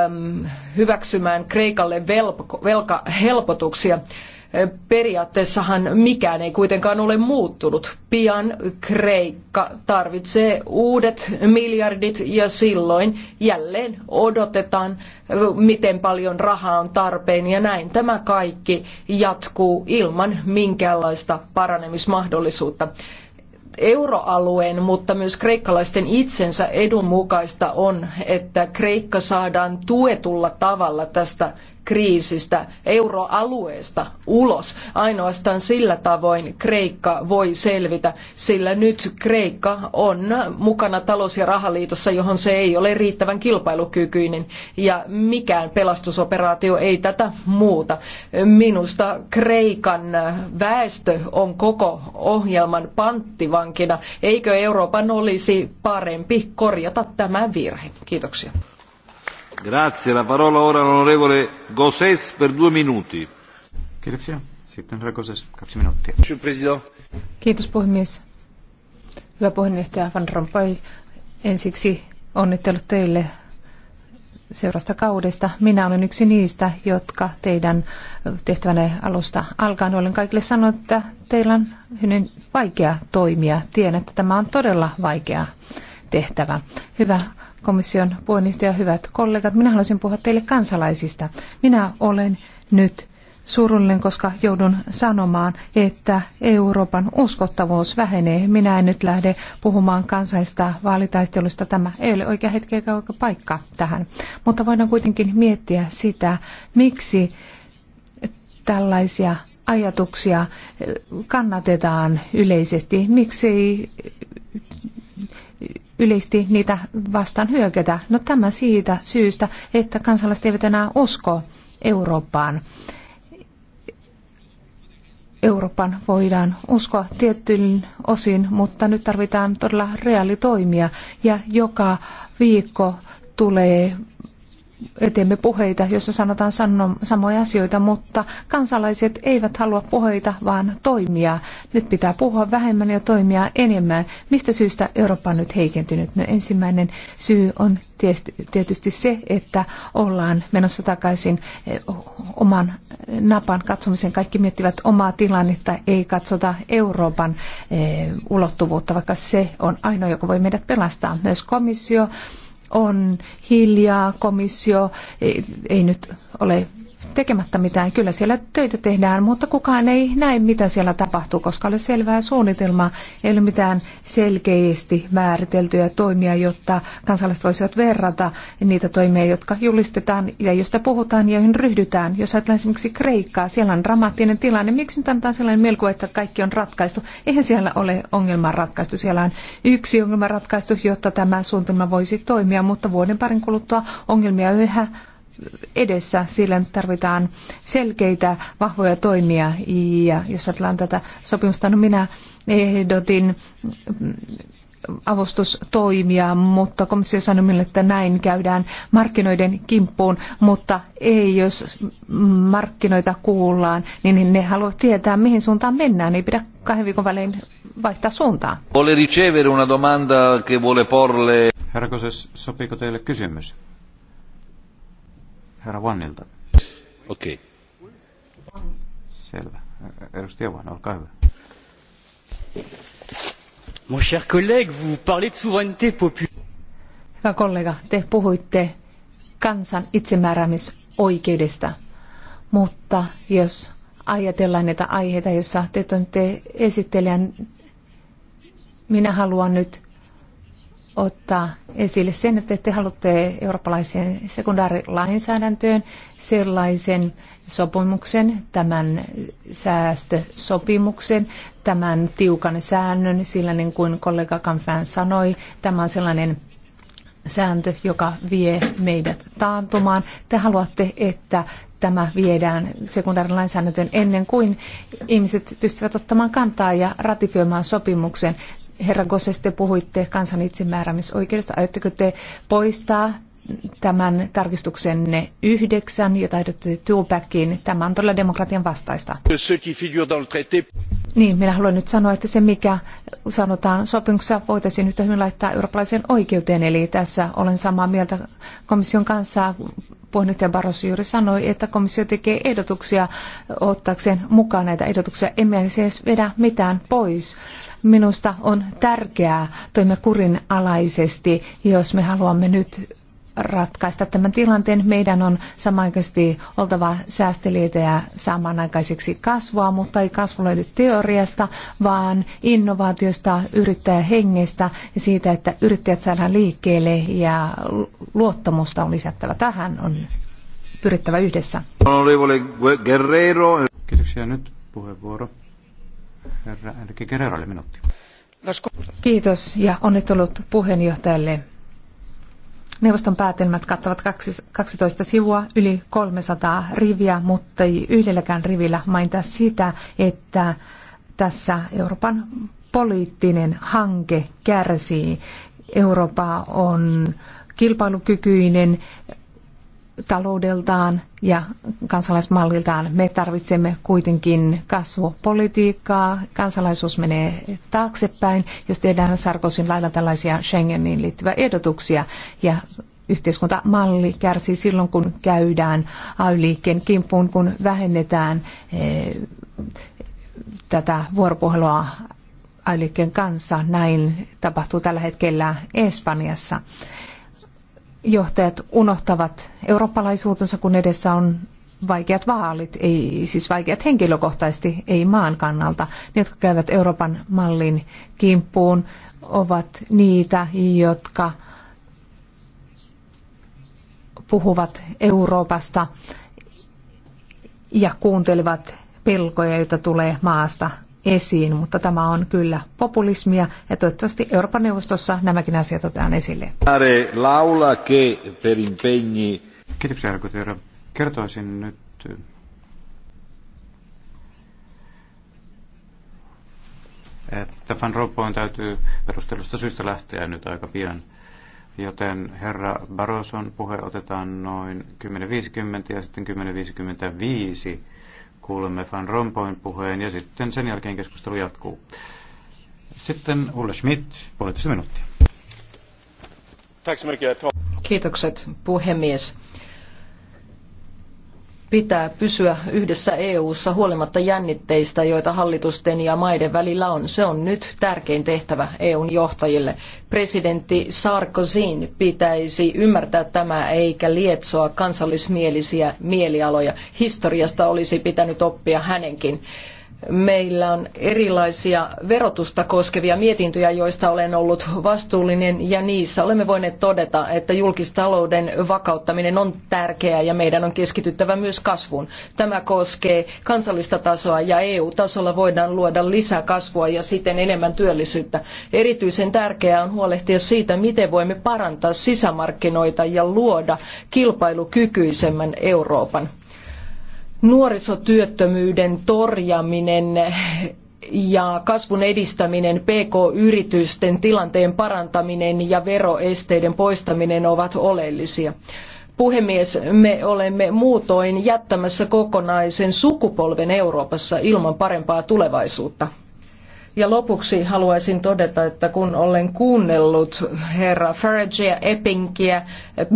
äm, hyväksymään Kreikalle velko, velkahelpotuksia. Periaatteessahan mikään ei kuitenkaan ole muuttunut. Pian Kreikka tarvitsee uudet miljardit ja silloin jälleen odotetaan, miten paljon rahaa on tarpeen ja näin tämä kaikki jatkuu ilman minkäänlaista paranemismahdollisuutta euroalueen, mutta myös kreikkalaisten itsensä edun mukaista on, että Kreikka saadaan tuetulla tavalla tästä kriisistä, euroalueesta ulos. Ainoastaan sillä tavoin Kreikka voi selvitä, sillä nyt Kreikka on mukana talous- ja rahaliitossa, johon se ei ole riittävän kilpailukykyinen ja mikään pelastusoperaatio ei tätä muuta. Minusta Kreikan väestö on koko ohjelman panttivankina. Eikö Euroopan olisi parempi korjata tämä virhe? Kiitoksia. Grazie. La parola ora per due minuti. kaksi minuuttia. Kiitos puhemies. Hyvä puheenjohtaja Van Rompuy, ensiksi onnittelut teille seurasta kaudesta. Minä olen yksi niistä, jotka teidän tehtävänne alusta alkaen olen kaikille sanonut, että teillä on hyvin vaikea toimia. Tiedän, että tämä on todella vaikea tehtävä. Hyvä komission puheenjohtaja, hyvät kollegat. Minä haluaisin puhua teille kansalaisista. Minä olen nyt surullinen, koska joudun sanomaan, että Euroopan uskottavuus vähenee. Minä en nyt lähde puhumaan kansaista vaalitaistelusta. Tämä ei ole oikea hetki eikä oikea paikka tähän. Mutta voidaan kuitenkin miettiä sitä, miksi tällaisia ajatuksia kannatetaan yleisesti. Miksi yleisesti niitä vastaan hyökätä. No tämä siitä syystä, että kansalaiset eivät enää usko Eurooppaan. Euroopan voidaan uskoa tiettyyn osin, mutta nyt tarvitaan todella reaalitoimia ja joka viikko tulee teemme puheita, joissa sanotaan samoja asioita, mutta kansalaiset eivät halua puheita, vaan toimia. Nyt pitää puhua vähemmän ja toimia enemmän. Mistä syystä Eurooppa on nyt heikentynyt? No ensimmäinen syy on tietysti se, että ollaan menossa takaisin eh, oman napan katsomisen. Kaikki miettivät omaa tilannetta, ei katsota Euroopan eh, ulottuvuutta, vaikka se on ainoa, joka voi meidät pelastaa. Myös komissio on hiljaa, komissio ei, ei nyt ole tekemättä mitään. Kyllä siellä töitä tehdään, mutta kukaan ei näe, mitä siellä tapahtuu, koska ei ole selvää suunnitelmaa, ei ole mitään selkeästi määriteltyjä toimia, jotta kansalaiset voisivat verrata niitä toimia, jotka julistetaan ja joista puhutaan ja joihin ryhdytään. Jos ajatellaan esimerkiksi Kreikkaa, siellä on dramaattinen tilanne. Miksi nyt antaa sellainen melko, että kaikki on ratkaistu? Eihän siellä ole ongelmaa ratkaistu. Siellä on yksi ongelma ratkaistu, jotta tämä suunnitelma voisi toimia, mutta vuoden parin kuluttua ongelmia yhä edessä, sillä tarvitaan selkeitä, vahvoja toimia. Ja jos ajatellaan tätä sopimusta, no minä ehdotin avustustoimia, mutta komissio sanoi minulle, että näin käydään markkinoiden kimppuun, mutta ei jos markkinoita kuullaan, niin ne haluavat tietää, mihin suuntaan mennään. Ei pidä kahden viikon välein vaihtaa suuntaa. Vuole ricevere una domanda che vuole porle. sopiiko teille kysymys? herra Vannilta. Okei. Okay. Selvä. Edustaja Vann, olkaa hyvä. Mon cher collègue, vous parlez de souveraineté populaire. Hyvä kollega, te puhuitte kansan itsemääräämisoikeudesta, mutta jos ajatellaan näitä aiheita, joissa te toimitte esittelijän, minä haluan nyt ottaa esille sen, että te haluatte eurooppalaiseen sekundaarilainsäädäntöön sellaisen sopimuksen, tämän säästösopimuksen, tämän tiukan säännön, sillä niin kuin kollega Kanfään sanoi, tämä on sellainen sääntö, joka vie meidät taantumaan. Te haluatte, että tämä viedään sekundaarin lainsäädäntöön ennen kuin ihmiset pystyvät ottamaan kantaa ja ratifioimaan sopimuksen herra Gosses, te puhuitte kansan itsemääräämisoikeudesta. Aiotteko te poistaa tämän tarkistuksenne yhdeksän, jota ehdotti Tupakin. Tämä on todella demokratian vastaista. Niin, minä haluan nyt sanoa, että se mikä sanotaan sopimuksessa voitaisiin yhtä hyvin laittaa eurooppalaiseen oikeuteen. Eli tässä olen samaa mieltä komission kanssa. Puheenjohtaja Barroso juuri sanoi, että komissio tekee ehdotuksia ottaakseen mukaan näitä ehdotuksia. Emme siis vedä mitään pois minusta on tärkeää toimia kurinalaisesti, jos me haluamme nyt ratkaista tämän tilanteen. Meidän on samanaikaisesti oltava säästeliitä ja samanaikaiseksi kasvua, mutta ei kasvu löydy teoriasta, vaan innovaatiosta, yrittäjähengestä ja siitä, että yrittäjät saadaan liikkeelle ja luottamusta on lisättävä tähän, on pyrittävä yhdessä. Kiitoksia. Nyt puheenvuoro Herra Enrique Guerrero, minuutti. Kiitos ja onnittelut puheenjohtajalle. Neuvoston päätelmät kattavat 12 sivua, yli 300 riviä, mutta ei yhdelläkään rivillä mainita sitä, että tässä Euroopan poliittinen hanke kärsii. Eurooppa on kilpailukykyinen, taloudeltaan ja kansalaismalliltaan. Me tarvitsemme kuitenkin kasvupolitiikkaa. Kansalaisuus menee taaksepäin, jos tehdään Sarkosin lailla tällaisia Schengeniin liittyviä ehdotuksia. Ja yhteiskuntamalli kärsii silloin, kun käydään AY-liikkeen kimppuun, kun vähennetään eh, tätä vuoropuhelua ay kanssa. Näin tapahtuu tällä hetkellä Espanjassa johtajat unohtavat eurooppalaisuutensa, kun edessä on vaikeat vaalit, ei, siis vaikeat henkilökohtaisesti, ei maan kannalta. Ne, jotka käyvät Euroopan mallin kimppuun, ovat niitä, jotka puhuvat Euroopasta ja kuuntelevat pelkoja, joita tulee maasta esiin, mutta tämä on kyllä populismia ja toivottavasti Euroopan neuvostossa nämäkin asiat otetaan esille. Kiitoksia, Herra Kertoisin nyt että Van Rompuyn täytyy perustelusta syystä lähteä nyt aika pian. Joten herra Baroson puhe otetaan noin 10.50 ja sitten 10.55 kuulemme Van Rompoin puheen ja sitten sen jälkeen keskustelu jatkuu. Sitten Ulle Schmidt, poliittisen minuuttia. Kiitokset puhemies pitää pysyä yhdessä EU:ssa huolimatta jännitteistä, joita hallitusten ja maiden välillä on. Se on nyt tärkein tehtävä EUn johtajille. Presidentti Sarkozyn pitäisi ymmärtää tämä eikä lietsoa kansallismielisiä mielialoja. Historiasta olisi pitänyt oppia hänenkin meillä on erilaisia verotusta koskevia mietintöjä, joista olen ollut vastuullinen ja niissä olemme voineet todeta, että julkistalouden vakauttaminen on tärkeää ja meidän on keskityttävä myös kasvuun. Tämä koskee kansallista tasoa ja EU-tasolla voidaan luoda lisää kasvua ja siten enemmän työllisyyttä. Erityisen tärkeää on huolehtia siitä, miten voimme parantaa sisämarkkinoita ja luoda kilpailukykyisemmän Euroopan nuorisotyöttömyyden torjaminen ja kasvun edistäminen, PK-yritysten tilanteen parantaminen ja veroesteiden poistaminen ovat oleellisia. Puhemies, me olemme muutoin jättämässä kokonaisen sukupolven Euroopassa ilman parempaa tulevaisuutta. Ja lopuksi haluaisin todeta, että kun olen kuunnellut herra Faragea, Eppinkiä,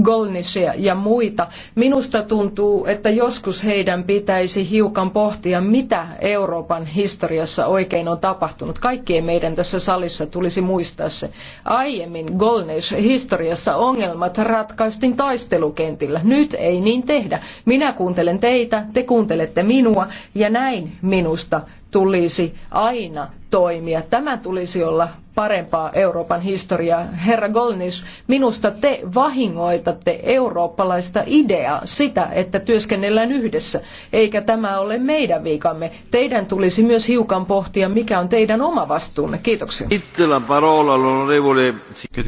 Golnishia ja muita, minusta tuntuu, että joskus heidän pitäisi hiukan pohtia, mitä Euroopan historiassa oikein on tapahtunut. Kaikkien meidän tässä salissa tulisi muistaa se. Aiemmin Golnish historiassa ongelmat ratkaistiin taistelukentillä. Nyt ei niin tehdä. Minä kuuntelen teitä, te kuuntelette minua ja näin minusta tulisi aina toimia. Tämän tulisi olla parempaa Euroopan historiaa. Herra Golnis, minusta te vahingoitatte eurooppalaista ideaa, sitä, että työskennellään yhdessä, eikä tämä ole meidän viikamme. Teidän tulisi myös hiukan pohtia, mikä on teidän oma vastuunne. Kiitoksia. Kiitos,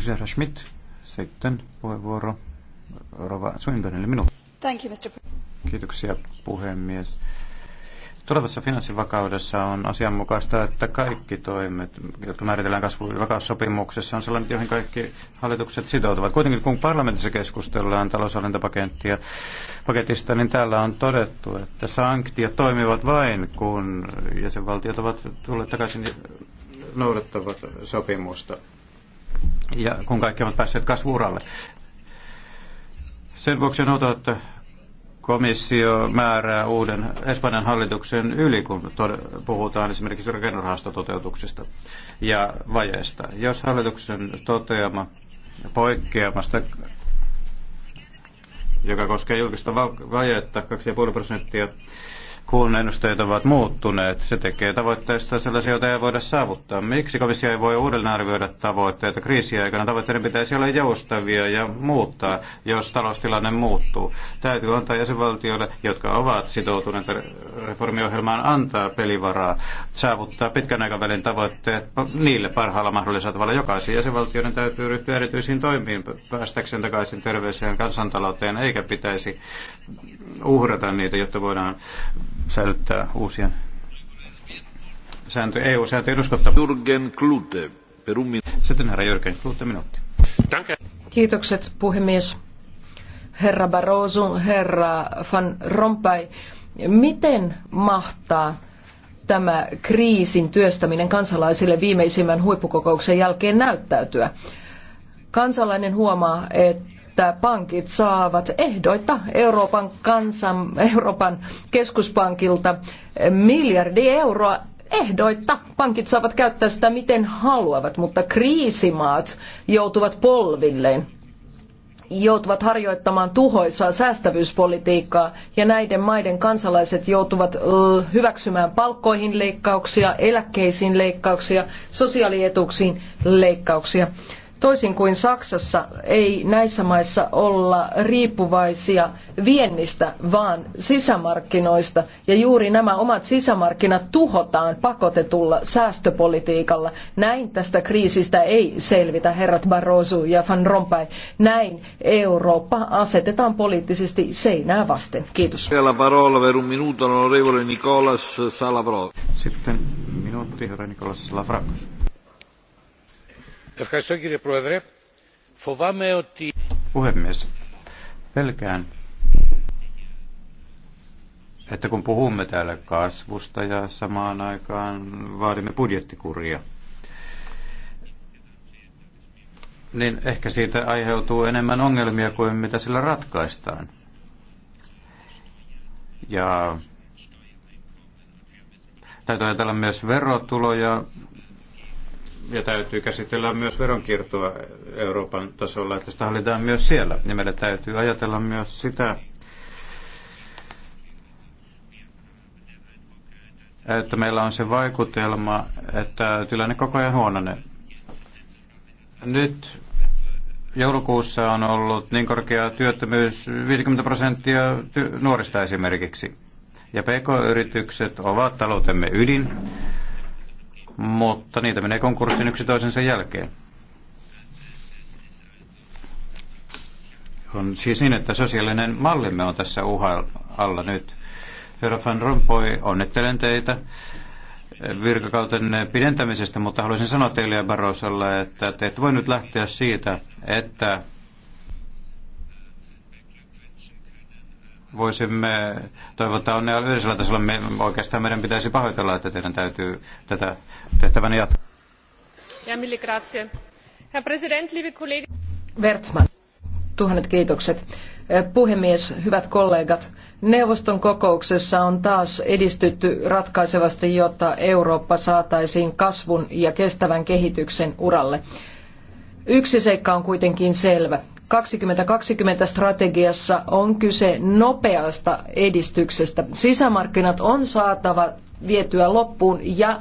herra Schmidt. Sitten puheenvuoro Rova Swinburnille minuun. Kiitoksia, puhemies. Tulevassa finanssivakaudessa on asianmukaista, että kaikki toimet, jotka määritellään kasvu- ja vakaussopimuksessa, on sellainen, joihin kaikki hallitukset sitoutuvat. Kuitenkin kun parlamentissa keskustellaan taloushallintapakettia, paketista, niin täällä on todettu, että sanktiot toimivat vain, kun jäsenvaltiot ovat tulleet takaisin noudattavat sopimusta. Ja kun kaikki ovat päässeet kasvuuralle. Sen vuoksi on outoa, että komissio määrää uuden Espanjan hallituksen yli, kun puhutaan esimerkiksi rakennurahastototeutuksesta ja vajeesta. Jos hallituksen toteama poikkeamasta, joka koskee julkista vajetta 2,5 prosenttia, kun ennusteet ovat muuttuneet. Se tekee tavoitteista sellaisia, joita ei voida saavuttaa. Miksi komissio ei voi uudelleen arvioida tavoitteita kriisiaikana? Tavoitteiden pitäisi olla joustavia ja muuttaa, jos taloustilanne muuttuu. Täytyy antaa jäsenvaltioille, jotka ovat sitoutuneet reformiohjelmaan, antaa pelivaraa saavuttaa pitkän aikavälin tavoitteet niille parhaalla mahdollisella tavalla. Jokaisen jäsenvaltioiden täytyy ryhtyä erityisiin toimiin päästäkseen takaisin terveeseen kansantalouteen, eikä pitäisi uhrata niitä, jotta voidaan säilyttää uusien sääntöjen EU-sääntöjen uskottavuus. Jürgen Klute, per Sitten herra Jürgen Klute, minuutti. Kiitokset puhemies. Herra Barroso, herra Van Rompuy, miten mahtaa tämä kriisin työstäminen kansalaisille viimeisimmän huippukokouksen jälkeen näyttäytyä? Kansalainen huomaa, että että pankit saavat ehdoitta Euroopan, kansan, Euroopan keskuspankilta miljardi euroa ehdoitta. Pankit saavat käyttää sitä miten haluavat, mutta kriisimaat joutuvat polvilleen joutuvat harjoittamaan tuhoisaa säästävyyspolitiikkaa ja näiden maiden kansalaiset joutuvat hyväksymään palkkoihin leikkauksia, eläkkeisiin leikkauksia, sosiaalietuuksiin leikkauksia. Toisin kuin Saksassa ei näissä maissa olla riippuvaisia viennistä, vaan sisämarkkinoista. Ja juuri nämä omat sisämarkkinat tuhotaan pakotetulla säästöpolitiikalla. Näin tästä kriisistä ei selvitä, herrat Barroso ja Van Rompuy. Näin Eurooppa asetetaan poliittisesti seinää vasten. Kiitos. Sitten minuutti, herra Nikolas Salavrakos. Puhemies, pelkään, että kun puhumme täällä kasvusta ja samaan aikaan vaadimme budjettikuria, niin ehkä siitä aiheutuu enemmän ongelmia kuin mitä sillä ratkaistaan. Ja täytyy ajatella myös verotuloja, ja täytyy käsitellä myös veronkiertoa Euroopan tasolla, että sitä hallitaan myös siellä. Ja meidän täytyy ajatella myös sitä, että meillä on se vaikutelma, että tilanne koko ajan huononee. Nyt joulukuussa on ollut niin korkea työttömyys 50 prosenttia nuorista esimerkiksi. Ja PK-yritykset ovat taloutemme ydin mutta niitä menee konkurssiin yksi toisensa jälkeen. On siis niin, että sosiaalinen mallimme on tässä uhalla alla nyt. Herra Van Rompuy, onnittelen teitä virkakauten pidentämisestä, mutta haluaisin sanoa teille ja Barrosalle, että te ette voi nyt lähteä siitä, että voisimme toivottaa onnea yleisellä tasolla. Me, oikeastaan meidän pitäisi pahoitella, että teidän täytyy tätä tehtävän jatkaa. Ja mille grazie. Herr President, liebe Kollegen. Wertmann, tuhannet kiitokset. Äh, puhemies, hyvät kollegat. Neuvoston kokouksessa on taas edistytty ratkaisevasti, jotta Eurooppa saataisiin kasvun ja kestävän kehityksen uralle. Yksi seikka on kuitenkin selvä. 2020 strategiassa on kyse nopeasta edistyksestä. Sisämarkkinat on saatava vietyä loppuun ja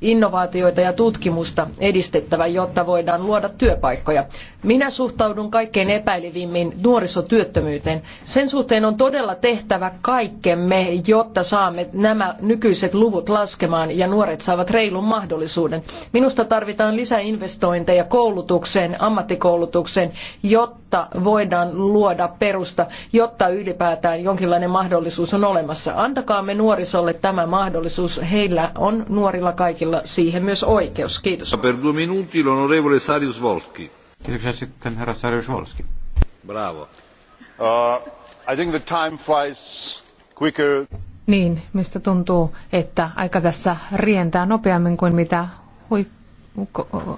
innovaatioita ja tutkimusta edistettävä, jotta voidaan luoda työpaikkoja. Minä suhtaudun kaikkein epäilevimmin nuorisotyöttömyyteen. Sen suhteen on todella tehtävä kaikkemme, jotta saamme nämä nykyiset luvut laskemaan ja nuoret saavat reilun mahdollisuuden. Minusta tarvitaan lisäinvestointeja koulutukseen, ammattikoulutukseen, jotta voidaan luoda perusta, jotta ylipäätään jonkinlainen mahdollisuus on olemassa. Antakaamme nuorisolle tämä mahdollisuus. Heillä on nuorilla kaikilla siihen myös oikeus. Kiitos. Per due minuti Sarius Kiitoksia sitten herra Bravo. Uh, I think the time flies quicker. Niin, mistä tuntuu, että aika tässä rientää nopeammin kuin mitä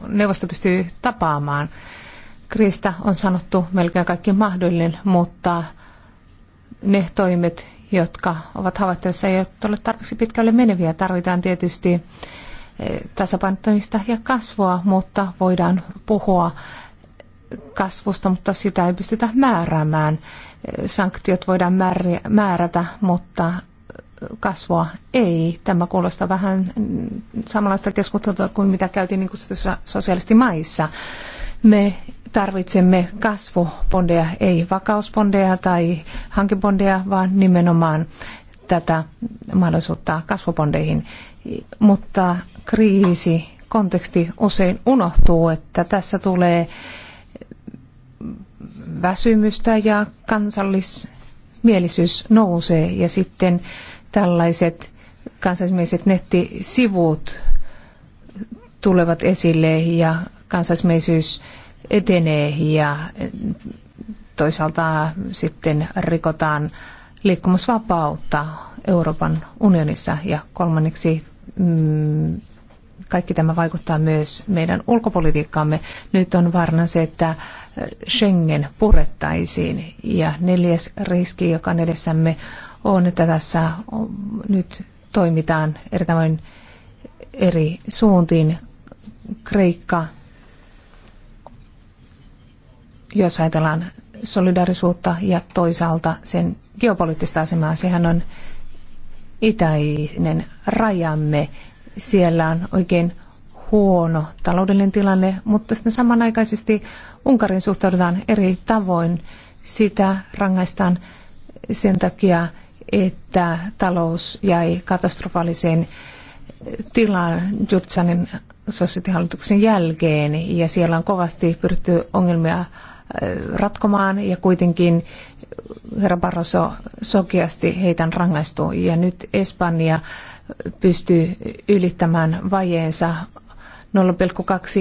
neuvosto pystyy tapaamaan. Kriista on sanottu melkein kaikki mahdollinen, mutta ne toimet, jotka ovat havaittavissa, eivät ole tarpeeksi pitkälle meneviä. Tarvitaan tietysti eh, tasapainottamista ja kasvua, mutta voidaan puhua kasvusta, mutta sitä ei pystytä määräämään. Sanktiot voidaan määrätä, mutta kasvua ei. Tämä kuulostaa vähän samanlaista keskustelua kuin mitä käytiin niin kutsutussa sosialistimaissa. Me tarvitsemme kasvubondeja, ei vakausbondeja tai hankebondeja, vaan nimenomaan tätä mahdollisuutta kasvubondeihin. Mutta kriisi, konteksti usein unohtuu, että tässä tulee väsymystä ja kansallismielisyys nousee ja sitten tällaiset kansallismieliset nettisivut tulevat esille ja kansallismielisyys etenee ja toisaalta sitten rikotaan liikkumisvapautta Euroopan unionissa ja kolmanneksi mm, kaikki tämä vaikuttaa myös meidän ulkopolitiikkaamme. Nyt on varna se, että äh, Schengen purettaisiin. Ja neljäs riski, joka on edessämme, on, että tässä nyt toimitaan eri tavoin eri suuntiin. Kreikka, jos ajatellaan solidarisuutta ja toisaalta sen geopoliittista asemaa, sehän on itäinen rajamme siellä on oikein huono taloudellinen tilanne, mutta sitten samanaikaisesti Unkarin suhtaudutaan eri tavoin. Sitä rangaistaan sen takia, että talous jäi katastrofaaliseen tilaan Jurtsanin sosiaalihallituksen jälkeen ja siellä on kovasti pyritty ongelmia äh, ratkomaan ja kuitenkin herra Barroso sokeasti heitä rangaistu ja nyt Espanja pysty ylittämään vajeensa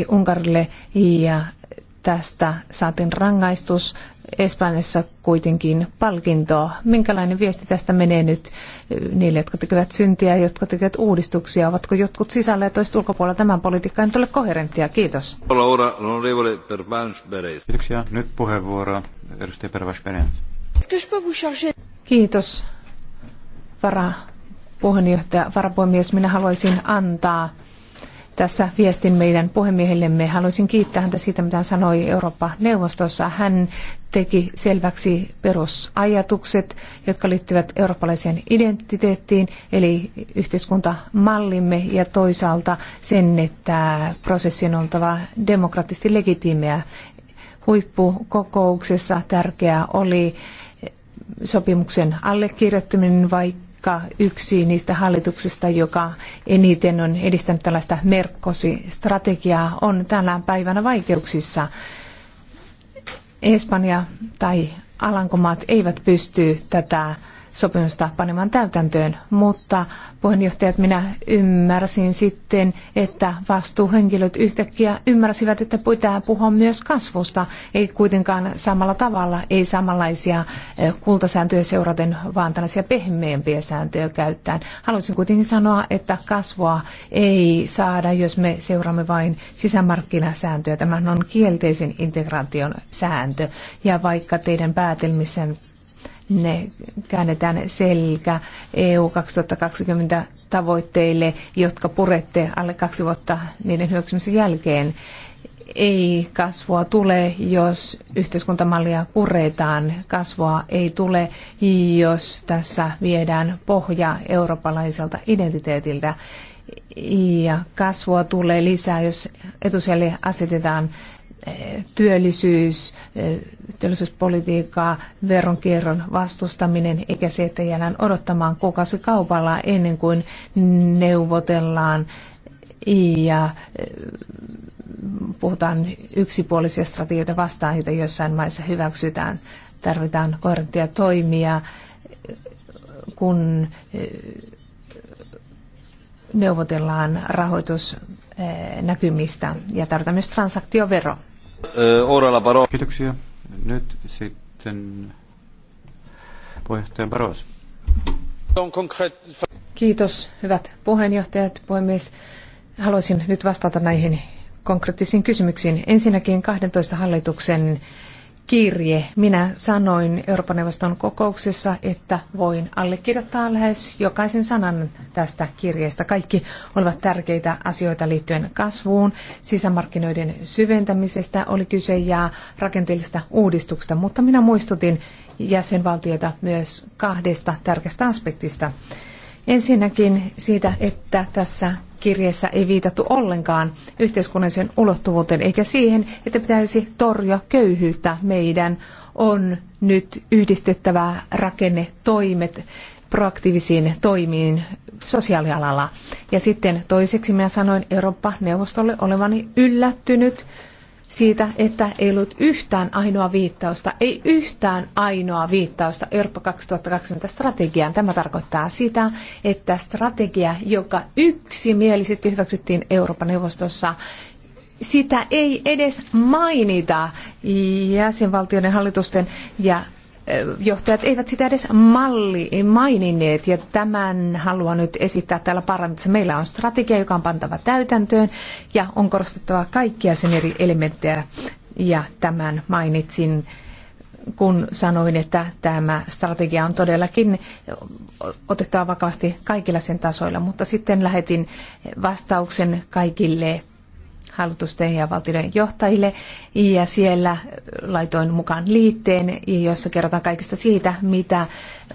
0,2 Unkarille ja tästä saatiin rangaistus. Espanjassa kuitenkin palkintoa. Minkälainen viesti tästä menee nyt eh, niille, jotka tekevät syntiä, jotka tekevät uudistuksia? Ovatko jotkut sisällä ja toiset ulkopuolella? Tämän politiikka ei nyt ole koherenttia. Kiitos. Kiitoksia. Nyt puheenvuoro edustaja Pervans Kiitos, vara puheenjohtaja, varapuhemies, minä haluaisin antaa tässä viestin meidän puhemiehellemme. Haluaisin kiittää häntä siitä, mitä hän sanoi Eurooppa-neuvostossa. Hän teki selväksi perusajatukset, jotka liittyvät eurooppalaiseen identiteettiin, eli yhteiskuntamallimme ja toisaalta sen, että prosessin on oltava demokraattisesti legitiimeä. Huippukokouksessa tärkeää oli sopimuksen allekirjoittaminen, vaikka yksi niistä hallituksista, joka eniten on edistänyt tällaista merkkosi-strategiaa, on tänä päivänä vaikeuksissa. Espanja tai Alankomaat eivät pysty tätä sopimusta panemaan täytäntöön, mutta puheenjohtajat minä ymmärsin sitten, että vastuuhenkilöt yhtäkkiä ymmärsivät, että pitää puhua myös kasvusta, ei kuitenkaan samalla tavalla, ei samanlaisia kultasääntöjä seuraten, vaan tällaisia pehmeämpiä sääntöjä käyttäen. Haluaisin kuitenkin sanoa, että kasvua ei saada, jos me seuraamme vain sisämarkkinasääntöjä. Tämähän on kielteisen integraation sääntö, ja vaikka teidän päätelmissänne ne käännetään selkä EU 2020 tavoitteille, jotka purette alle kaksi vuotta niiden hyväksymisen jälkeen. Ei kasvua tule, jos yhteiskuntamallia puretaan. Kasvua ei tule, jos tässä viedään pohja eurooppalaiselta identiteetiltä. Ja kasvua tulee lisää, jos etusijalle asetetaan Eh, työllisyys, eh, työllisyyspolitiikkaa, veronkierron vastustaminen, eikä se, että jäädään odottamaan kaupalla ennen kuin neuvotellaan ja eh, puhutaan yksipuolisia strategioita vastaan, joita jossain maissa hyväksytään. Tarvitaan kohdettuja toimia, kun neuvotellaan rahoitusnäkymistä ja tarvitaan myös transaktiovero. Orella Baro. Kiitoksia. Nyt sitten puheenjohtaja Baros. Kiitos, hyvät puheenjohtajat, puhemies. Haluaisin nyt vastata näihin konkreettisiin kysymyksiin. Ensinnäkin 12 hallituksen kirje. Minä sanoin Euroopan neuvoston kokouksessa, että voin allekirjoittaa lähes jokaisen sanan tästä kirjeestä. Kaikki olivat tärkeitä asioita liittyen kasvuun, sisämarkkinoiden syventämisestä oli kyse ja rakenteellisista uudistuksista, mutta minä muistutin jäsenvaltioita myös kahdesta tärkeästä aspektista. Ensinnäkin siitä, että tässä kirjeessä ei viitattu ollenkaan yhteiskunnalliseen ulottuvuuteen eikä siihen, että pitäisi torjua köyhyyttä. Meidän on nyt yhdistettävä rakennetoimet proaktiivisiin toimiin sosiaalialalla. Ja sitten toiseksi minä sanoin Eurooppa-neuvostolle olevani yllättynyt siitä, että ei ollut yhtään ainoa viittausta, ei yhtään ainoa viittausta Eurooppa 2020 strategiaan. Tämä tarkoittaa sitä, että strategia, joka yksimielisesti hyväksyttiin Euroopan neuvostossa, sitä ei edes mainita jäsenvaltioiden hallitusten ja johtajat eivät sitä edes malli maininneet ja tämän haluan nyt esittää täällä parlamentissa. Meillä on strategia, joka on pantava täytäntöön ja on korostettava kaikkia sen eri elementtejä ja tämän mainitsin kun sanoin, että tämä strategia on todellakin otettava vakavasti kaikilla sen tasoilla, mutta sitten lähetin vastauksen kaikille hallitusten ja valtioiden johtajille ja siellä laitoin mukaan liitteen, jossa kerrotaan kaikista siitä, mitä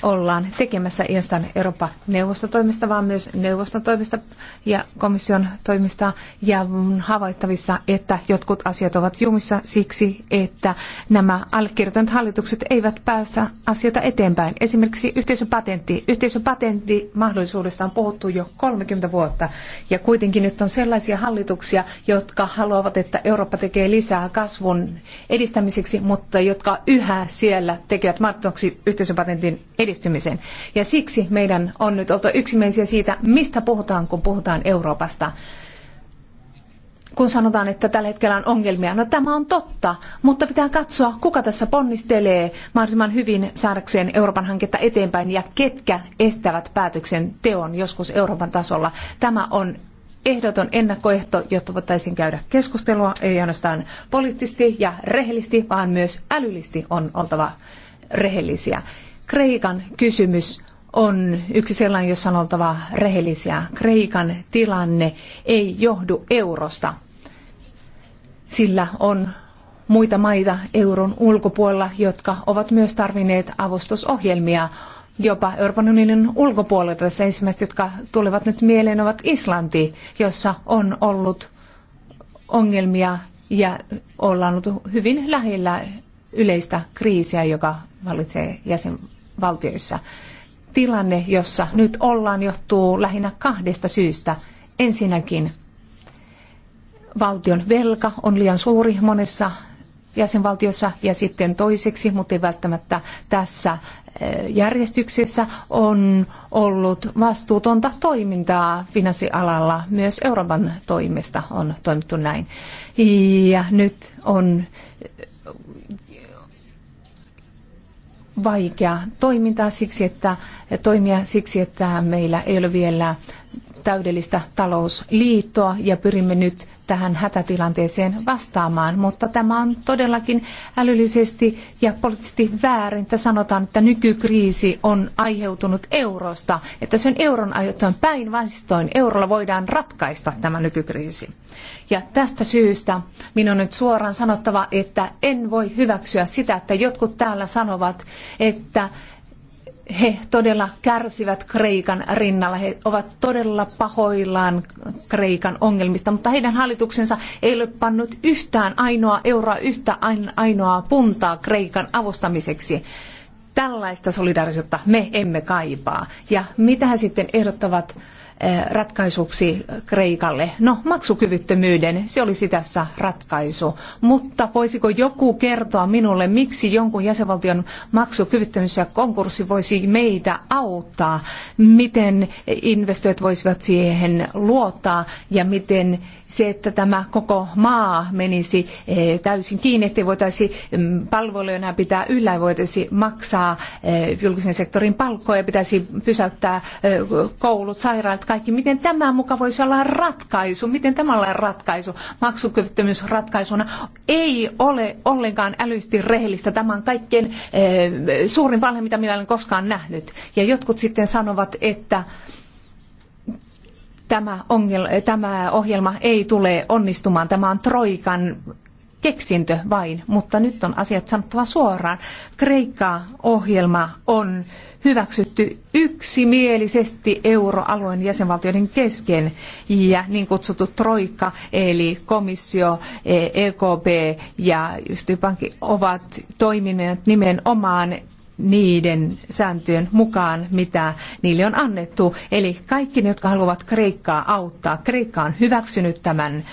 ollaan tekemässä ei ainoastaan Euroopan neuvoston toimesta, vaan myös neuvoston toimesta ja komission toimista ja on havaittavissa, että jotkut asiat ovat jumissa siksi, että nämä allekirjoittaneet hallitukset eivät päästä asioita eteenpäin. Esimerkiksi yhteisöpatentti. Yhteisöpatentti mahdollisuudesta on puhuttu jo 30 vuotta ja kuitenkin nyt on sellaisia hallituksia, jotka jotka haluavat, että Eurooppa tekee lisää kasvun edistämiseksi, mutta jotka yhä siellä tekevät mahdottomaksi yhteisöpatentin edistymisen. Ja siksi meidän on nyt oltava yksimielisiä siitä, mistä puhutaan, kun puhutaan Euroopasta kun sanotaan, että tällä hetkellä on ongelmia. No tämä on totta, mutta pitää katsoa, kuka tässä ponnistelee mahdollisimman hyvin saadakseen Euroopan hanketta eteenpäin ja ketkä estävät päätöksen teon joskus Euroopan tasolla. Tämä on ehdoton ennakkoehto, jotta voitaisiin käydä keskustelua, ei ainoastaan poliittisesti ja rehellisesti, vaan myös älyllisesti on oltava rehellisiä. Kreikan kysymys on yksi sellainen, jossa on oltava rehellisiä. Kreikan tilanne ei johdu eurosta, sillä on muita maita euron ulkopuolella, jotka ovat myös tarvinneet avustusohjelmia jopa Euroopan unionin ulkopuolelta. Tässä ensimmäiset, jotka tulevat nyt mieleen, ovat Islanti, jossa on ollut ongelmia ja ollaan ollut hyvin lähellä yleistä kriisiä, joka vallitsee jäsenvaltioissa. Tilanne, jossa nyt ollaan, johtuu lähinnä kahdesta syystä. Ensinnäkin valtion velka on liian suuri monessa jäsenvaltiossa ja sitten toiseksi, mutta ei välttämättä tässä eh, järjestyksessä, on ollut vastuutonta toimintaa finanssialalla. Myös Euroopan toimesta on toimittu näin. Ja nyt on eh, vaikea toimintaa siksi, että, eh, toimia siksi, että meillä ei ole vielä täydellistä talousliittoa ja pyrimme nyt tähän hätätilanteeseen vastaamaan, mutta tämä on todellakin älyllisesti ja poliittisesti väärin, että sanotaan, että nykykriisi on aiheutunut eurosta, että se on euron aiheuttaman päinvastoin. Eurolla voidaan ratkaista tämä nykykriisi. Ja tästä syystä minun on nyt suoraan sanottava, että en voi hyväksyä sitä, että jotkut täällä sanovat, että he todella kärsivät Kreikan rinnalla. He ovat todella pahoillaan Kreikan ongelmista, mutta heidän hallituksensa ei ole pannut yhtään ainoa euroa, yhtä ainoaa puntaa Kreikan avustamiseksi. Tällaista solidaarisuutta me emme kaipaa. Ja mitä he sitten ehdottavat Eh, ratkaisuksi Kreikalle? No, maksukyvyttömyyden, se olisi tässä ratkaisu. Mutta voisiko joku kertoa minulle, miksi jonkun jäsenvaltion maksukyvyttömyys ja konkurssi voisi meitä auttaa? Miten investoijat voisivat siihen luottaa ja miten se, että tämä koko maa menisi eh, täysin kiinni, ettei voitaisi mm, palveluja enää pitää yllä, ei voitaisi maksaa eh, julkisen sektorin palkkoja, pitäisi pysäyttää eh, koulut, sairaalat, kaikki. Miten tämä muka voisi olla ratkaisu? Miten tämä olla ratkaisu? Maksukyvyttömyysratkaisuna ei ole ollenkaan älysti rehellistä. Tämä on kaikkein suurin valhe, mitä minä olen koskaan nähnyt. Ja jotkut sitten sanovat, että tämä, ongel, tämä ohjelma ei tule onnistumaan. Tämä on Troikan keksintö vain, mutta nyt on asiat sanottava suoraan. Kreikka-ohjelma on hyväksytty yksimielisesti euroalueen jäsenvaltioiden kesken ja niin kutsuttu troikka, eli komissio, EKP e ja pankki ovat toimineet nimenomaan niiden sääntöjen mukaan, mitä niille on annettu. Eli kaikki ne, jotka haluavat Kreikkaa auttaa. Kreikka on hyväksynyt tämän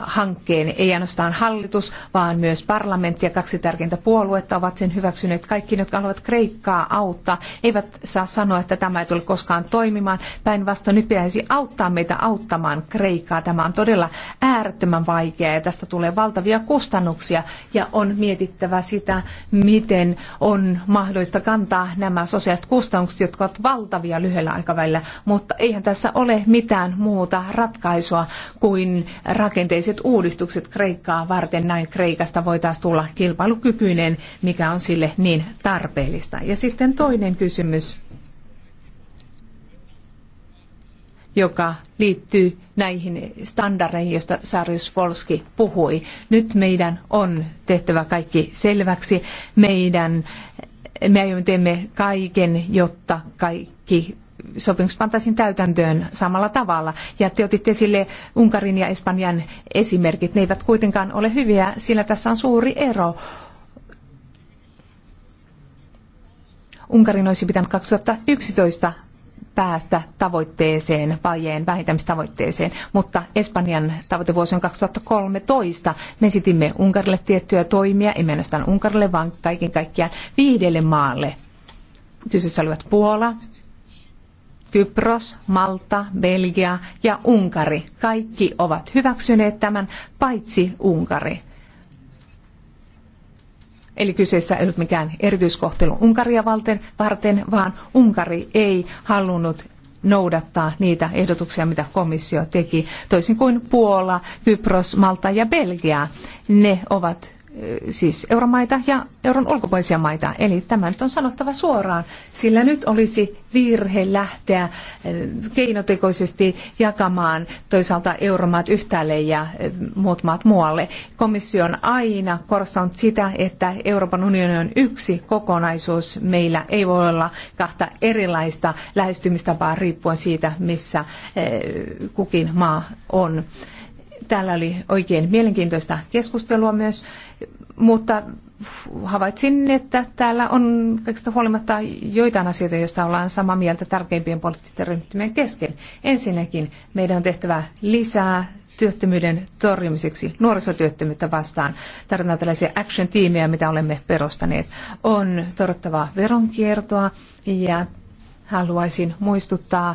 hankkeen. Ei ainoastaan hallitus, vaan myös parlamentti ja kaksi tärkeintä puoluetta ovat sen hyväksyneet. Kaikki, jotka haluavat Kreikkaa auttaa, eivät saa sanoa, että tämä ei tule koskaan toimimaan. Päinvastoin nyt pitäisi auttaa meitä auttamaan Kreikkaa. Tämä on todella äärettömän vaikeaa ja tästä tulee valtavia kustannuksia ja on mietittävä sitä, miten on mahdollista kantaa nämä sosiaaliset kustannukset, jotka ovat valtavia lyhyellä aikavälillä, mutta eihän tässä ole mitään muuta ratkaisua kuin rakenteiset uudistukset Kreikkaa varten. Näin Kreikasta voi taas tulla kilpailukykyinen, mikä on sille niin tarpeellista. Ja sitten toinen kysymys, joka liittyy näihin standardeihin, joista Sarius Volski puhui. Nyt meidän on tehtävä kaikki selväksi. Meidän me teemme kaiken, jotta kaikki sopimus pantaisiin täytäntöön samalla tavalla. Ja te otitte esille Unkarin ja Espanjan esimerkit. Ne eivät kuitenkaan ole hyviä, sillä tässä on suuri ero. Unkarin olisi pitänyt 2011 päästä tavoitteeseen, vajeen vähentämistavoitteeseen, mutta Espanjan tavoitevuosi on 2013. Me esitimme Unkarille tiettyjä toimia, ei ainoastaan Unkarille, vaan kaiken kaikkiaan viidelle maalle. Kyseessä olivat Puola, Kypros, Malta, Belgia ja Unkari. Kaikki ovat hyväksyneet tämän, paitsi Unkari. Eli kyseessä ei ollut mikään erityiskohtelu Unkaria varten, vaan Unkari ei halunnut noudattaa niitä ehdotuksia, mitä komissio teki, toisin kuin Puola, Kypros, Malta ja Belgia. Ne ovat siis euromaita ja euron ulkopuolisia maita. Eli tämä nyt on sanottava suoraan, sillä nyt olisi virhe lähteä keinotekoisesti jakamaan toisaalta euromaat yhtäälle ja muut maat muualle. Komissio on aina korostanut sitä, että Euroopan unioni on yksi kokonaisuus. Meillä ei voi olla kahta erilaista lähestymistapaa riippuen siitä, missä kukin maa on. Täällä oli oikein mielenkiintoista keskustelua myös, mutta havaitsin, että täällä on kaikista huolimatta joitain asioita, joista ollaan samaa mieltä tärkeimpien poliittisten ryhmittymien kesken. Ensinnäkin meidän on tehtävä lisää työttömyyden torjumiseksi nuorisotyöttömyyttä vastaan. Tarvitaan tällaisia action-tiimejä, mitä olemme perustaneet. On torottava veronkiertoa ja haluaisin muistuttaa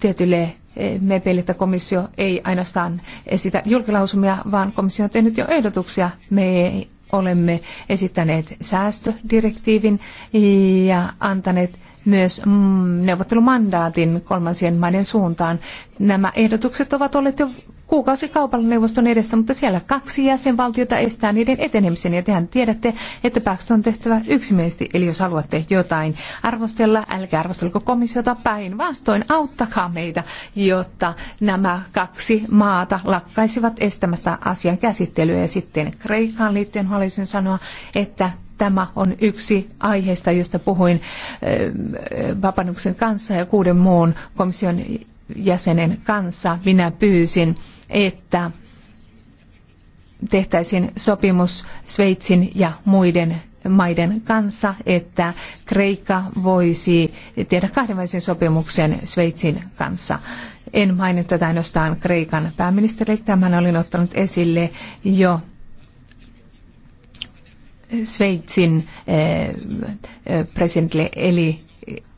tietylle eh, mepeille, että komissio ei ainoastaan esitä julkilausumia, vaan komissio on tehnyt jo ehdotuksia. Me olemme esittäneet säästödirektiivin ja antaneet myös mm, neuvottelumandaatin kolmansien maiden suuntaan. Nämä ehdotukset ovat olleet jo kuukausi kaupalla neuvoston edessä, mutta siellä kaksi jäsenvaltiota estää niiden etenemisen. Ja tehän tiedätte, että päätös on tehtävä yksimielisesti, eli jos haluatte jotain arvostella, älkää arvostelko komissiota päin. Vastoin auttakaa meitä, jotta nämä kaksi maata lakkaisivat estämästä asian käsittelyä. Ja sitten Kreikkaan liittyen haluaisin sanoa, että tämä on yksi aiheista, josta puhuin eh, Vapanuksen kanssa ja kuuden muun komission jäsenen kanssa. Minä pyysin että tehtäisiin sopimus Sveitsin ja muiden maiden kanssa, että Kreikka voisi tehdä kahdenvälisen sopimuksen Sveitsin kanssa. En maininnut tätä ainoastaan Kreikan pääministerille. Tämän olin ottanut esille jo Sveitsin eh, eh, presidentille eli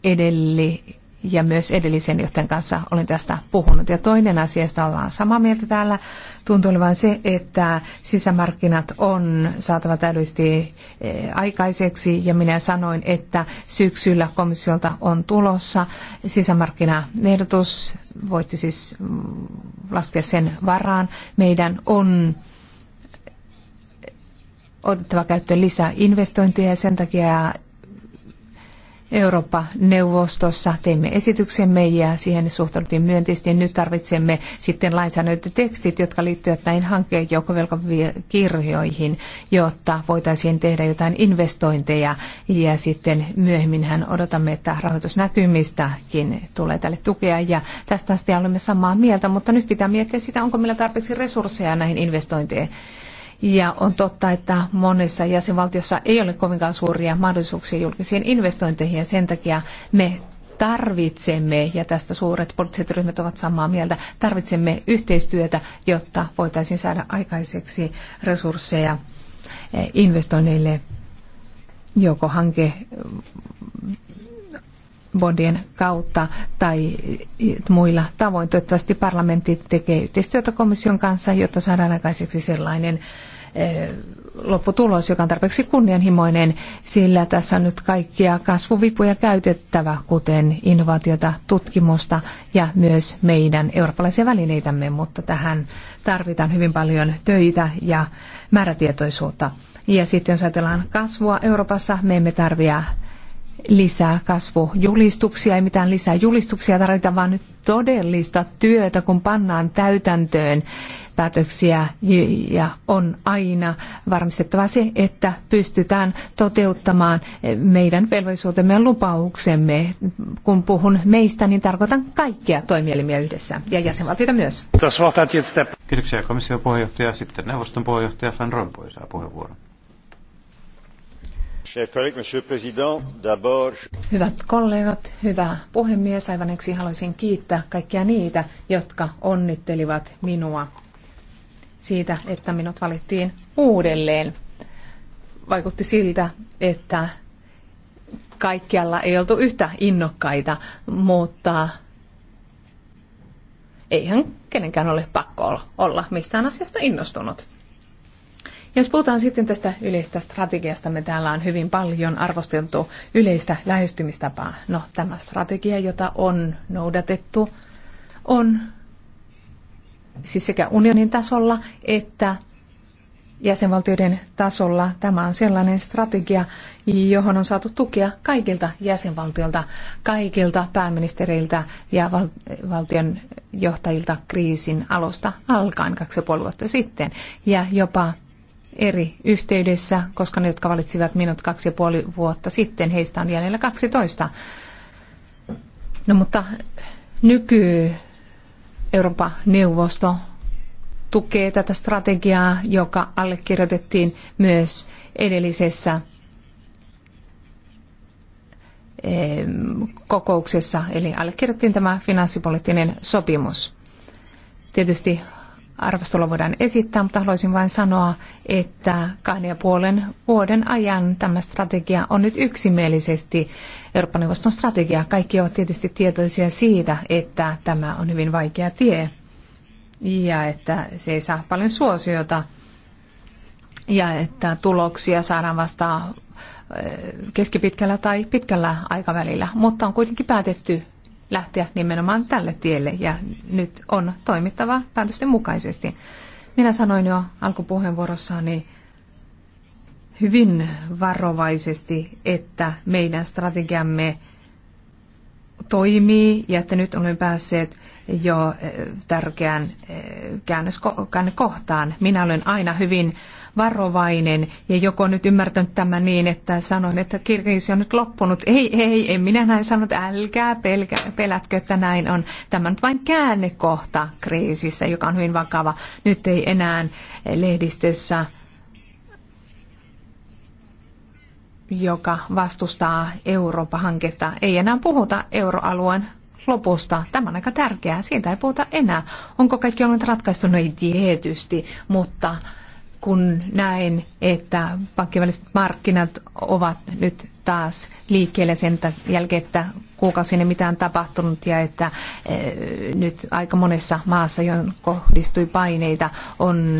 edelli ja myös edellisen johtajan kanssa olen tästä puhunut. Ja toinen asia, josta ollaan samaa mieltä täällä, tuntuu olevan se, että sisämarkkinat on saatava täydellisesti eh, aikaiseksi ja minä sanoin, että syksyllä komissiolta on tulossa sisämarkkinaehdotus, voitte siis mm, laskea sen varaan. Meidän on otettava käyttöön lisää investointeja ja sen takia Eurooppa-neuvostossa teimme esityksemme ja siihen suhtauduttiin myönteisesti. Nyt tarvitsemme sitten lainsäädäntötekstit, jotka liittyvät näihin hankkeen joukkovelkakirjoihin, jotta voitaisiin tehdä jotain investointeja. Ja sitten myöhemminhän odotamme, että rahoitusnäkymistäkin tulee tälle tukea. Ja tästä asti olemme samaa mieltä, mutta nyt pitää miettiä sitä, onko meillä tarpeeksi resursseja näihin investointeihin ja on totta, että monessa jäsenvaltiossa ei ole kovinkaan suuria mahdollisuuksia julkisiin investointeihin ja sen takia me tarvitsemme, ja tästä suuret poliittiset ryhmät ovat samaa mieltä, tarvitsemme yhteistyötä, jotta voitaisiin saada aikaiseksi resursseja eh, investoinneille joko hanke bondien kautta tai muilla tavoin. Toivottavasti parlamentti tekee yhteistyötä komission kanssa, jotta saadaan aikaiseksi sellainen eh, lopputulos, joka on tarpeeksi kunnianhimoinen, sillä tässä on nyt kaikkia kasvuvipuja käytettävä, kuten innovaatiota, tutkimusta ja myös meidän eurooppalaisia välineitämme, mutta tähän tarvitaan hyvin paljon töitä ja määrätietoisuutta. Ja sitten jos ajatellaan kasvua Euroopassa, me emme tarvitse lisää kasvujulistuksia, ei mitään lisää julistuksia tarvita, vaan nyt todellista työtä, kun pannaan täytäntöön päätöksiä ja on aina varmistettava se, että pystytään toteuttamaan meidän velvollisuutemme ja lupauksemme. Kun puhun meistä, niin tarkoitan kaikkia toimielimiä yhdessä ja jäsenvaltioita myös. Kiitoksia komission puheenjohtaja. Sitten neuvoston puheenjohtaja Van Rompuy saa puheenvuoron. Hyvät kollegat, hyvä puhemies, aivan ensi haluaisin kiittää kaikkia niitä, jotka onnittelivat minua siitä, että minut valittiin uudelleen. Vaikutti siltä, että kaikkialla ei oltu yhtä innokkaita, mutta eihän kenenkään ole pakko olla mistään asiasta innostunut. Jos puhutaan sitten tästä yleistä strategiasta, me täällä on hyvin paljon arvosteltu yleistä lähestymistapaa. No, tämä strategia, jota on noudatettu, on siis sekä unionin tasolla että jäsenvaltioiden tasolla. Tämä on sellainen strategia, johon on saatu tukea kaikilta jäsenvaltioilta, kaikilta pääministeriltä ja val- valtion johtajilta kriisin alusta alkaen kaksi ja puoli vuotta sitten. Ja jopa eri yhteydessä, koska ne, jotka valitsivat minut kaksi ja puoli vuotta sitten, heistä on jäljellä 12. No mutta nyky Euroopan neuvosto tukee tätä strategiaa, joka allekirjoitettiin myös edellisessä kokouksessa, eli allekirjoitettiin tämä finanssipoliittinen sopimus. Tietysti arvostelua voidaan esittää, mutta haluaisin vain sanoa, että kahden ja puolen vuoden ajan tämä strategia on nyt yksimielisesti Euroopan neuvoston strategia. Kaikki ovat tietysti tietoisia siitä, että tämä on hyvin vaikea tie ja että se ei saa paljon suosiota ja että tuloksia saadaan vasta eh, keskipitkällä tai pitkällä aikavälillä, mutta on kuitenkin päätetty lähteä nimenomaan tälle tielle ja nyt on toimittava päätösten mukaisesti. Minä sanoin jo alkupuheenvuorossani hyvin varovaisesti, että meidän strategiamme toimii ja että nyt olemme päässeet jo eh, tärkeään eh, käännekohtaan. Minä olen aina hyvin varovainen ja joko nyt ymmärtänyt tämän niin, että sanoin, että kriisi on nyt loppunut. Ei, ei, en minä näin sanonut, älkää pelkä, pelätkö, että näin on. Tämä nyt vain käännekohta kriisissä, joka on hyvin vakava. Nyt ei enää lehdistössä joka vastustaa Eurooppa-hanketta. Ei enää puhuta euroalueen lopusta. Tämä on aika tärkeää. Siitä ei puhuta enää. Onko kaikki ongelmat ratkaistu? No ei tietysti, mutta kun näin, että pankkiväliset markkinat ovat nyt taas liikkeelle sen jälkeen, että kuukausi ei mitään tapahtunut ja että eh, nyt aika monessa maassa, johon kohdistui paineita, on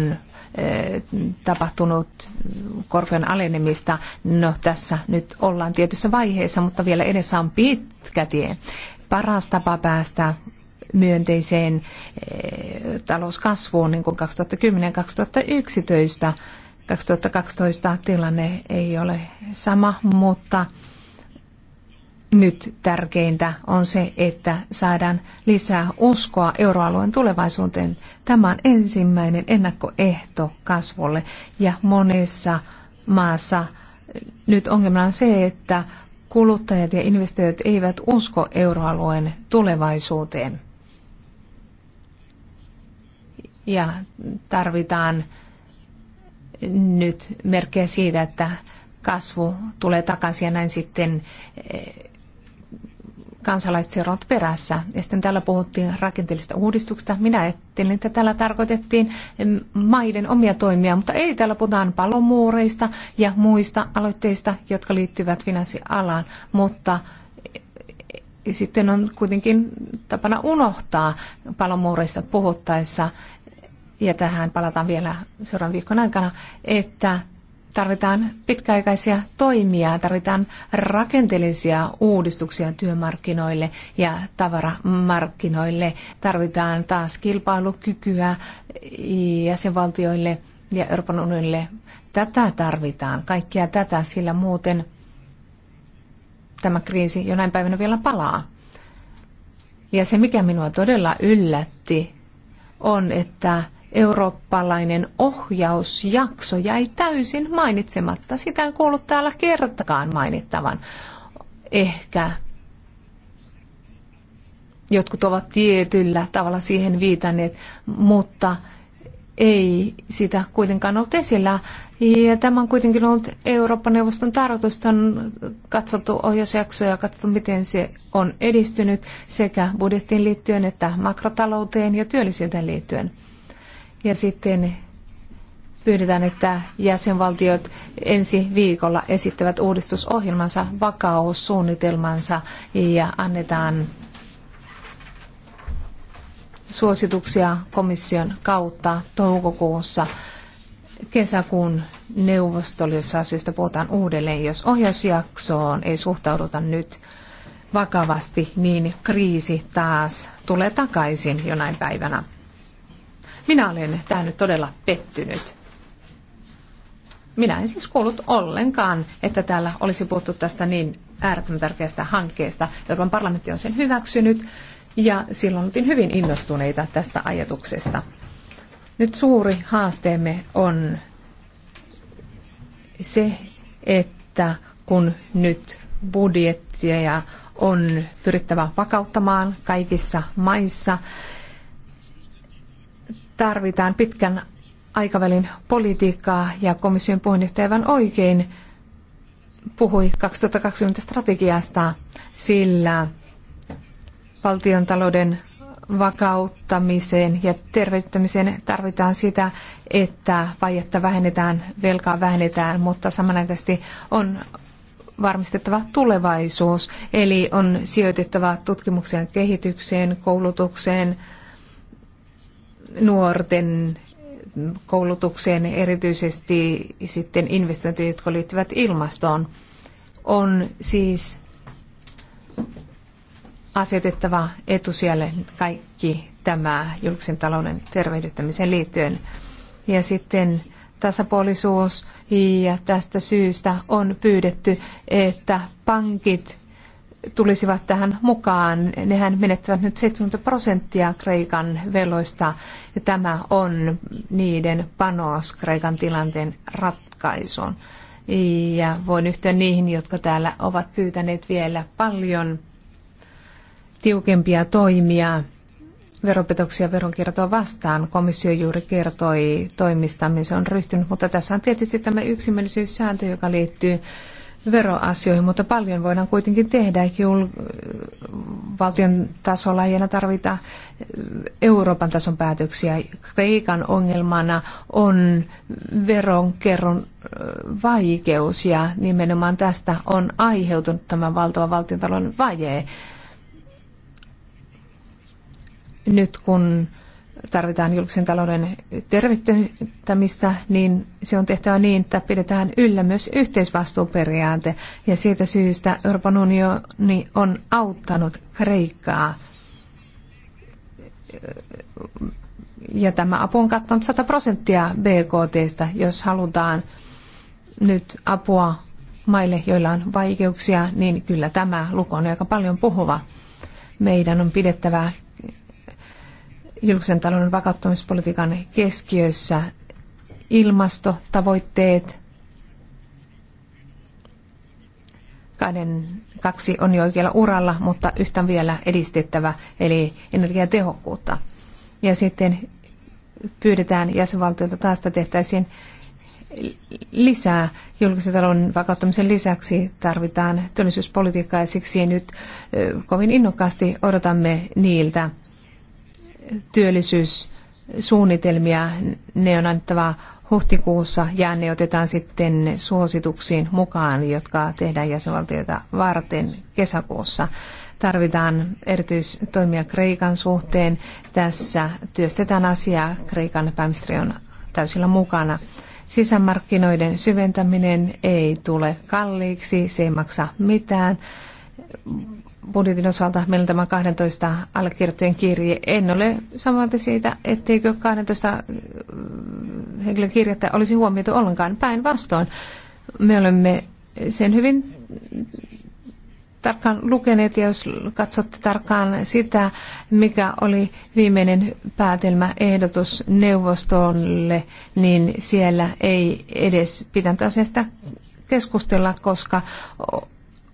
eh, tapahtunut korkean alenemista. No tässä nyt ollaan tietyssä vaiheessa, mutta vielä edessä on pitkä tie paras tapa päästä myönteiseen eh, talouskasvuun niin kuin 2010-2011. 2012 tilanne ei ole sama, mutta nyt tärkeintä on se, että saadaan lisää uskoa euroalueen tulevaisuuteen. Tämä on ensimmäinen ennakkoehto kasvulle ja monessa maassa nyt ongelma on se, että kuluttajat ja investoijat eivät usko euroalueen tulevaisuuteen. Ja tarvitaan nyt merkkejä siitä, että kasvu tulee takaisin ja näin sitten eh, kansalaiset seuraavat perässä. Ja sitten täällä puhuttiin rakenteellisista uudistuksista. Minä ajattelin, että täällä tarkoitettiin maiden omia toimia, mutta ei täällä puhutaan palomuureista ja muista aloitteista, jotka liittyvät finanssialaan, mutta e, e, sitten on kuitenkin tapana unohtaa palomuureista puhuttaessa, ja tähän palataan vielä seuraavan viikon aikana, että tarvitaan pitkäaikaisia toimia, tarvitaan rakenteellisia uudistuksia työmarkkinoille ja tavaramarkkinoille, tarvitaan taas kilpailukykyä jäsenvaltioille ja Euroopan unionille. Tätä tarvitaan, kaikkea tätä, sillä muuten tämä kriisi jonain päivänä vielä palaa. Ja se, mikä minua todella yllätti, on, että eurooppalainen ohjausjakso jäi täysin mainitsematta. Sitä en kuullut täällä kertakaan mainittavan. Ehkä jotkut ovat tietyllä tavalla siihen viitanneet, mutta ei sitä kuitenkaan ollut esillä. Ja tämä on kuitenkin ollut Eurooppa-neuvoston tarkoitus, on katsottu ohjausjaksoja ja katsottu, miten se on edistynyt sekä budjettiin liittyen että makrotalouteen ja työllisyyteen liittyen ja sitten pyydetään, että jäsenvaltiot ensi viikolla esittävät uudistusohjelmansa, vakaussuunnitelmansa ja annetaan suosituksia komission kautta toukokuussa kesäkuun neuvostolle, jossa asiasta puhutaan uudelleen. Jos ohjausjaksoon ei suhtauduta nyt vakavasti, niin kriisi taas tulee takaisin jonain päivänä. Minä olen tähän nyt todella pettynyt. Minä en siis kuullut ollenkaan, että täällä olisi puhuttu tästä niin äärettömän tärkeästä hankkeesta. Euroopan parlamentti on sen hyväksynyt ja silloin oltiin hyvin innostuneita tästä ajatuksesta. Nyt suuri haasteemme on se, että kun nyt budjettia on pyrittävä vakauttamaan kaikissa maissa, tarvitaan pitkän aikavälin politiikkaa ja komission puheenjohtajan oikein puhui 2020 strategiasta, sillä valtiontalouden vakauttamiseen ja tervehdyttämiseen tarvitaan sitä, että vajetta vähennetään, velkaa vähennetään, mutta samanaikaisesti on varmistettava tulevaisuus, eli on sijoitettava tutkimukseen, kehitykseen, koulutukseen, nuorten koulutukseen, erityisesti sitten investointeja, jotka liittyvät ilmastoon, on siis asetettava etusijalle kaikki tämä julkisen talouden tervehdyttämiseen liittyen. Ja sitten tasapuolisuus ja tästä syystä on pyydetty, että pankit tulisivat tähän mukaan. Nehän menettävät nyt 70 prosenttia Kreikan veloista ja tämä on niiden panos Kreikan tilanteen ratkaisuun. Ja voin yhtyä niihin, jotka täällä ovat pyytäneet vielä paljon tiukempia toimia veropetoksia veronkiertoa vastaan. Komissio juuri kertoi toimista, mihin se on ryhtynyt, mutta tässä on tietysti tämä yksimielisyyssääntö, joka liittyy veroasioihin, mutta paljon voidaan kuitenkin tehdä. Jul- valtion tasolla ei enää tarvita Euroopan tason päätöksiä. Kreikan ongelmana on veronkerron vaikeus ja nimenomaan tästä on aiheutunut tämä valtava valtiontalouden vaje. Nyt kun tarvitaan julkisen talouden tervehdyttämistä, niin se on tehtävä niin, että pidetään yllä myös yhteisvastuuperiaate. Ja siitä syystä Euroopan unioni on auttanut Kreikkaa. Ja tämä apu on kattanut 100 prosenttia BKTstä, jos halutaan nyt apua maille, joilla on vaikeuksia, niin kyllä tämä luku on aika paljon puhuva. Meidän on pidettävä julkisen talouden vakauttamispolitiikan keskiössä ilmastotavoitteet. Kahden, kaksi on jo oikealla uralla, mutta yhtä vielä edistettävä, eli energiatehokkuutta. Ja sitten pyydetään jäsenvaltiolta taas, että tehtäisiin lisää. Julkisen talouden vakauttamisen lisäksi tarvitaan työllisyyspolitiikkaa ja siksi nyt kovin innokkaasti odotamme niiltä – työllisyyssuunnitelmia. Ne on annettava huhtikuussa ja ne otetaan sitten suosituksiin mukaan, jotka tehdään jäsenvaltioita varten kesäkuussa. Tarvitaan erityistoimia Kreikan suhteen. Tässä työstetään asiaa. Kreikan pääministeri on täysillä mukana. Sisämarkkinoiden syventäminen ei tule kalliiksi, se ei maksa mitään budjetin osalta meillä tämä 12 allekirjoittajien kirje. En ole samaa siitä, etteikö 12 äh, henkilön kirjettä olisi huomioitu ollenkaan. Päinvastoin me olemme sen hyvin tarkkaan lukeneet ja jos katsotte tarkkaan sitä, mikä oli viimeinen päätelmä ehdotus neuvostolle, niin siellä ei edes pitänyt asiasta keskustella, koska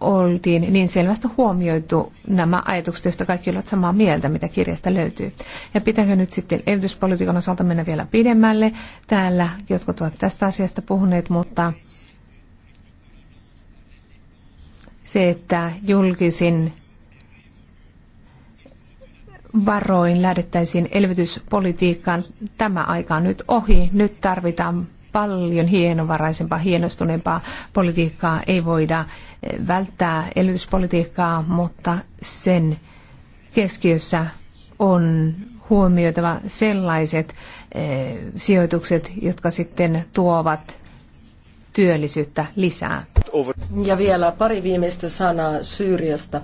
oltiin niin selvästi huomioitu nämä ajatukset, joista kaikki olivat samaa mieltä, mitä kirjasta löytyy. Ja pitääkö nyt sitten elvytyspolitiikan osalta mennä vielä pidemmälle? Täällä jotkut ovat tästä asiasta puhuneet, mutta se, että julkisin varoin lähdettäisiin elvytyspolitiikkaan, tämä aika on nyt ohi. Nyt tarvitaan paljon hienovaraisempaa, hienostuneempaa politiikkaa. Ei voida eh, välttää elvytyspolitiikkaa, mutta sen keskiössä on huomioitava sellaiset eh, sijoitukset, jotka sitten tuovat työllisyyttä lisää. Ja vielä pari viimeistä sanaa Syyriasta.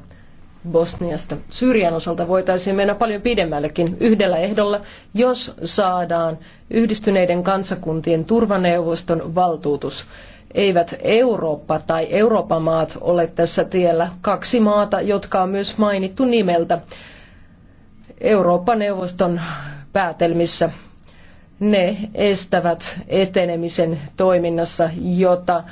Bosniasta. Syyrian osalta voitaisiin mennä paljon pidemmällekin yhdellä ehdolla, jos saadaan yhdistyneiden kansakuntien turvaneuvoston valtuutus. Eivät Eurooppa tai Euroopan maat ole tässä tiellä. Kaksi maata, jotka on myös mainittu nimeltä Eurooppa-neuvoston päätelmissä. Ne estävät etenemisen toiminnassa, jota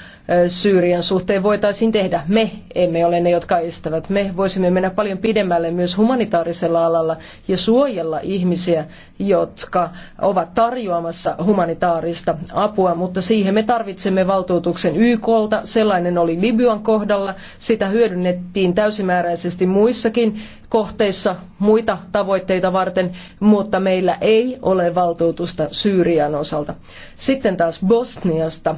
Syyrian suhteen voitaisiin tehdä. Me emme ole ne, jotka estävät. Me voisimme mennä paljon pidemmälle myös humanitaarisella alalla ja suojella ihmisiä, jotka ovat tarjoamassa humanitaarista apua, mutta siihen me tarvitsemme valtuutuksen YKlta. Sellainen oli Libyan kohdalla. Sitä hyödynnettiin täysimääräisesti muissakin kohteissa muita tavoitteita varten, mutta meillä ei ole valtuutusta Syyrian osalta. Sitten taas Bosniasta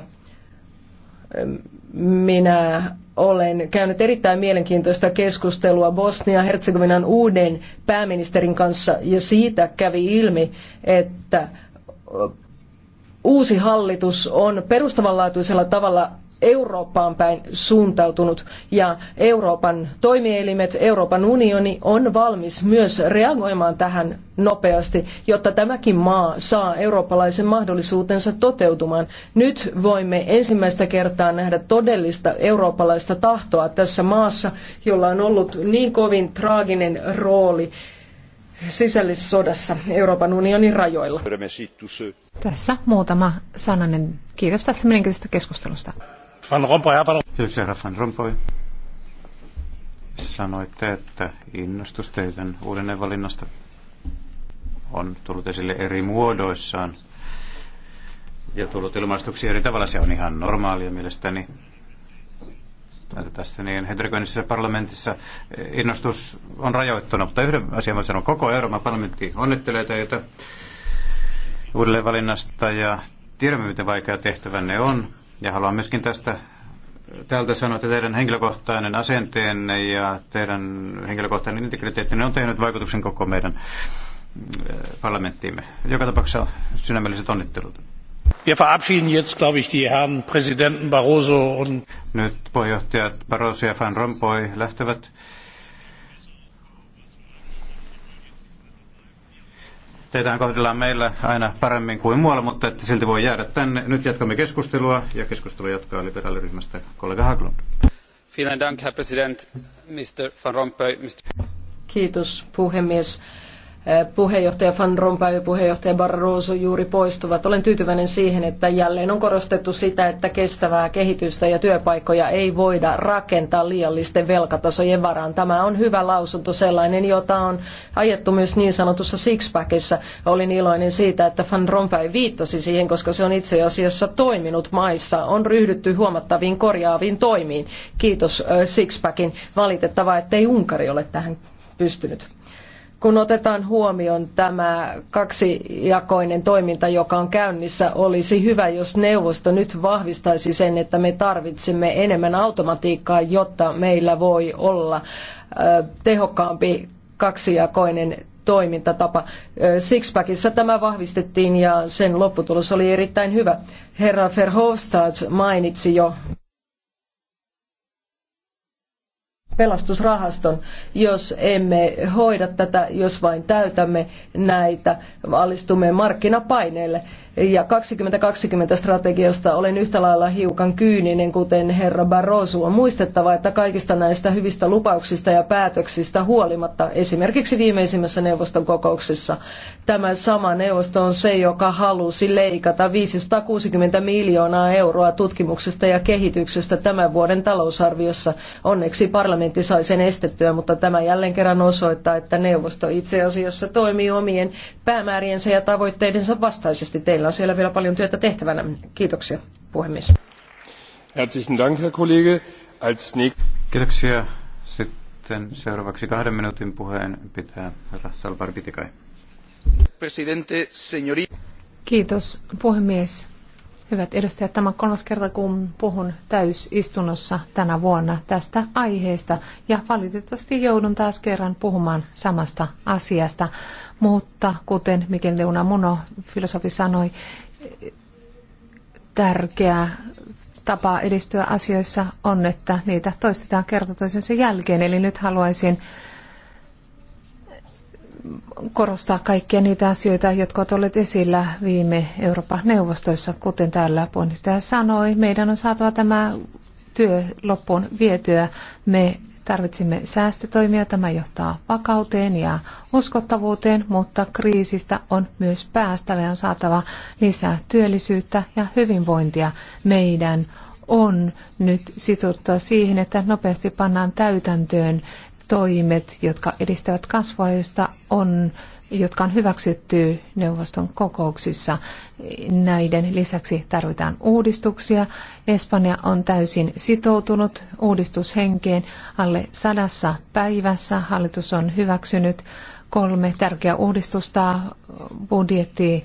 minä olen käynyt erittäin mielenkiintoista keskustelua Bosnia-Herzegovinan uuden pääministerin kanssa ja siitä kävi ilmi, että uusi hallitus on perustavanlaatuisella tavalla Eurooppaan päin suuntautunut ja Euroopan toimielimet, Euroopan unioni on valmis myös reagoimaan tähän nopeasti, jotta tämäkin maa saa eurooppalaisen mahdollisuutensa toteutumaan. Nyt voimme ensimmäistä kertaa nähdä todellista eurooppalaista tahtoa tässä maassa, jolla on ollut niin kovin traaginen rooli sisällissodassa Euroopan unionin rajoilla. Tässä muutama sananen. Kiitos tästä mielenkiintoisesta keskustelusta. Van Rompuy, Kiitoksia, herra Van Rompuy. Sanoitte, että innostus teidän uudelleen valinnasta on tullut esille eri muodoissaan ja tullut ilmaistuksi eri tavalla. Se on ihan normaalia mielestäni tässä niin heterogeenisessä parlamentissa innostus on rajoittunut, mutta yhden asian voin sanoa, koko Euroopan parlamentti onnittelee teitä uudelleen valinnasta ja tiedämme, miten vaikea tehtävänne on. Ja haluan myöskin tästä täältä sanoa, että teidän henkilökohtainen asenteenne ja teidän henkilökohtainen integriteettinne on tehnyt vaikutuksen koko meidän äh, parlamenttiimme. Joka tapauksessa sydämelliset onnittelut. Wir verabschieden jetzt, glaube ich, die Herren Präsidenten Barroso und... Nyt puheenjohtajat Barroso ja Van Rompuy lähtevät. Teitähän kohdellaan meillä aina paremmin kuin muualla, mutta että silti voi jäädä tänne. Nyt jatkamme keskustelua ja keskustelu jatkaa liberaaliryhmästä kollega Haglund. Herr President, Mr. Van Rompuy, Mr. Kiitos puhemies. Eh, puheenjohtaja Van Rompuy ja puheenjohtaja Barroso juuri poistuvat. Olen tyytyväinen siihen, että jälleen on korostettu sitä, että kestävää kehitystä ja työpaikkoja ei voida rakentaa liiallisten velkatasojen varaan. Tämä on hyvä lausunto sellainen, jota on ajettu myös niin sanotussa sixpackissa. Olin iloinen siitä, että Van Rompuy viittasi siihen, koska se on itse asiassa toiminut maissa. On ryhdytty huomattaviin korjaaviin toimiin. Kiitos eh, sixpackin. Valitettavaa, ettei Unkari ole tähän pystynyt kun otetaan huomioon tämä kaksijakoinen toiminta, joka on käynnissä, olisi hyvä, jos neuvosto nyt vahvistaisi sen, että me tarvitsemme enemmän automatiikkaa, jotta meillä voi olla tehokkaampi kaksijakoinen toimintatapa. Sixpackissa tämä vahvistettiin ja sen lopputulos oli erittäin hyvä. Herra Verhofstadt mainitsi jo pelastusrahaston, jos emme hoida tätä, jos vain täytämme näitä, alistumme markkinapaineille ja 2020 strategiasta olen yhtä lailla hiukan kyyninen, kuten herra Barroso. On muistettava, että kaikista näistä hyvistä lupauksista ja päätöksistä huolimatta, esimerkiksi viimeisimmässä neuvoston kokouksessa, tämä sama neuvosto on se, joka halusi leikata 560 miljoonaa euroa tutkimuksesta ja kehityksestä tämän vuoden talousarviossa. Onneksi parlamentti sai sen estettyä, mutta tämä jälleen kerran osoittaa, että neuvosto itse asiassa toimii omien päämääriensä ja tavoitteidensa vastaisesti teille meillä on siellä vielä paljon työtä tehtävänä. Kiitoksia, puhemies. Herzlichen Dank, Herr Kollege. Als Kiitoksia. Sitten seuraavaksi kahden minuutin puheen pitää herra Salvar Pitikai. Kiitos, puhemies. Hyvät edustajat, tämä on kolmas kerta, kun puhun täysistunnossa tänä vuonna tästä aiheesta. Ja valitettavasti joudun taas kerran puhumaan samasta asiasta. Mutta kuten Mikel Leuna Muno, filosofi, sanoi, tärkeä tapa edistyä asioissa on, että niitä toistetaan kerta toisensa jälkeen. Eli nyt haluaisin korostaa kaikkia niitä asioita, jotka ovat olleet esillä viime Euroopan neuvostoissa. Kuten täällä puheenjohtaja sanoi, meidän on saatava tämä työ loppuun vietyä. Me tarvitsemme säästötoimia, tämä johtaa vakauteen ja uskottavuuteen, mutta kriisistä on myös päästävä ja on saatava lisää työllisyyttä ja hyvinvointia. Meidän on nyt sitouttaa siihen, että nopeasti pannaan täytäntöön toimet, jotka edistävät kasvua, on jotka on hyväksytty neuvoston kokouksissa. Näiden lisäksi tarvitaan uudistuksia. Espanja on täysin sitoutunut uudistushenkeen. Alle sadassa päivässä hallitus on hyväksynyt kolme tärkeää uudistusta, budjetti,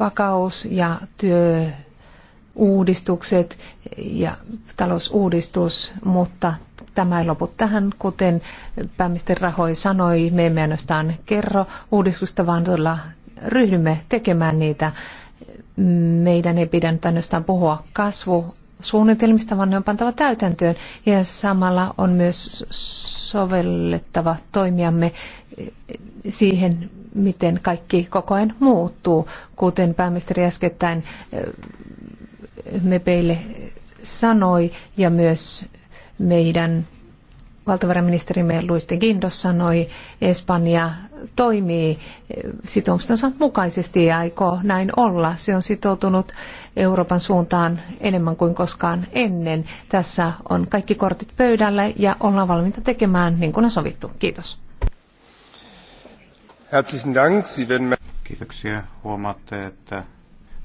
vakaus ja työ uudistukset ja talousuudistus, mutta tämä ei lopu tähän, kuten pääministeri Rahoi sanoi, me emme ainoastaan kerro uudistusta, vaan todella ryhdymme tekemään niitä. Meidän ei pidä nyt ainoastaan puhua kasvu suunnitelmista, vaan ne on pantava täytäntöön ja samalla on myös sovellettava toimiamme siihen, miten kaikki koko ajan muuttuu, kuten pääministeri äskettäin mepeille sanoi ja myös meidän valtiovarainministerimme Luis de Guindos sanoi, Espanja toimii sitoumuksensa mukaisesti ja aikoo näin olla. Se on sitoutunut Euroopan suuntaan enemmän kuin koskaan ennen. Tässä on kaikki kortit pöydälle ja ollaan valmiita tekemään niin kuin on sovittu. Kiitos. Kiitoksia. Huomaatte, että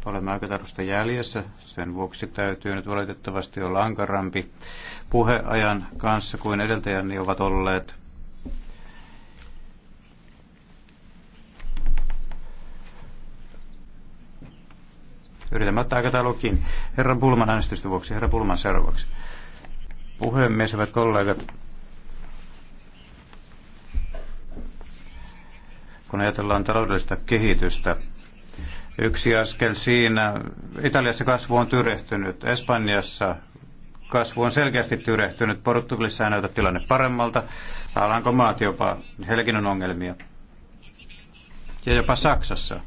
Olemme aikataulusta jäljessä, sen vuoksi täytyy nyt valitettavasti olla ankarampi puheajan kanssa kuin edeltäjäni ovat olleet. Yritämme ottaa aikataulu Herra Pulman äänestystä vuoksi, herra Pulman seuraavaksi. Puhemies, hyvät kollegat, kun ajatellaan taloudellista kehitystä, Yksi askel siinä. Italiassa kasvu on tyrehtynyt. Espanjassa kasvu on selkeästi tyrehtynyt. Portugalissa ei näytä tilanne paremmalta. maat jopa. Heilläkin on ongelmia. Ja jopa Saksassa.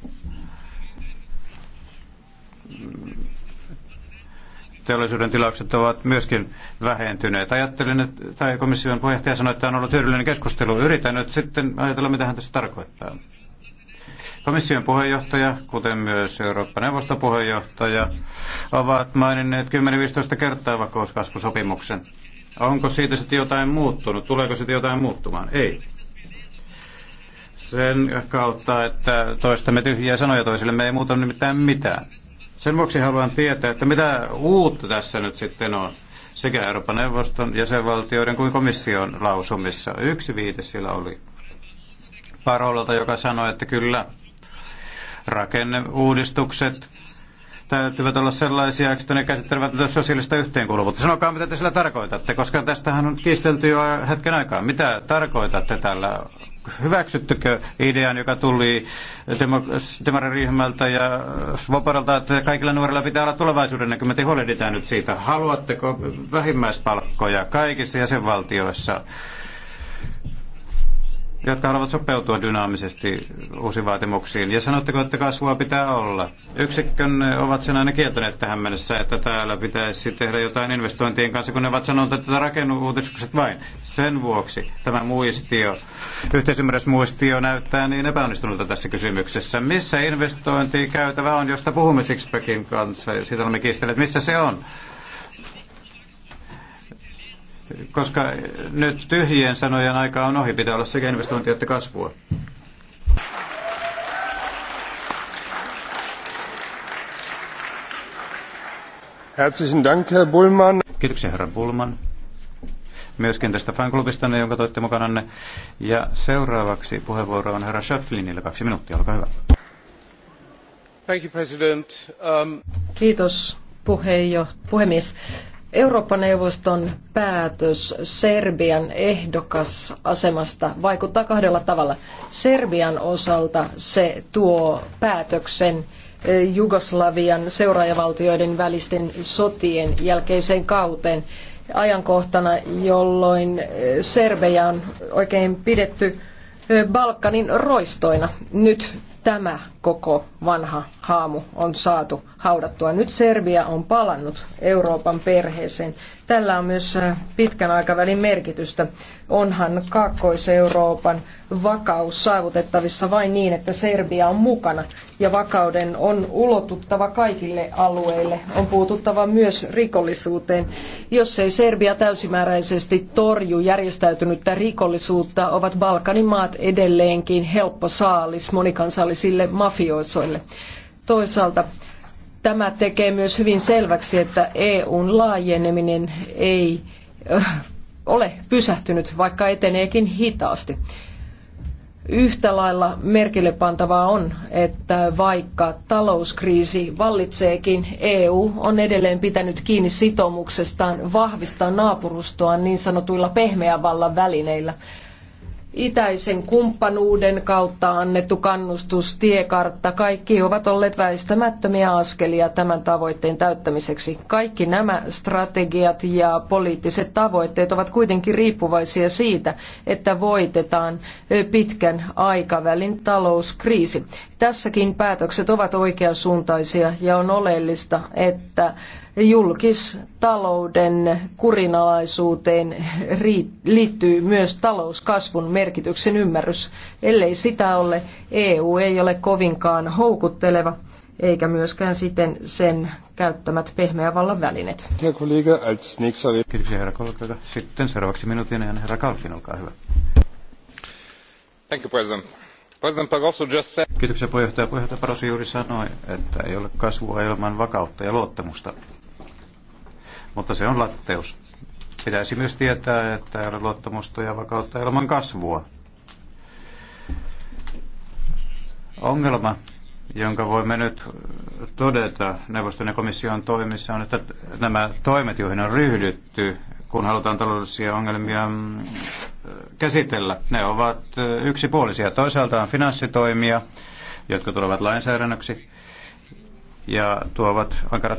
Teollisuuden tilaukset ovat myöskin vähentyneet. Ajattelin, että, tai komission puheenjohtaja sanoi, että on ollut hyödyllinen keskustelu. Yritän nyt sitten ajatella, mitä hän tässä tarkoittaa. Komission puheenjohtaja, kuten myös Eurooppa-neuvoston puheenjohtaja, ovat maininneet 10-15 kertaa vakauskasvusopimuksen. Onko siitä sitten jotain muuttunut? Tuleeko sitten jotain muuttumaan? Ei. Sen kautta, että toistamme tyhjiä sanoja toisille, me ei muuta nimittäin mitään. Sen vuoksi haluan tietää, että mitä uutta tässä nyt sitten on sekä Euroopan neuvoston jäsenvaltioiden kuin komission lausumissa. Yksi viite sillä oli Parololta, joka sanoi, että kyllä, rakenneuudistukset täytyvät olla sellaisia, että ne käsittelevät myös sosiaalista yhteenkuuluvuutta. Sanokaa, mitä te sillä tarkoitatte, koska tästähän on kiistelty jo hetken aikaa. Mitä tarkoitatte tällä? Hyväksyttekö idean, joka tuli demariryhmältä ja Svoboralta, että kaikilla nuorilla pitää olla tulevaisuuden näkymät ja huolehditaan nyt siitä? Haluatteko vähimmäispalkkoja kaikissa jäsenvaltioissa? jotka haluavat sopeutua dynaamisesti uusiin vaatimuksiin. Ja sanotteko, että kasvua pitää olla? Yksikkön ovat sen aina kieltäneet tähän mennessä, että täällä pitäisi tehdä jotain investointien kanssa, kun ne ovat sanoneet, että rakennuutiskukset vain. Sen vuoksi tämä muistio, yhteisymmärrysmuistio näyttää niin epäonnistunutta tässä kysymyksessä. Missä investointi käytävä on, josta puhumme Sixpackin kanssa, ja siitä olemme kiistelleet, missä se on? koska nyt tyhjien sanojen aika on ohi, pitää olla sekä investointia että kasvua. Herzlichen Dank, Herr Bullmann. Kiitoksia, herra Bullman. Myöskin tästä fanklubista, jonka toitte mukananne. Ja seuraavaksi puheenvuoro on herra Schöpflinille. Kaksi minuuttia, olkaa hyvä. Thank you, President. Um... Kiitos, puhemies. Eurooppa-neuvoston päätös Serbian ehdokasasemasta vaikuttaa kahdella tavalla. Serbian osalta se tuo päätöksen eh, Jugoslavian seuraajavaltioiden välisten sotien jälkeiseen kauteen ajankohtana, jolloin eh, Serbejä on oikein pidetty eh, Balkanin roistoina. Nyt tämä koko vanha haamu on saatu haudattua. Nyt Serbia on palannut Euroopan perheeseen. Tällä on myös äh, pitkän aikavälin merkitystä. Onhan Kaakkois-Euroopan vakaus saavutettavissa vain niin, että Serbia on mukana ja vakauden on ulotuttava kaikille alueille. On puututtava myös rikollisuuteen. Jos ei Serbia täysimääräisesti torju järjestäytynyttä rikollisuutta, ovat Balkanin maat edelleenkin helppo saalis monikansallisille mafioisoille. Toisaalta tämä tekee myös hyvin selväksi, että EUn laajeneminen ei ole pysähtynyt, vaikka eteneekin hitaasti. Yhtä lailla merkille pantavaa on, että vaikka talouskriisi vallitseekin, EU on edelleen pitänyt kiinni sitoumuksestaan vahvistaa naapurustoaan niin sanotuilla pehmeän vallan välineillä itäisen kumppanuuden kautta annettu kannustus, tiekartta, kaikki ovat olleet väistämättömiä askelia tämän tavoitteen täyttämiseksi. Kaikki nämä strategiat ja poliittiset tavoitteet ovat kuitenkin riippuvaisia siitä, että voitetaan pitkän aikavälin talouskriisi. Tässäkin päätökset ovat oikeasuuntaisia ja on oleellista, että julkistalouden kurinalaisuuteen liittyy myös talouskasvun merkityksen ymmärrys. Ellei sitä ole, EU ei ole kovinkaan houkutteleva eikä myöskään sitten sen käyttämät pehmeä vallan välineet. Kiitoksia herra kollega. Sitten seuraavaksi minuutin ajan herra Kalfin, olkaa hyvä. Thank you, President. President Barroso just said... Kiitoksia puheenjohtaja. Puheenjohtaja Barroso juuri sanoi, että ei ole kasvua ilman vakautta ja luottamusta mutta se on latteus. Pitäisi myös tietää, että ei ole luottamusta ja vakautta ilman kasvua. Ongelma, jonka voimme nyt todeta neuvoston ja komission toimissa, on, että nämä toimet, joihin on ryhdytty, kun halutaan taloudellisia ongelmia mm, käsitellä, ne ovat yksipuolisia. Toisaalta on finanssitoimia, jotka tulevat lainsäädännöksi ja tuovat ankarat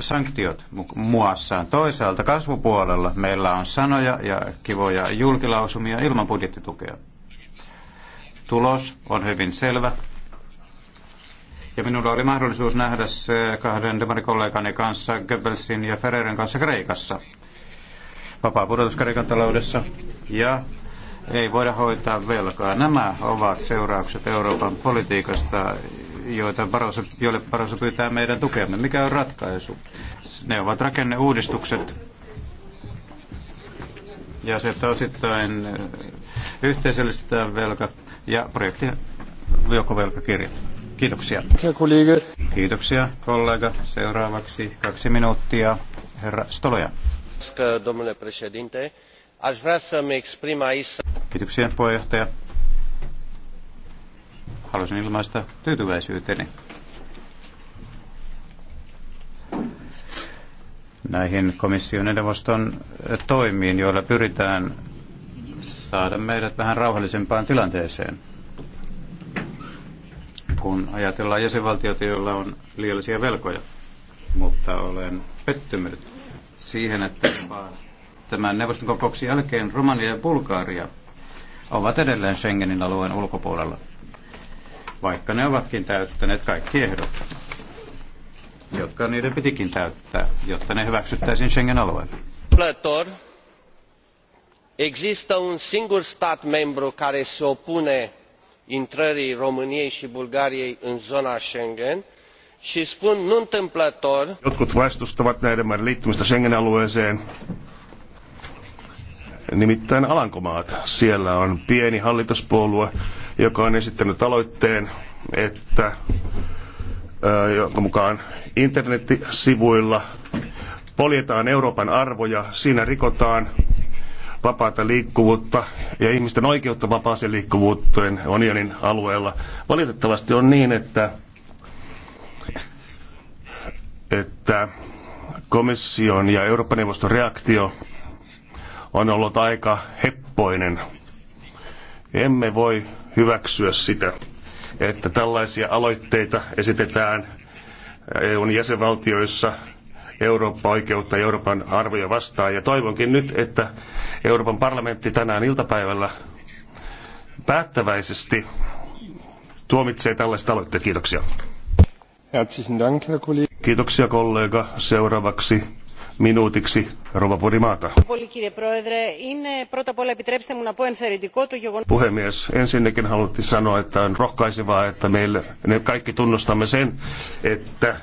sanktiot muassaan. Toisaalta kasvupuolella meillä on sanoja ja kivoja julkilausumia ilman budjettitukea. Tulos on hyvin selvä. Ja minulla oli mahdollisuus nähdä se kahden demarikollegani kanssa, Goebbelsin ja Ferreren kanssa Kreikassa. Vapaa pudotus Kreikan taloudessa ja ei voida hoitaa velkaa. Nämä ovat seuraukset Euroopan politiikasta, joita Barroso, joille Barroso pyytää meidän tukemme. Mikä on ratkaisu? Ne ovat rakenneuudistukset ja se osittain eh, yhteisöllistä velka ja projekti velkakirja. Kiitoksia. Kiitoksia kollega. Seuraavaksi kaksi minuuttia. Herra Stoloja. Kiitoksia puheenjohtaja halusin ilmaista tyytyväisyyteni näihin komission ja neuvoston toimiin, joilla pyritään saada meidät vähän rauhallisempaan tilanteeseen. Kun ajatellaan jäsenvaltiota, joilla on liiallisia velkoja, mutta olen pettynyt siihen, että tämän neuvoston kokouksen jälkeen Romania ja Bulgaria ovat edelleen Schengenin alueen ulkopuolella vaikka ne ovatkin täyttäneet kaikki ehdot, jotka niiden pitikin täyttää, jotta ne hyväksyttäisiin Schengen-alueelle. Plător, există un singur stat membru care se opune intrării României și Bulgariei în zona Schengen și spun nu întâmplător. Jotkut vastustavat näiden maiden liittymistä Schengen-alueeseen nimittäin Alankomaat. Siellä on pieni hallituspuolue, joka on esittänyt aloitteen, että jonka mukaan internetsivuilla poljetaan Euroopan arvoja, siinä rikotaan vapaata liikkuvuutta ja ihmisten oikeutta vapaaseen liikkuvuuteen unionin alueella. Valitettavasti on niin, että, että komission ja Euroopan neuvoston reaktio on ollut aika heppoinen. Emme voi hyväksyä sitä, että tällaisia aloitteita esitetään EUn jäsenvaltioissa Eurooppa-oikeutta ja Euroopan arvoja vastaan. Ja toivonkin nyt, että Euroopan parlamentti tänään iltapäivällä päättäväisesti tuomitsee tällaista aloitteet. Kiitoksia. Kiitoksia kollega. Seuraavaksi minuutiksi rouva Podimaata. Puhemies, ensinnäkin haluaisin sanoa, että on rohkaisevaa, että me kaikki tunnustamme sen, että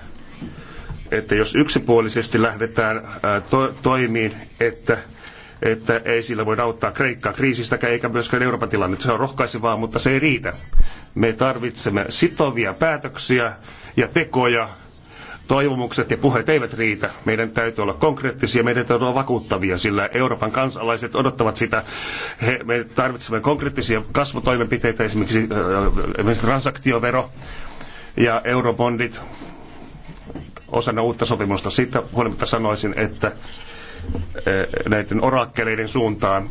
että jos yksipuolisesti lähdetään to, toimiin, että että ei sillä voi auttaa Kreikkaa kriisistäkään eikä myöskään Euroopan tilannetta. Se on rohkaisevaa, mutta se ei riitä. Me tarvitsemme sitovia päätöksiä ja tekoja toivomukset ja puheet eivät riitä. Meidän täytyy olla konkreettisia, meidän täytyy olla vakuuttavia, sillä Euroopan kansalaiset odottavat sitä. He, me tarvitsemme konkreettisia kasvutoimenpiteitä, esimerkiksi, esimerkiksi transaktiovero ja eurobondit osana uutta sopimusta. Siitä huolimatta sanoisin, että näiden orakkeleiden suuntaan,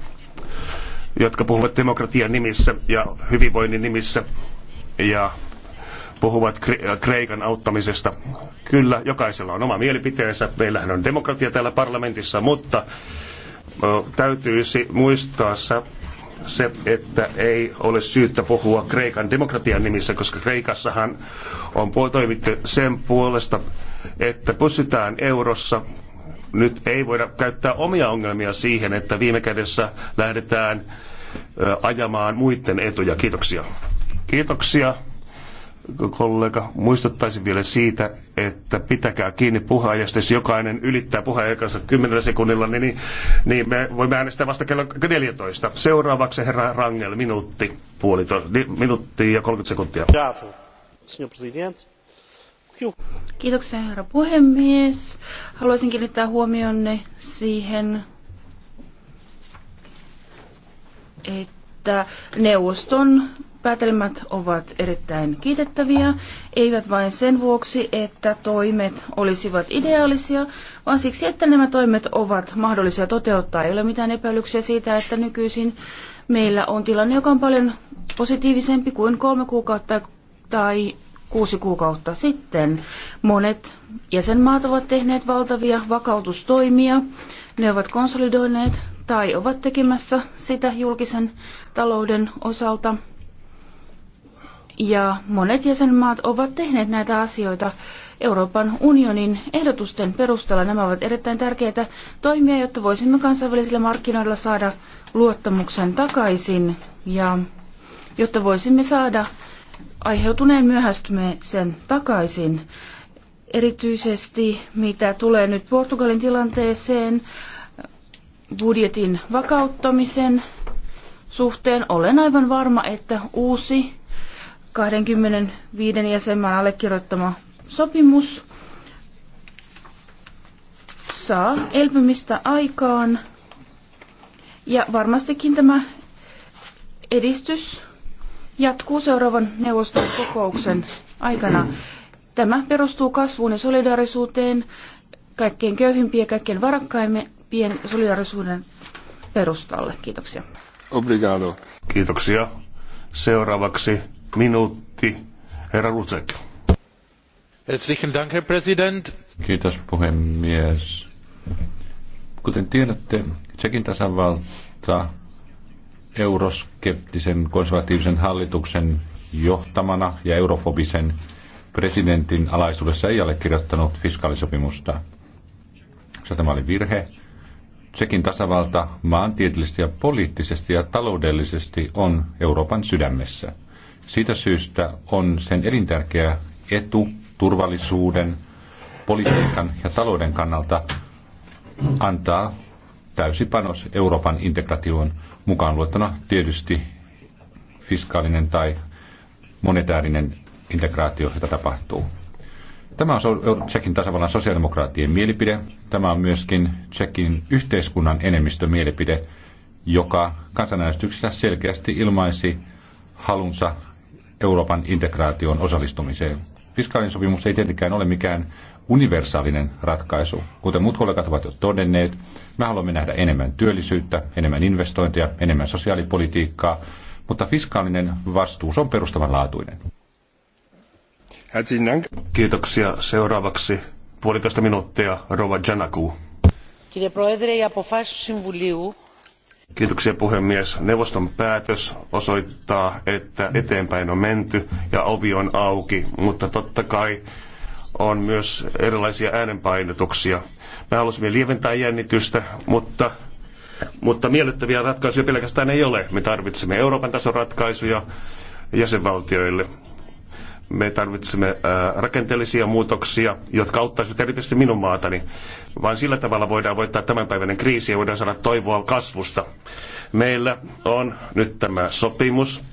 jotka puhuvat demokratian nimissä ja hyvinvoinnin nimissä ja puhuvat äh, Kreikan auttamisesta. Kyllä, jokaisella on oma mielipiteensä. Meillähän on demokratia täällä parlamentissa, mutta täytyisi muistaa se, että ei ole syyttä puhua Kreikan demokratian nimissä, koska Kreikassahan on toimittu sen puolesta, että pysytään eurossa. Nyt ei voida käyttää omia ongelmia siihen, että viime kädessä lähdetään ajamaan muiden etuja. Kiitoksia. Kiitoksia kollega, muistuttaisin vielä siitä, että pitäkää kiinni puheenjohtajasta, jos jokainen ylittää puheenjohtajansa 10 sekunnilla, niin, niin, niin, me voimme äänestää vasta kello 14. Seuraavaksi herra Rangel, minuutti, puolito, minuutti ja 30 sekuntia. Kiitoksia herra puhemies. Haluaisin kiinnittää huomionne siihen, että neuvoston päätelmät ovat erittäin kiitettäviä, eivät vain sen vuoksi, että toimet olisivat ideaalisia, vaan siksi, että nämä toimet ovat mahdollisia toteuttaa. Ei ole mitään epäilyksiä siitä, että nykyisin meillä on tilanne, joka on paljon positiivisempi kuin kolme kuukautta tai kuusi kuukautta sitten. Monet jäsenmaat ovat tehneet valtavia vakautustoimia. Ne ovat konsolidoineet tai ovat tekemässä sitä julkisen talouden osalta. Ja monet jäsenmaat ovat tehneet näitä asioita Euroopan unionin ehdotusten perusteella. Nämä ovat erittäin tärkeitä toimia, jotta voisimme kansainvälisillä markkinoilla saada luottamuksen takaisin ja jotta voisimme saada aiheutuneen myöhästymisen takaisin. Erityisesti mitä tulee nyt Portugalin tilanteeseen, budjetin vakauttamisen suhteen olen aivan varma, että uusi 25 jäsenmaan allekirjoittama sopimus saa elpymistä aikaan. Ja varmastikin tämä edistys jatkuu seuraavan neuvoston kokouksen aikana. Tämä perustuu kasvuun ja solidaarisuuteen, kaikkein köyhimpien ja kaikkein varakkaimpien solidaarisuuden perustalle. Kiitoksia. Obrigado. Kiitoksia. Seuraavaksi Minuutti, herra Rutsek. Herzlichen Dank, Herr Kiitos, puhemies. Kuten tiedätte, Tsekin tasavalta euroskeptisen konservatiivisen hallituksen johtamana ja eurofobisen presidentin alaisuudessa ei allekirjoittanut fiskaalisopimusta. Se tämä oli virhe. Tsekin tasavalta maantieteellisesti ja poliittisesti ja taloudellisesti on Euroopan sydämessä. Siitä syystä on sen elintärkeä etu turvallisuuden, politiikan ja talouden kannalta antaa täysi panos Euroopan integraation mukaan luettuna tietysti fiskaalinen tai monetäärinen integraatio, jota tapahtuu. Tämä on Tsekin tasavallan sosiaalidemokraattien mielipide. Tämä on myöskin Tsekin yhteiskunnan enemmistömielipide, joka kansanäänestyksessä selkeästi ilmaisi halunsa Euroopan integraation osallistumiseen. Fiskaalinen sopimus ei tietenkään ole mikään universaalinen ratkaisu. Kuten muut kollegat ovat jo todenneet, me haluamme nähdä enemmän työllisyyttä, enemmän investointeja, enemmän sosiaalipolitiikkaa, mutta fiskaalinen vastuus on perustavanlaatuinen. Kiitoksia. Seuraavaksi puolitoista minuuttia Rova Janaku. Κύριε Kiitoksia puhemies. Neuvoston päätös osoittaa, että eteenpäin on menty ja ovi on auki, mutta totta kai on myös erilaisia äänenpainotuksia. Me halusimme lieventää jännitystä, mutta, mutta miellyttäviä ratkaisuja pelkästään ei ole. Me tarvitsemme Euroopan tason ratkaisuja jäsenvaltioille. Me tarvitsemme rakenteellisia muutoksia, jotka auttaisivat erityisesti minun maatani. Vain sillä tavalla voidaan voittaa tämänpäiväinen kriisi ja voidaan saada toivoa kasvusta. Meillä on nyt tämä sopimus,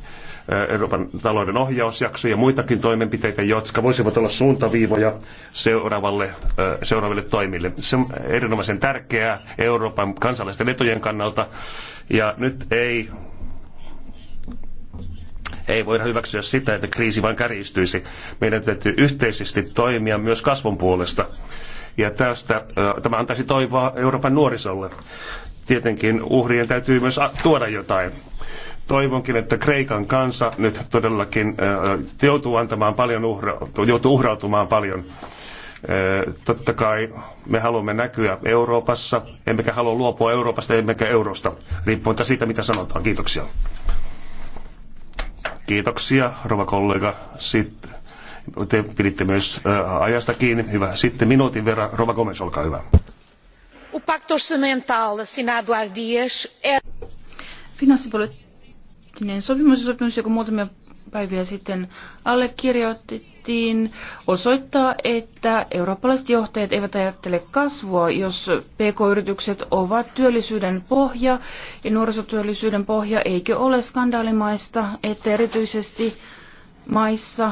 Euroopan talouden ohjausjakso ja muitakin toimenpiteitä, jotka voisivat olla suuntaviivoja seuraavalle, seuraaville toimille. Se on erinomaisen tärkeää Euroopan kansalaisten etujen kannalta ja nyt ei ei voida hyväksyä sitä, että kriisi vain kärjistyisi. Meidän täytyy yhteisesti toimia myös kasvun puolesta. Ja tästä, tämä antaisi toivoa Euroopan nuorisolle. Tietenkin uhrien täytyy myös tuoda jotain toivonkin, että Kreikan kansa nyt todellakin joutuu antamaan paljon uhra, joutuu uhrautumaan paljon. Totta kai me haluamme näkyä Euroopassa, emmekä halua luopua Euroopasta, emmekä eurosta, riippumatta siitä, mitä sanotaan. Kiitoksia. Kiitoksia, rouva kollega. Sitten te piditte myös ajasta kiinni. Hyvä. Sitten minuutin verran. Rova Gomes, olkaa hyvä. O Finanssipoliittinen sopimus ja sopimus, joka muutamia päiviä sitten allekirjoitti, budjettiin osoittaa, että eurooppalaiset johtajat eivät ajattele kasvua, jos pk-yritykset ovat työllisyyden pohja ja nuorisotyöllisyyden pohja, eikö ole skandaalimaista, että erityisesti maissa,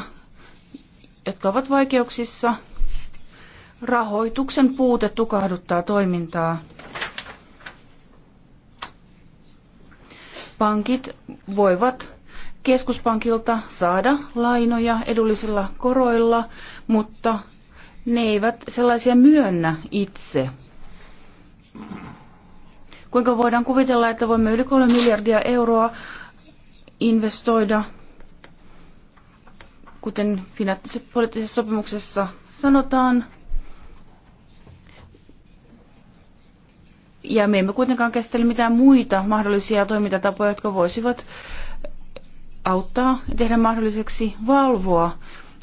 jotka ovat vaikeuksissa, rahoituksen puute tukahduttaa toimintaa. Pankit voivat keskuspankilta saada lainoja edullisilla koroilla, mutta ne eivät sellaisia myönnä itse. Kuinka voidaan kuvitella, että voimme yli 3 miljardia euroa investoida, kuten finanssipoliittisessa sopimuksessa sanotaan, ja me emme kuitenkaan käsittele mitään muita mahdollisia toimintatapoja, jotka voisivat auttaa ja tehdä mahdolliseksi valvoa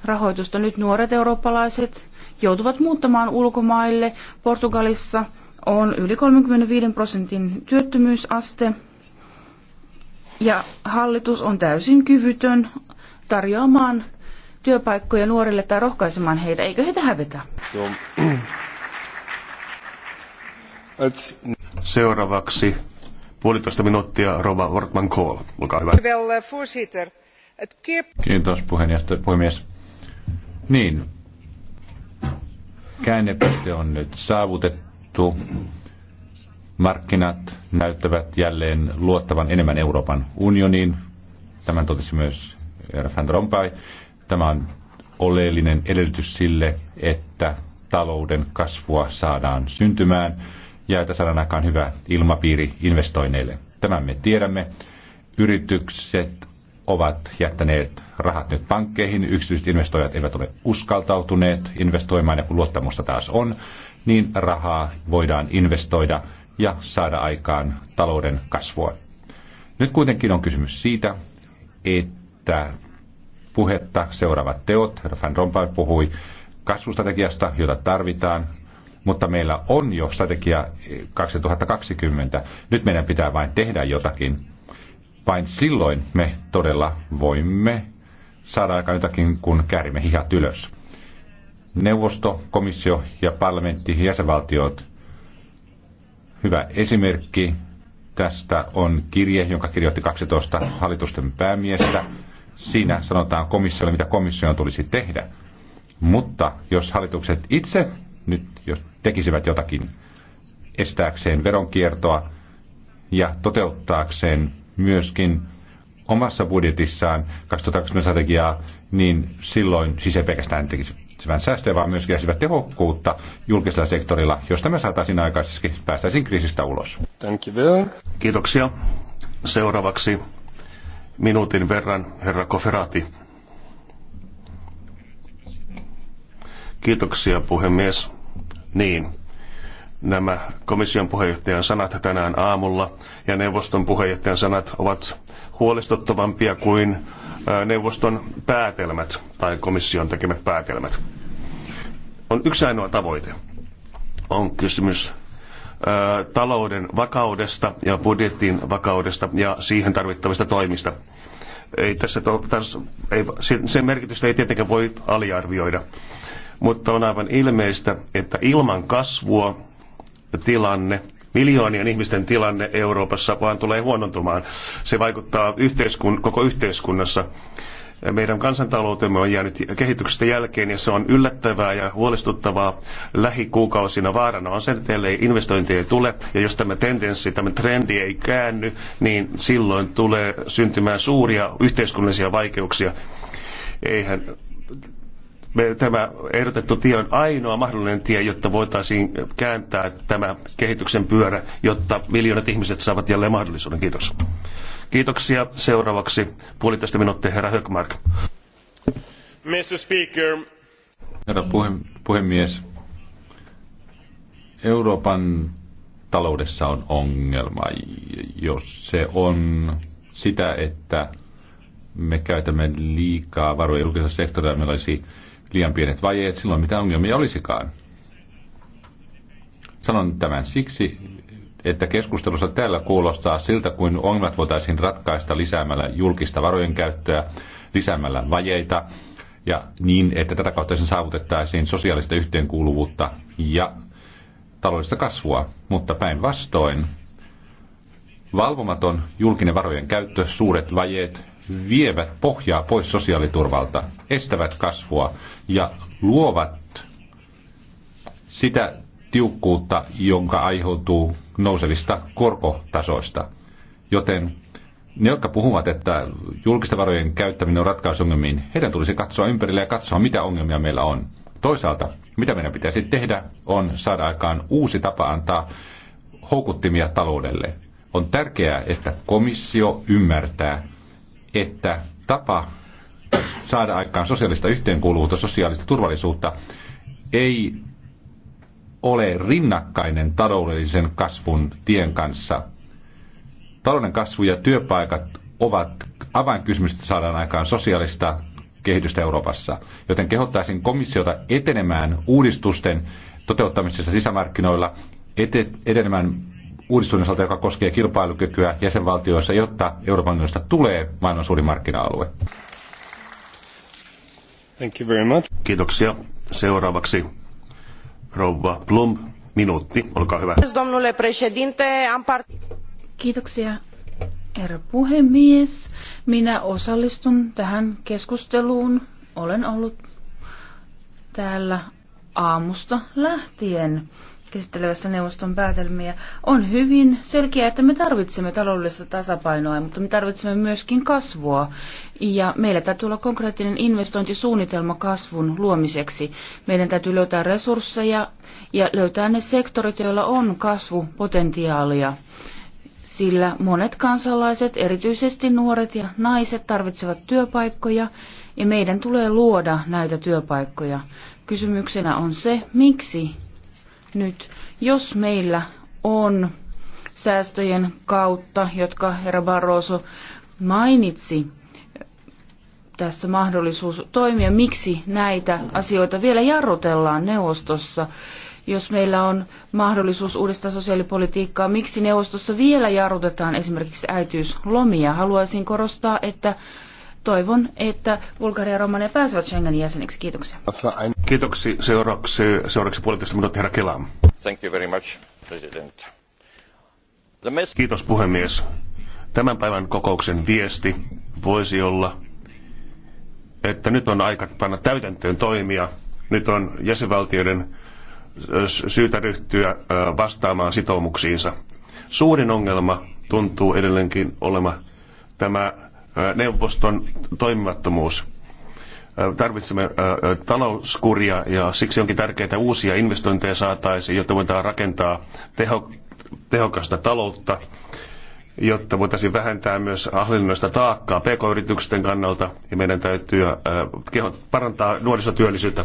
rahoitusta. Nyt nuoret eurooppalaiset joutuvat muuttamaan ulkomaille. Portugalissa on yli 35 prosentin työttömyysaste ja hallitus on täysin kyvytön tarjoamaan työpaikkoja nuorille tai rohkaisemaan heitä. Eikö heitä hävetä? Seuraavaksi Puolitoista minuuttia, Rova Wortman Kool. Olkaa hyvä. Kiitos puheenjohtaja, puhemies. Niin, käännepiste on nyt saavutettu. Markkinat näyttävät jälleen luottavan enemmän Euroopan unioniin. Tämän totesi myös Van Rompuy. Tämä on oleellinen edellytys sille, että talouden kasvua saadaan syntymään ja että saadaan aikaan hyvä ilmapiiri investoinneille. Tämän me tiedämme. Yritykset ovat jättäneet rahat nyt pankkeihin, yksityiset investoijat eivät ole uskaltautuneet investoimaan ja kun luottamusta taas on, niin rahaa voidaan investoida ja saada aikaan talouden kasvua. Nyt kuitenkin on kysymys siitä, että puhetta seuraavat teot, Van Rompuy puhui kasvustrategiasta, jota tarvitaan, mutta meillä on jo strategia 2020. Nyt meidän pitää vain tehdä jotakin. Vain silloin me todella voimme saada aika jotakin, kun käärimme hihat ylös. Neuvosto, komissio ja parlamentti, jäsenvaltiot. Hyvä esimerkki tästä on kirje, jonka kirjoitti 12 hallitusten päämiestä. Siinä sanotaan komissiolle, mitä komission tulisi tehdä. Mutta jos hallitukset itse, nyt jos tekisivät jotakin estääkseen veronkiertoa ja toteuttaakseen myöskin omassa budjetissaan 2020 strategiaa, niin silloin siis ei pelkästään tekisivät säästöjä, vaan myöskin jäisivät tehokkuutta julkisella sektorilla. Jos tämä saataisiin aikaisesti, päästäisiin kriisistä ulos. Thank you. Kiitoksia. Seuraavaksi minuutin verran herra Koferati. Kiitoksia puhemies. Niin, nämä komission puheenjohtajan sanat tänään aamulla ja neuvoston puheenjohtajan sanat ovat huolestuttavampia kuin neuvoston päätelmät tai komission tekemät päätelmät. On yksi ainoa tavoite. On kysymys ö, talouden vakaudesta ja budjetin vakaudesta ja siihen tarvittavista toimista. Ei tässä, tässä ei, sen merkitystä ei tietenkään voi aliarvioida mutta on aivan ilmeistä, että ilman kasvua tilanne, miljoonien ihmisten tilanne Euroopassa vaan tulee huonontumaan. Se vaikuttaa yhteiskun, koko yhteiskunnassa. Meidän kansantaloutemme on jäänyt kehityksestä jälkeen ja se on yllättävää ja huolestuttavaa lähikuukausina. Vaarana on se, että ellei investointeja tule ja jos tämä tendenssi, tämä trendi ei käänny, niin silloin tulee syntymään suuria yhteiskunnallisia vaikeuksia. Eihän tämä ehdotettu tie on ainoa mahdollinen tie, jotta voitaisiin kääntää tämä kehityksen pyörä, jotta miljoonat ihmiset saavat jälleen mahdollisuuden. Kiitos. Kiitoksia. Seuraavaksi puolitoista minuuttia herra Höckmark. Mr. Speaker. Herra puhe, puhemies, Euroopan taloudessa on ongelma, jos se on sitä, että me käytämme liikaa varoja julkisella sektorilla. Meillä olisi liian pienet vajeet, silloin mitä ongelmia olisikaan. Sanon tämän siksi, että keskustelussa täällä kuulostaa siltä, kuin ongelmat voitaisiin ratkaista lisäämällä julkista varojen käyttöä, lisäämällä vajeita ja niin, että tätä kautta sen saavutettaisiin sosiaalista yhteenkuuluvuutta ja taloudellista kasvua. Mutta päinvastoin, valvomaton julkinen varojen käyttö, suuret vajeet vievät pohjaa pois sosiaaliturvalta, estävät kasvua ja luovat sitä tiukkuutta, jonka aiheutuu nousevista korkotasoista. Joten ne, jotka puhuvat, että julkisten varojen käyttäminen on ratkaisongelmiin, heidän tulisi katsoa ympärille ja katsoa, mitä ongelmia meillä on. Toisaalta, mitä meidän pitäisi tehdä, on saada aikaan uusi tapa antaa houkuttimia taloudelle. On tärkeää, että komissio ymmärtää, että tapa saada aikaan sosiaalista yhteenkuuluvuutta, sosiaalista turvallisuutta ei ole rinnakkainen taloudellisen kasvun tien kanssa. Talouden kasvu ja työpaikat ovat avainkysymys, että saadaan aikaan sosiaalista kehitystä Euroopassa. Joten kehottaisin komissiota etenemään uudistusten toteuttamisessa sisämarkkinoilla, etenemään uudistuksen osalta, joka koskee kilpailukykyä jäsenvaltioissa, jotta Euroopan unionista tulee maailman suurin markkina-alue. Thank you very much. Kiitoksia. Seuraavaksi rouva Blom, minuutti, olkaa hyvä. Kiitoksia, herra puhemies. Minä osallistun tähän keskusteluun. Olen ollut täällä aamusta lähtien käsittelevässä neuvoston päätelmiä on hyvin selkeä, että me tarvitsemme taloudellista tasapainoa, mutta me tarvitsemme myöskin kasvua. Ja meillä täytyy olla konkreettinen investointisuunnitelma kasvun luomiseksi. Meidän täytyy löytää resursseja ja löytää ne sektorit, joilla on kasvupotentiaalia sillä monet kansalaiset, erityisesti nuoret ja naiset, tarvitsevat työpaikkoja ja meidän tulee luoda näitä työpaikkoja. Kysymyksenä on se, miksi nyt. Jos meillä on säästöjen kautta, jotka herra Barroso mainitsi, tässä mahdollisuus toimia, miksi näitä asioita vielä jarrutellaan neuvostossa, jos meillä on mahdollisuus uudistaa sosiaalipolitiikkaa, miksi neuvostossa vielä jarrutetaan esimerkiksi äitiyslomia. Haluaisin korostaa, että toivon, että Bulgaria ja Romania pääsevät Schengenin jäseniksi. Kiitoksia. Kiitoksi. Seuraavaksi, seuraavaksi puolitoista minuuttia herra Kelam. Thank you very much, President. The mess- Kiitos puhemies. Tämän päivän kokouksen viesti voisi olla, että nyt on aika panna täytäntöön toimia. Nyt on jäsenvaltioiden syytä ryhtyä vastaamaan sitoumuksiinsa. Suurin ongelma tuntuu edelleenkin olema tämä neuvoston toimimattomuus. Tarvitsemme talouskuria ja siksi onkin tärkeää, että uusia investointeja saataisiin, jotta voidaan rakentaa teho, tehokasta taloutta, jotta voitaisiin vähentää myös hallinnoista taakkaa pk-yritysten kannalta ja meidän täytyy parantaa nuorisotyöllisyyttä.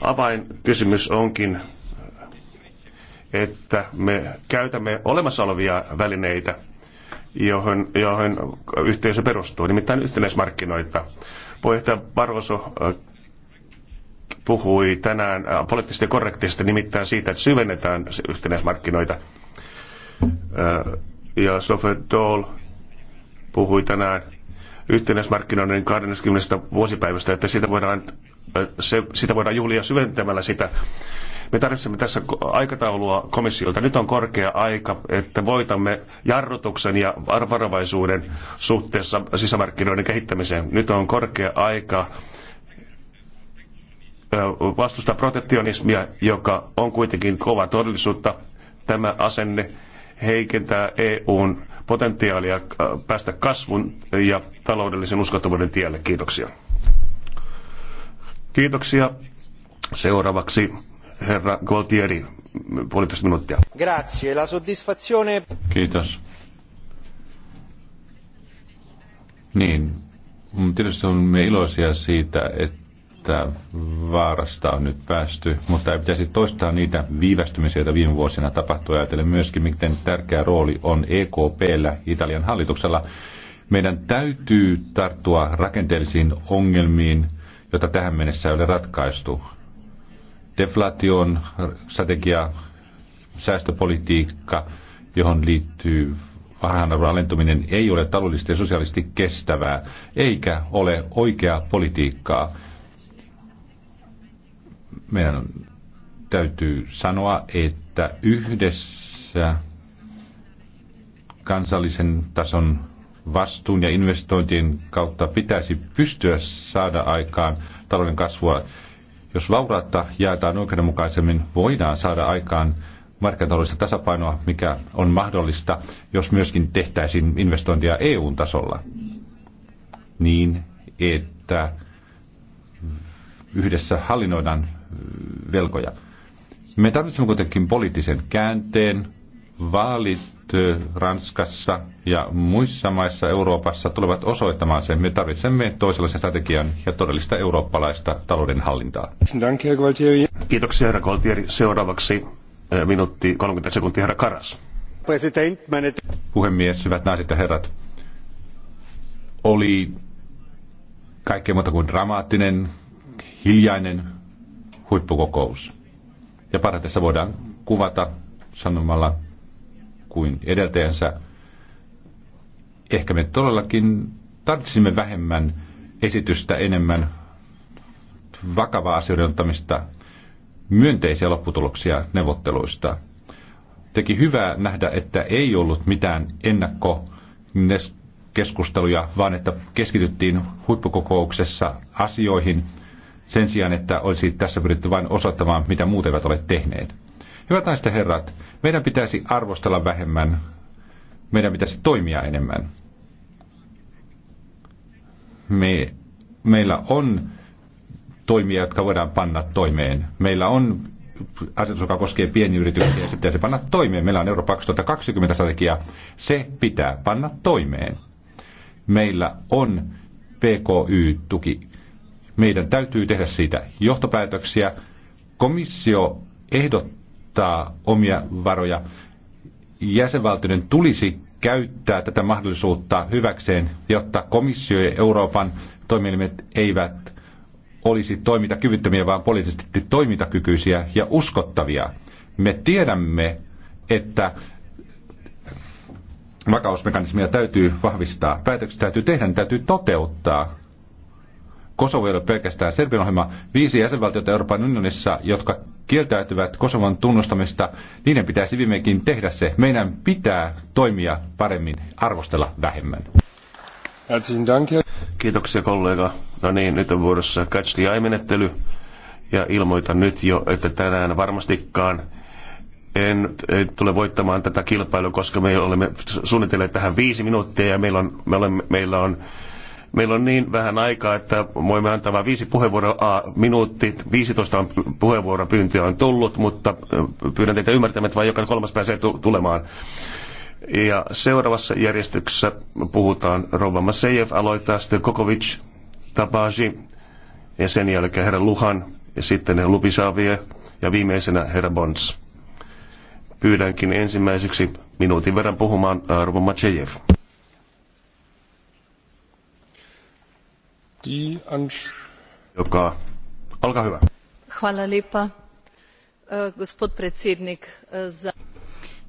Avainkysymys onkin että me käytämme olemassa olevia välineitä – johon, johon yhteisö perustuu, nimittäin yhtenäismarkkinoita. Puheenjohtaja Barroso äh, puhui tänään äh, poliittisesti korrektisesti nimittäin siitä, että syvennetään yhtenäismarkkinoita. Äh, ja Sofie Dahl puhui tänään yhtenäismarkkinoiden 20. vuosipäivästä, että sitä voidaan, se, sitä voidaan juhlia syventämällä sitä me tarvitsemme tässä aikataulua komissiolta. Nyt on korkea aika, että voitamme jarrutuksen ja varovaisuuden suhteessa sisämarkkinoiden kehittämiseen. Nyt on korkea aika vastustaa protektionismia, joka on kuitenkin kova todellisuutta. Tämä asenne heikentää EUn potentiaalia päästä kasvun ja taloudellisen uskottavuuden tielle. Kiitoksia. Kiitoksia. Seuraavaksi herra Gualtieri, puolitoista minuuttia. Grazie, la soddisfazione... Kiitos. Niin, tietysti olemme iloisia siitä, että vaarasta on nyt päästy, mutta ei pitäisi toistaa niitä viivästymisiä, joita viime vuosina tapahtui. Ajatellen myöskin, miten tärkeä rooli on EKPllä, Italian hallituksella. Meidän täytyy tarttua rakenteellisiin ongelmiin, jota tähän mennessä ei ole ratkaistu deflaation strategia, säästöpolitiikka, johon liittyy varhainarvon alentuminen, ei ole taloudellisesti ja sosiaalisesti kestävää, eikä ole oikeaa politiikkaa. Meidän täytyy sanoa, että yhdessä kansallisen tason vastuun ja investointien kautta pitäisi pystyä saada aikaan talouden kasvua jos vaurautta jaetaan oikeudenmukaisemmin, voidaan saada aikaan markkinataloudellista tasapainoa, mikä on mahdollista, jos myöskin tehtäisiin investointia EU-tasolla. Niin, että yhdessä hallinnoidaan äh, velkoja. Me tarvitsemme kuitenkin poliittisen käänteen, vaalit Ranskassa ja muissa maissa Euroopassa tulevat osoittamaan sen. Me tarvitsemme toisenlaisen strategian ja todellista eurooppalaista talouden hallintaa. Kiitoksia, herra Gualtieri. Seuraavaksi minuutti 30 sekuntia, herra Karas. Puhemies, hyvät naiset ja herrat. Oli kaikkea muuta kuin dramaattinen, hiljainen huippukokous. Ja parhaiten voidaan kuvata sanomalla kuin edeltäjänsä. Ehkä me todellakin tarvitsisimme vähemmän esitystä, enemmän vakavaa asioiden ottamista, myönteisiä lopputuloksia neuvotteluista. Teki hyvää nähdä, että ei ollut mitään ennakko keskusteluja, vaan että keskityttiin huippukokouksessa asioihin sen sijaan, että olisi tässä pyritty vain osoittamaan, mitä muut eivät ole tehneet. Hyvät naiset ja herrat, meidän pitäisi arvostella vähemmän, meidän pitäisi toimia enemmän. Me, meillä on toimia, jotka voidaan panna toimeen. Meillä on asetus, joka koskee pienyrityksiä, ja se panna toimeen. Meillä on Euro 2020 strategia. Se pitää panna toimeen. Meillä on PKY-tuki. Meidän täytyy tehdä siitä johtopäätöksiä. Komissio ehdottaa, rajoittaa omia varoja. Jäsenvaltioiden tulisi käyttää tätä mahdollisuutta hyväkseen, jotta komissio ja Euroopan toimielimet eivät olisi toimintakyvyttömiä, vaan poliittisesti toimintakykyisiä ja uskottavia. Me tiedämme, että vakausmekanismia täytyy vahvistaa, päätökset täytyy tehdä, ne täytyy toteuttaa. Kosovo ei ole pelkästään Serbian ohjelma. Viisi jäsenvaltiota Euroopan unionissa, jotka kieltäytyvät Kosovon tunnustamista, niiden pitäisi viimeinkin tehdä se. Meidän pitää toimia paremmin, arvostella vähemmän. Kiitoksia kollega. No niin, nyt on vuorossa Catch the menettely Ja ilmoitan nyt jo, että tänään varmastikaan en, en tule voittamaan tätä kilpailua, koska me olemme suunnitelleet tähän viisi minuuttia ja meillä on, me olemme, meillä on Meillä on niin vähän aikaa, että voimme antaa vain viisi puheenvuoroa a, minuutti. 15 puheenvuoropyyntöä on tullut, mutta pyydän teitä ymmärtämään, että vain joka kolmas pääsee tulemaan. Ja seuraavassa järjestyksessä puhutaan Rova Masejev, aloittaa sitten Kokovic, Tabaji ja sen jälkeen herra Luhan ja sitten Lubisavie ja viimeisenä herra Bonds. Pyydänkin ensimmäiseksi minuutin verran puhumaan Rova Masejev. hyvä. Eh, eh,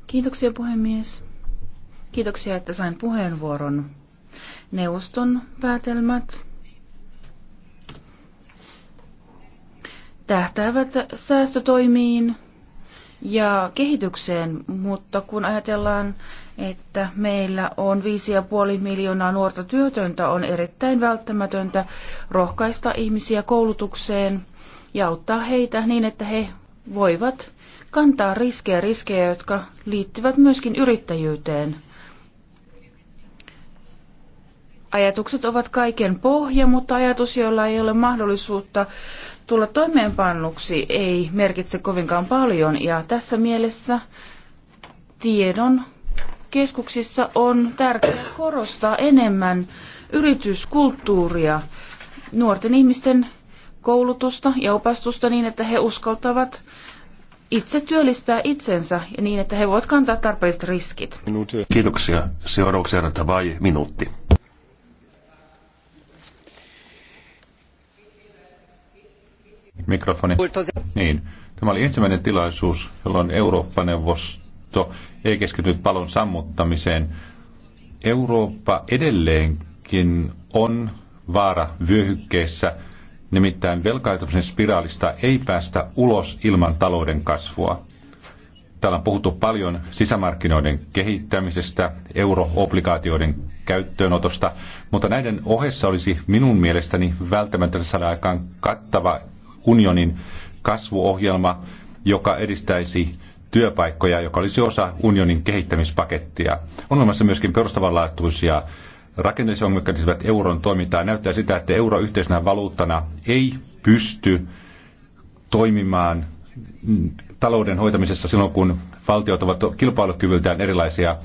Kiitoksia puhemies. Kiitoksia, että sain puheenvuoron. Neuvoston päätelmät tähtäävät säästötoimiin ja kehitykseen, mutta kun ajatellaan että meillä on 5,5 miljoonaa nuorta työtöntä, on erittäin välttämätöntä rohkaista ihmisiä koulutukseen ja auttaa heitä niin, että he voivat kantaa riskejä, riskejä, jotka liittyvät myöskin yrittäjyyteen. Ajatukset ovat kaiken pohja, mutta ajatus, jolla ei ole mahdollisuutta tulla toimeenpannuksi, ei merkitse kovinkaan paljon. Ja tässä mielessä tiedon keskuksissa on tärkeää korostaa enemmän yrityskulttuuria, nuorten ihmisten koulutusta ja opastusta niin, että he uskaltavat itse työllistää itsensä ja niin, että he voivat kantaa tarpeelliset riskit. Minuutti. Kiitoksia. Seuraavaksi herrata vai minuutti. Mikrofoni. Niin. Tämä oli ensimmäinen tilaisuus, jolloin Eurooppa-neuvosto neuvosto ei keskitynyt palon sammuttamiseen. Eurooppa edelleenkin on vaara vyöhykkeessä, nimittäin velkaitumisen spiraalista ei päästä ulos ilman talouden kasvua. Täällä on puhuttu paljon sisämarkkinoiden kehittämisestä, euroobligaatioiden käyttöönotosta, mutta näiden ohessa olisi minun mielestäni välttämättä saada aikaan kattava unionin kasvuohjelma, joka edistäisi työpaikkoja, joka olisi osa unionin kehittämispakettia. On olemassa myöskin perustavanlaatuisia rakenteellisia ongelmia, jotka liittyvät euron toimintaan. Näyttää sitä, että euro yhteisenä valuuttana ei pysty toimimaan talouden hoitamisessa silloin, kun valtiot ovat kilpailukyvyltään erilaisia.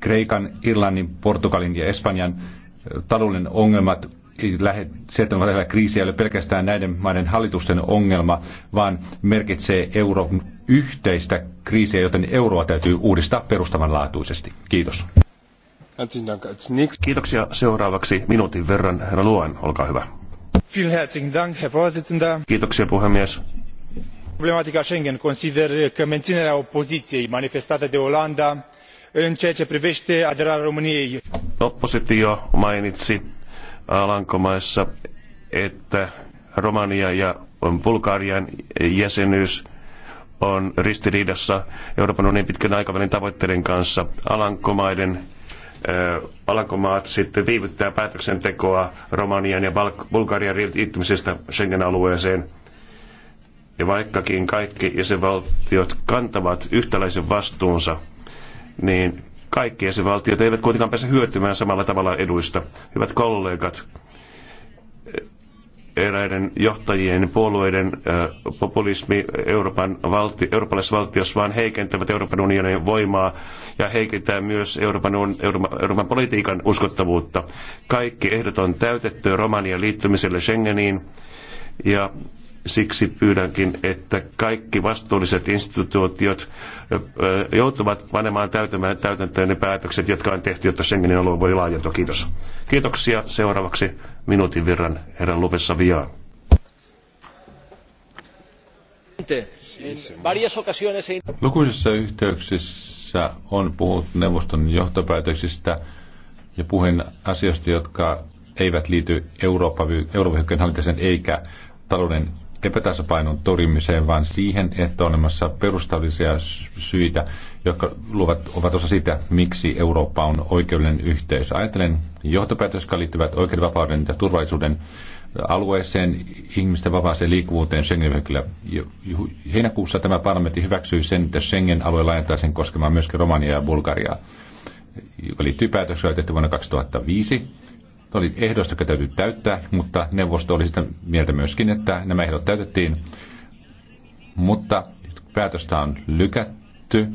Kreikan, Irlannin, Portugalin ja Espanjan talouden ongelmat se, että on kriisiä, ei ole pelkästään näiden maiden hallitusten ongelma, vaan merkitsee euron yhteistä kriisiä, joten euroa täytyy uudistaa perustavanlaatuisesti. Kiitos. Kiitoksia. Seuraavaksi minuutin verran herra Luen, olkaa hyvä. Kiitoksia puhemies. Problematica Schengen consider că menținerea opoziției manifestată de Olanda în ceea ce privește aderarea României. Oppositio mainitsi Alankomaissa, että Romania ja Bulgarian jäsenyys on ristiriidassa Euroopan unionin pitkän aikavälin tavoitteiden kanssa. Alankomaiden Alankomaat sitten viivyttää päätöksentekoa Romanian ja Bulgarian liittymisestä Schengen-alueeseen. Ja vaikkakin kaikki jäsenvaltiot kantavat yhtäläisen vastuunsa, niin kaikki jäsenvaltiot eivät kuitenkaan pääse hyötymään samalla tavalla eduista. Hyvät kollegat, eräiden johtajien puolueiden populismi Euroopan valti, eurooppalaisessa valtiossa vaan heikentävät Euroopan unionin voimaa ja heikentää myös Euroopan, Euroopan, Euroopan politiikan uskottavuutta. Kaikki ehdot on täytetty Romanian liittymiselle Schengeniin ja Siksi pyydänkin, että kaikki vastuulliset instituutiot joutuvat panemaan täytämään täytäntöön ne päätökset, jotka on tehty, jotta Schengenin alue voi laajentua. Kiitos. Kiitoksia. Seuraavaksi minuutin verran herran lupessa Viaa. Lukuisissa yhteyksissä on puhuttu neuvoston johtopäätöksistä ja puheen asioista, jotka eivät liity Eurooppa, Euroopan hallintaseen eikä talouden epätasapainon torjumiseen, vaan siihen, että on olemassa perustallisia syitä, jotka luvat, ovat osa sitä, miksi Eurooppa on oikeudellinen yhteys. Ajattelen johtopäätös, jotka liittyvät oikeudenvapauden ja turvallisuuden alueeseen, ihmisten vapaaseen liikkuvuuteen Schengenin Heinäkuussa tämä parlamentti hyväksyi sen, että Schengen-alue laajentaisiin koskemaan myöskin Romania ja Bulgariaa, joka liittyy päätökseen tehty vuonna 2005. Ne oli ehdoista, jotka täytyy täyttää, mutta neuvosto oli sitä mieltä myöskin, että nämä ehdot täytettiin. Mutta päätöstä on lykätty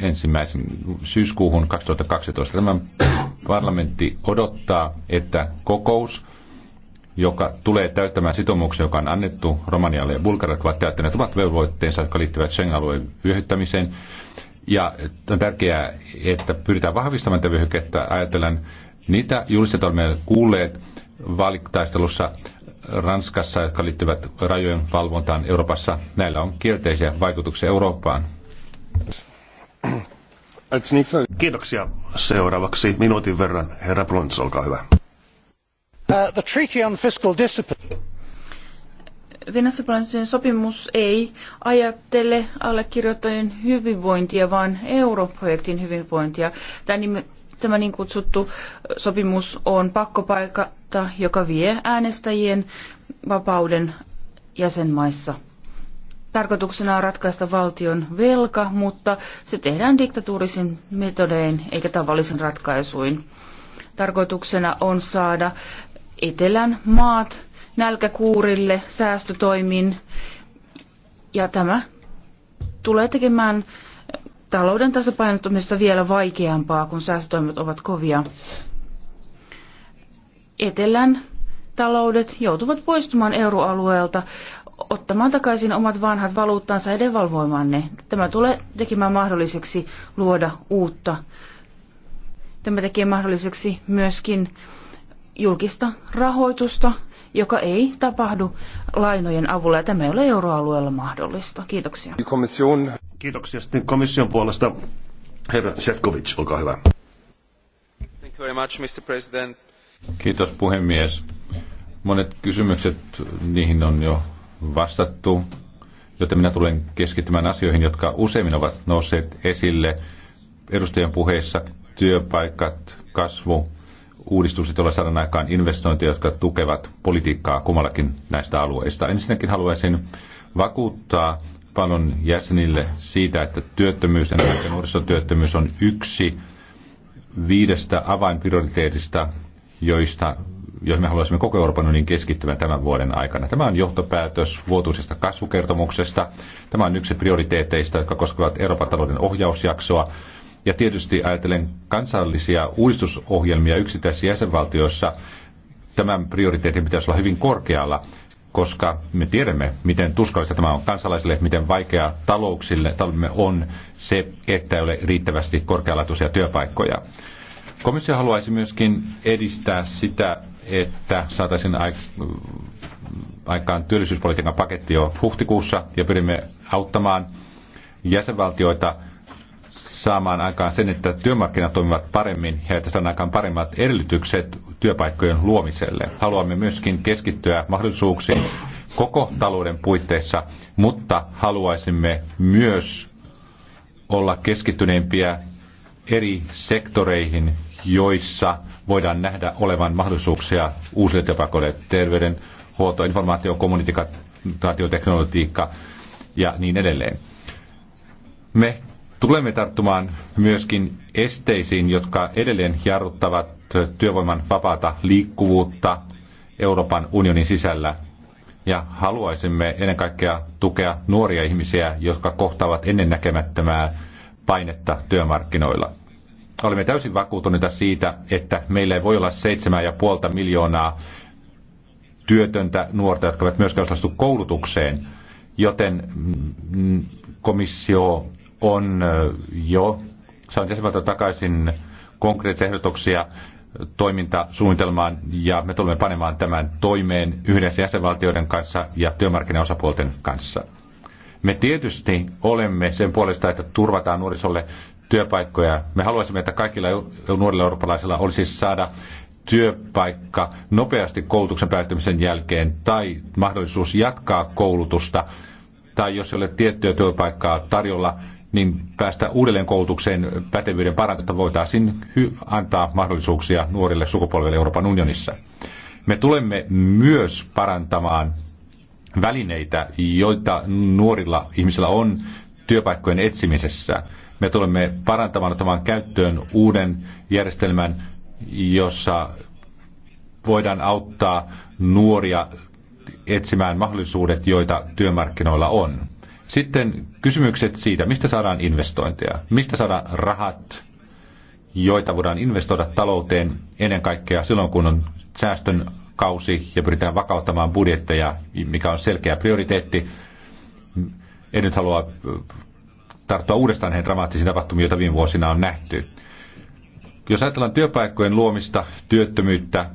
ensimmäisen syyskuuhun 2012. Tämä parlamentti odottaa, että kokous, joka tulee täyttämään sitoumuksen, joka on annettu Romanialle ja Bulgarille, jotka ovat täyttäneet omat velvoitteensa, jotka liittyvät Schengen-alueen vyöhyttämiseen. Ja on tärkeää, että pyritään vahvistamaan tätä vyöhykettä. Ajatellaan Niitä julistet olemme kuulleet vaalitaistelussa Ranskassa, jotka liittyvät rajojen valvontaan Euroopassa. Näillä on kielteisiä vaikutuksia Eurooppaan. Kiitoksia. Seuraavaksi minuutin verran. Herra Blunts, olkaa hyvä. Uh, the treaty on fiscal discipline. Finanssipoliittinen sopimus ei ajattele allekirjoittajien hyvinvointia, vaan europrojektin hyvinvointia. Tämä Tämä niin kutsuttu sopimus on pakkopaikka, joka vie äänestäjien vapauden jäsenmaissa. Tarkoituksena on ratkaista valtion velka, mutta se tehdään diktatuurisin metodein eikä tavallisin ratkaisuin. Tarkoituksena on saada etelän maat nälkäkuurille säästötoimin ja tämä tulee tekemään talouden tasapainottumisesta vielä vaikeampaa, kun säästötoimet ovat kovia. Etelän taloudet joutuvat poistumaan euroalueelta, ottamaan takaisin omat vanhat valuuttansa ja devalvoimaan ne. Tämä tulee tekemään mahdolliseksi luoda uutta. Tämä tekee mahdolliseksi myöskin julkista rahoitusta, joka ei tapahdu lainojen avulla. Ja tämä ei ole euroalueella mahdollista. Kiitoksia. Kiitoksia sitten komission puolesta. Herra Sefcovic, olkaa hyvä. Thank you very much, Mr. President. Kiitos puhemies. Monet kysymykset, niihin on jo vastattu, joten minä tulen keskittymään asioihin, jotka useimmin ovat nousseet esille edustajan puheissa. Työpaikat, kasvu, uudistukset, joilla saadaan aikaan investointeja, jotka tukevat politiikkaa kummallakin näistä alueista. Ensinnäkin haluaisin vakuuttaa paljon jäsenille siitä, että työttömyys, ja nuorisotyöttömyys on yksi viidestä avainprioriteetista, joista, joihin me haluaisimme koko Euroopan unionin keskittyvän tämän vuoden aikana. Tämä on johtopäätös vuotuisesta kasvukertomuksesta. Tämä on yksi prioriteeteista, jotka koskevat Euroopan talouden ohjausjaksoa. Ja tietysti ajatellen kansallisia uudistusohjelmia yksittäisissä jäsenvaltioissa, tämän prioriteetin pitäisi olla hyvin korkealla koska me tiedämme, miten tuskallista tämä on kansalaisille, miten vaikea talouksille on se, että ei ole riittävästi korkealaatuisia työpaikkoja. Komissio haluaisi myöskin edistää sitä, että saataisiin aikaan työllisyyspolitiikan paketti jo huhtikuussa ja pyrimme auttamaan jäsenvaltioita – saamaan aikaan sen, että työmarkkinat toimivat paremmin ja että saadaan aikaan paremmat edellytykset työpaikkojen luomiselle. Haluamme myöskin keskittyä mahdollisuuksiin koko talouden puitteissa, mutta haluaisimme myös olla keskittyneempiä eri sektoreihin, joissa voidaan nähdä olevan mahdollisuuksia uusille työpaikoille, terveydenhuolto, informaatio, kommunikaatioteknologiikka ja niin edelleen. Me Tulemme tarttumaan myöskin esteisiin, jotka edelleen jarruttavat työvoiman vapaata liikkuvuutta Euroopan unionin sisällä. Ja haluaisimme ennen kaikkea tukea nuoria ihmisiä, jotka kohtaavat ennennäkemättömää painetta työmarkkinoilla. Olemme täysin vakuutuneita siitä, että meillä ei voi olla 7,5 miljoonaa työtöntä nuorta, jotka eivät myöskään osallistu koulutukseen, joten mm, komissio on jo saanut jäsenvaltio takaisin konkreettisia ehdotuksia toimintasuunnitelmaan ja me tulemme panemaan tämän toimeen yhdessä jäsenvaltioiden kanssa ja työmarkkinaosapuolten kanssa. Me tietysti olemme sen puolesta, että turvataan nuorisolle työpaikkoja. Me haluaisimme, että kaikilla nuorilla eurooppalaisilla olisi saada työpaikka nopeasti koulutuksen päättymisen jälkeen tai mahdollisuus jatkaa koulutusta tai jos ei ole tiettyä työpaikkaa tarjolla, niin päästä uudelleen koulutukseen pätevyyden parantamista voitaisiin antaa mahdollisuuksia nuorille sukupolville Euroopan unionissa. Me tulemme myös parantamaan välineitä, joita nuorilla ihmisillä on työpaikkojen etsimisessä. Me tulemme parantamaan ottamaan käyttöön uuden järjestelmän, jossa voidaan auttaa nuoria etsimään mahdollisuudet, joita työmarkkinoilla on. Sitten kysymykset siitä, mistä saadaan investointeja, mistä saadaan rahat, joita voidaan investoida talouteen ennen kaikkea silloin, kun on säästön kausi ja pyritään vakauttamaan budjetteja, mikä on selkeä prioriteetti. En nyt halua äh, tarttua uudestaan näihin dramaattisiin tapahtumiin, joita viime vuosina on nähty. Jos ajatellaan työpaikkojen luomista, työttömyyttä,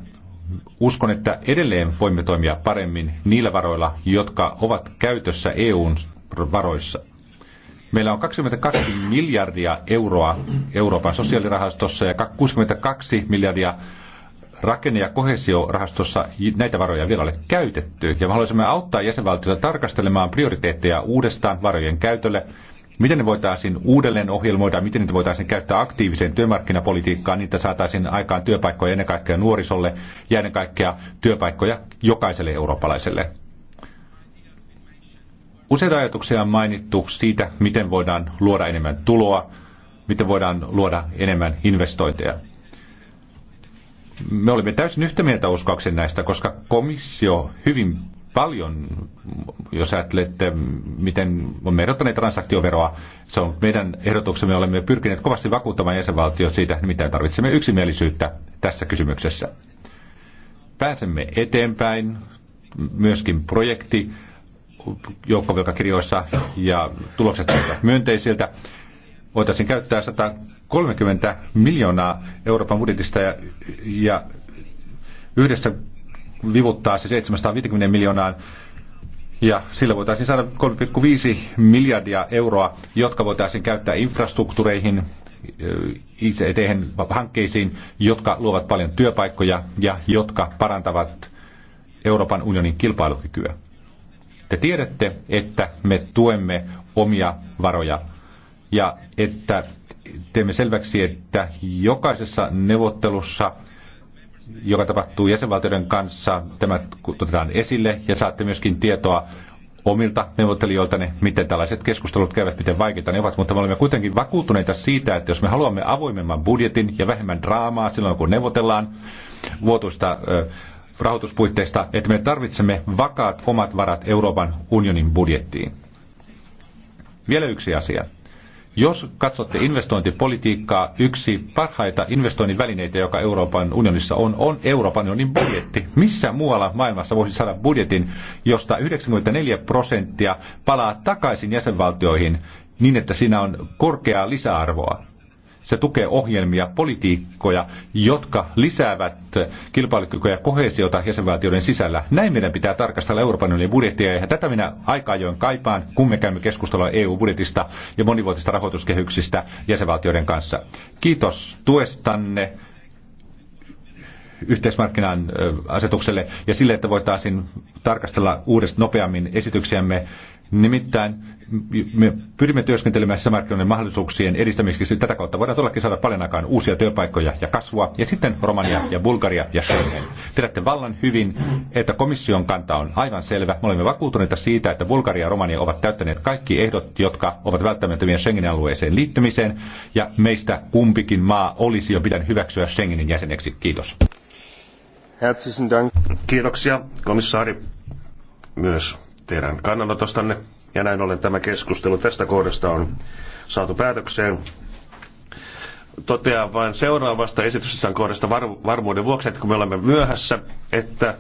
uskon, että edelleen voimme toimia paremmin niillä varoilla, jotka ovat käytössä EUn varoissa. Meillä on 22 miljardia euroa Euroopan sosiaalirahastossa ja 62 miljardia rakenne- ja kohesiorahastossa näitä varoja vielä ole käytetty. Ja me haluaisimme auttaa jäsenvaltioita tarkastelemaan prioriteetteja uudestaan varojen käytölle, miten ne voitaisiin uudelleen ohjelmoida, miten niitä voitaisiin käyttää aktiiviseen työmarkkinapolitiikkaan, niin, että saataisiin aikaan työpaikkoja ennen kaikkea nuorisolle ja ennen kaikkea työpaikkoja jokaiselle eurooppalaiselle. Useita ajatuksia on mainittu siitä, miten voidaan luoda enemmän tuloa, miten voidaan luoda enemmän investointeja. Me olimme täysin yhtä mieltä uskoakseni näistä, koska komissio hyvin paljon, jos ajattelette, miten olemme ehdottaneet transaktioveroa. Se on meidän ehdotuksemme, olemme pyrkineet kovasti vakuuttamaan jäsenvaltiot siitä, mitä tarvitsemme yksimielisyyttä tässä kysymyksessä. Pääsemme eteenpäin, myöskin projekti joukkovelkakirjoissa ja tulokset ovat myönteisiltä. Voitaisiin käyttää 130 miljoonaa Euroopan budjetista ja, ja yhdessä vivuttaa se 750 miljoonaan ja sillä voitaisiin saada 3,5 miljardia euroa, jotka voitaisiin käyttää infrastruktuureihin, ICT-hankkeisiin, jotka luovat paljon työpaikkoja ja jotka parantavat Euroopan unionin kilpailukykyä. Te tiedätte, että me tuemme omia varoja ja että teemme selväksi, että jokaisessa neuvottelussa, joka tapahtuu jäsenvaltioiden kanssa, tämä otetaan esille ja saatte myöskin tietoa omilta neuvottelijoiltanne, miten tällaiset keskustelut käyvät, miten vaikeita ne ovat, mutta me olemme kuitenkin vakuuttuneita siitä, että jos me haluamme avoimemman budjetin ja vähemmän draamaa silloin, kun neuvotellaan vuotuista rahoituspuitteista, että me tarvitsemme vakaat omat varat Euroopan unionin budjettiin. Vielä yksi asia. Jos katsotte investointipolitiikkaa, yksi parhaita investoinnin välineitä, joka Euroopan unionissa on, on Euroopan unionin budjetti. Missä muualla maailmassa voisi saada budjetin, josta 94 prosenttia palaa takaisin jäsenvaltioihin niin, että siinä on korkeaa lisäarvoa? se tukee ohjelmia, politiikkoja, jotka lisäävät kilpailukykyä ja kohesiota jäsenvaltioiden sisällä. Näin meidän pitää tarkastella Euroopan unionin budjettia, ja tätä minä aika ajoin kaipaan, kun me käymme keskustelua EU-budjetista ja monivuotista rahoituskehyksistä jäsenvaltioiden kanssa. Kiitos tuestanne yhteismarkkinan asetukselle ja sille, että voitaisiin tarkastella uudestaan nopeammin esityksiämme Nimittäin me pyrimme työskentelemään sisämarkkinoiden mahdollisuuksien edistämiseksi. Tätä kautta voidaan todellakin saada paljon aikaan uusia työpaikkoja ja kasvua. Ja sitten Romania ja Bulgaria ja Schengen. Tiedätte vallan hyvin, että komission kanta on aivan selvä. Me olemme vakuutuneita siitä, että Bulgaria ja Romania ovat täyttäneet kaikki ehdot, jotka ovat välttämättömiä Schengenin alueeseen liittymiseen. Ja meistä kumpikin maa olisi jo pitänyt hyväksyä Schengenin jäseneksi. Kiitos. Herzlichen Dank. Kiitoksia, komissaari. Myös teidän kannanotostanne. Ja näin ollen tämä keskustelu tästä kohdasta on saatu päätökseen. Totean vain seuraavasta esityksestä kohdasta var- varmuuden vuoksi, että kun me olemme myöhässä, että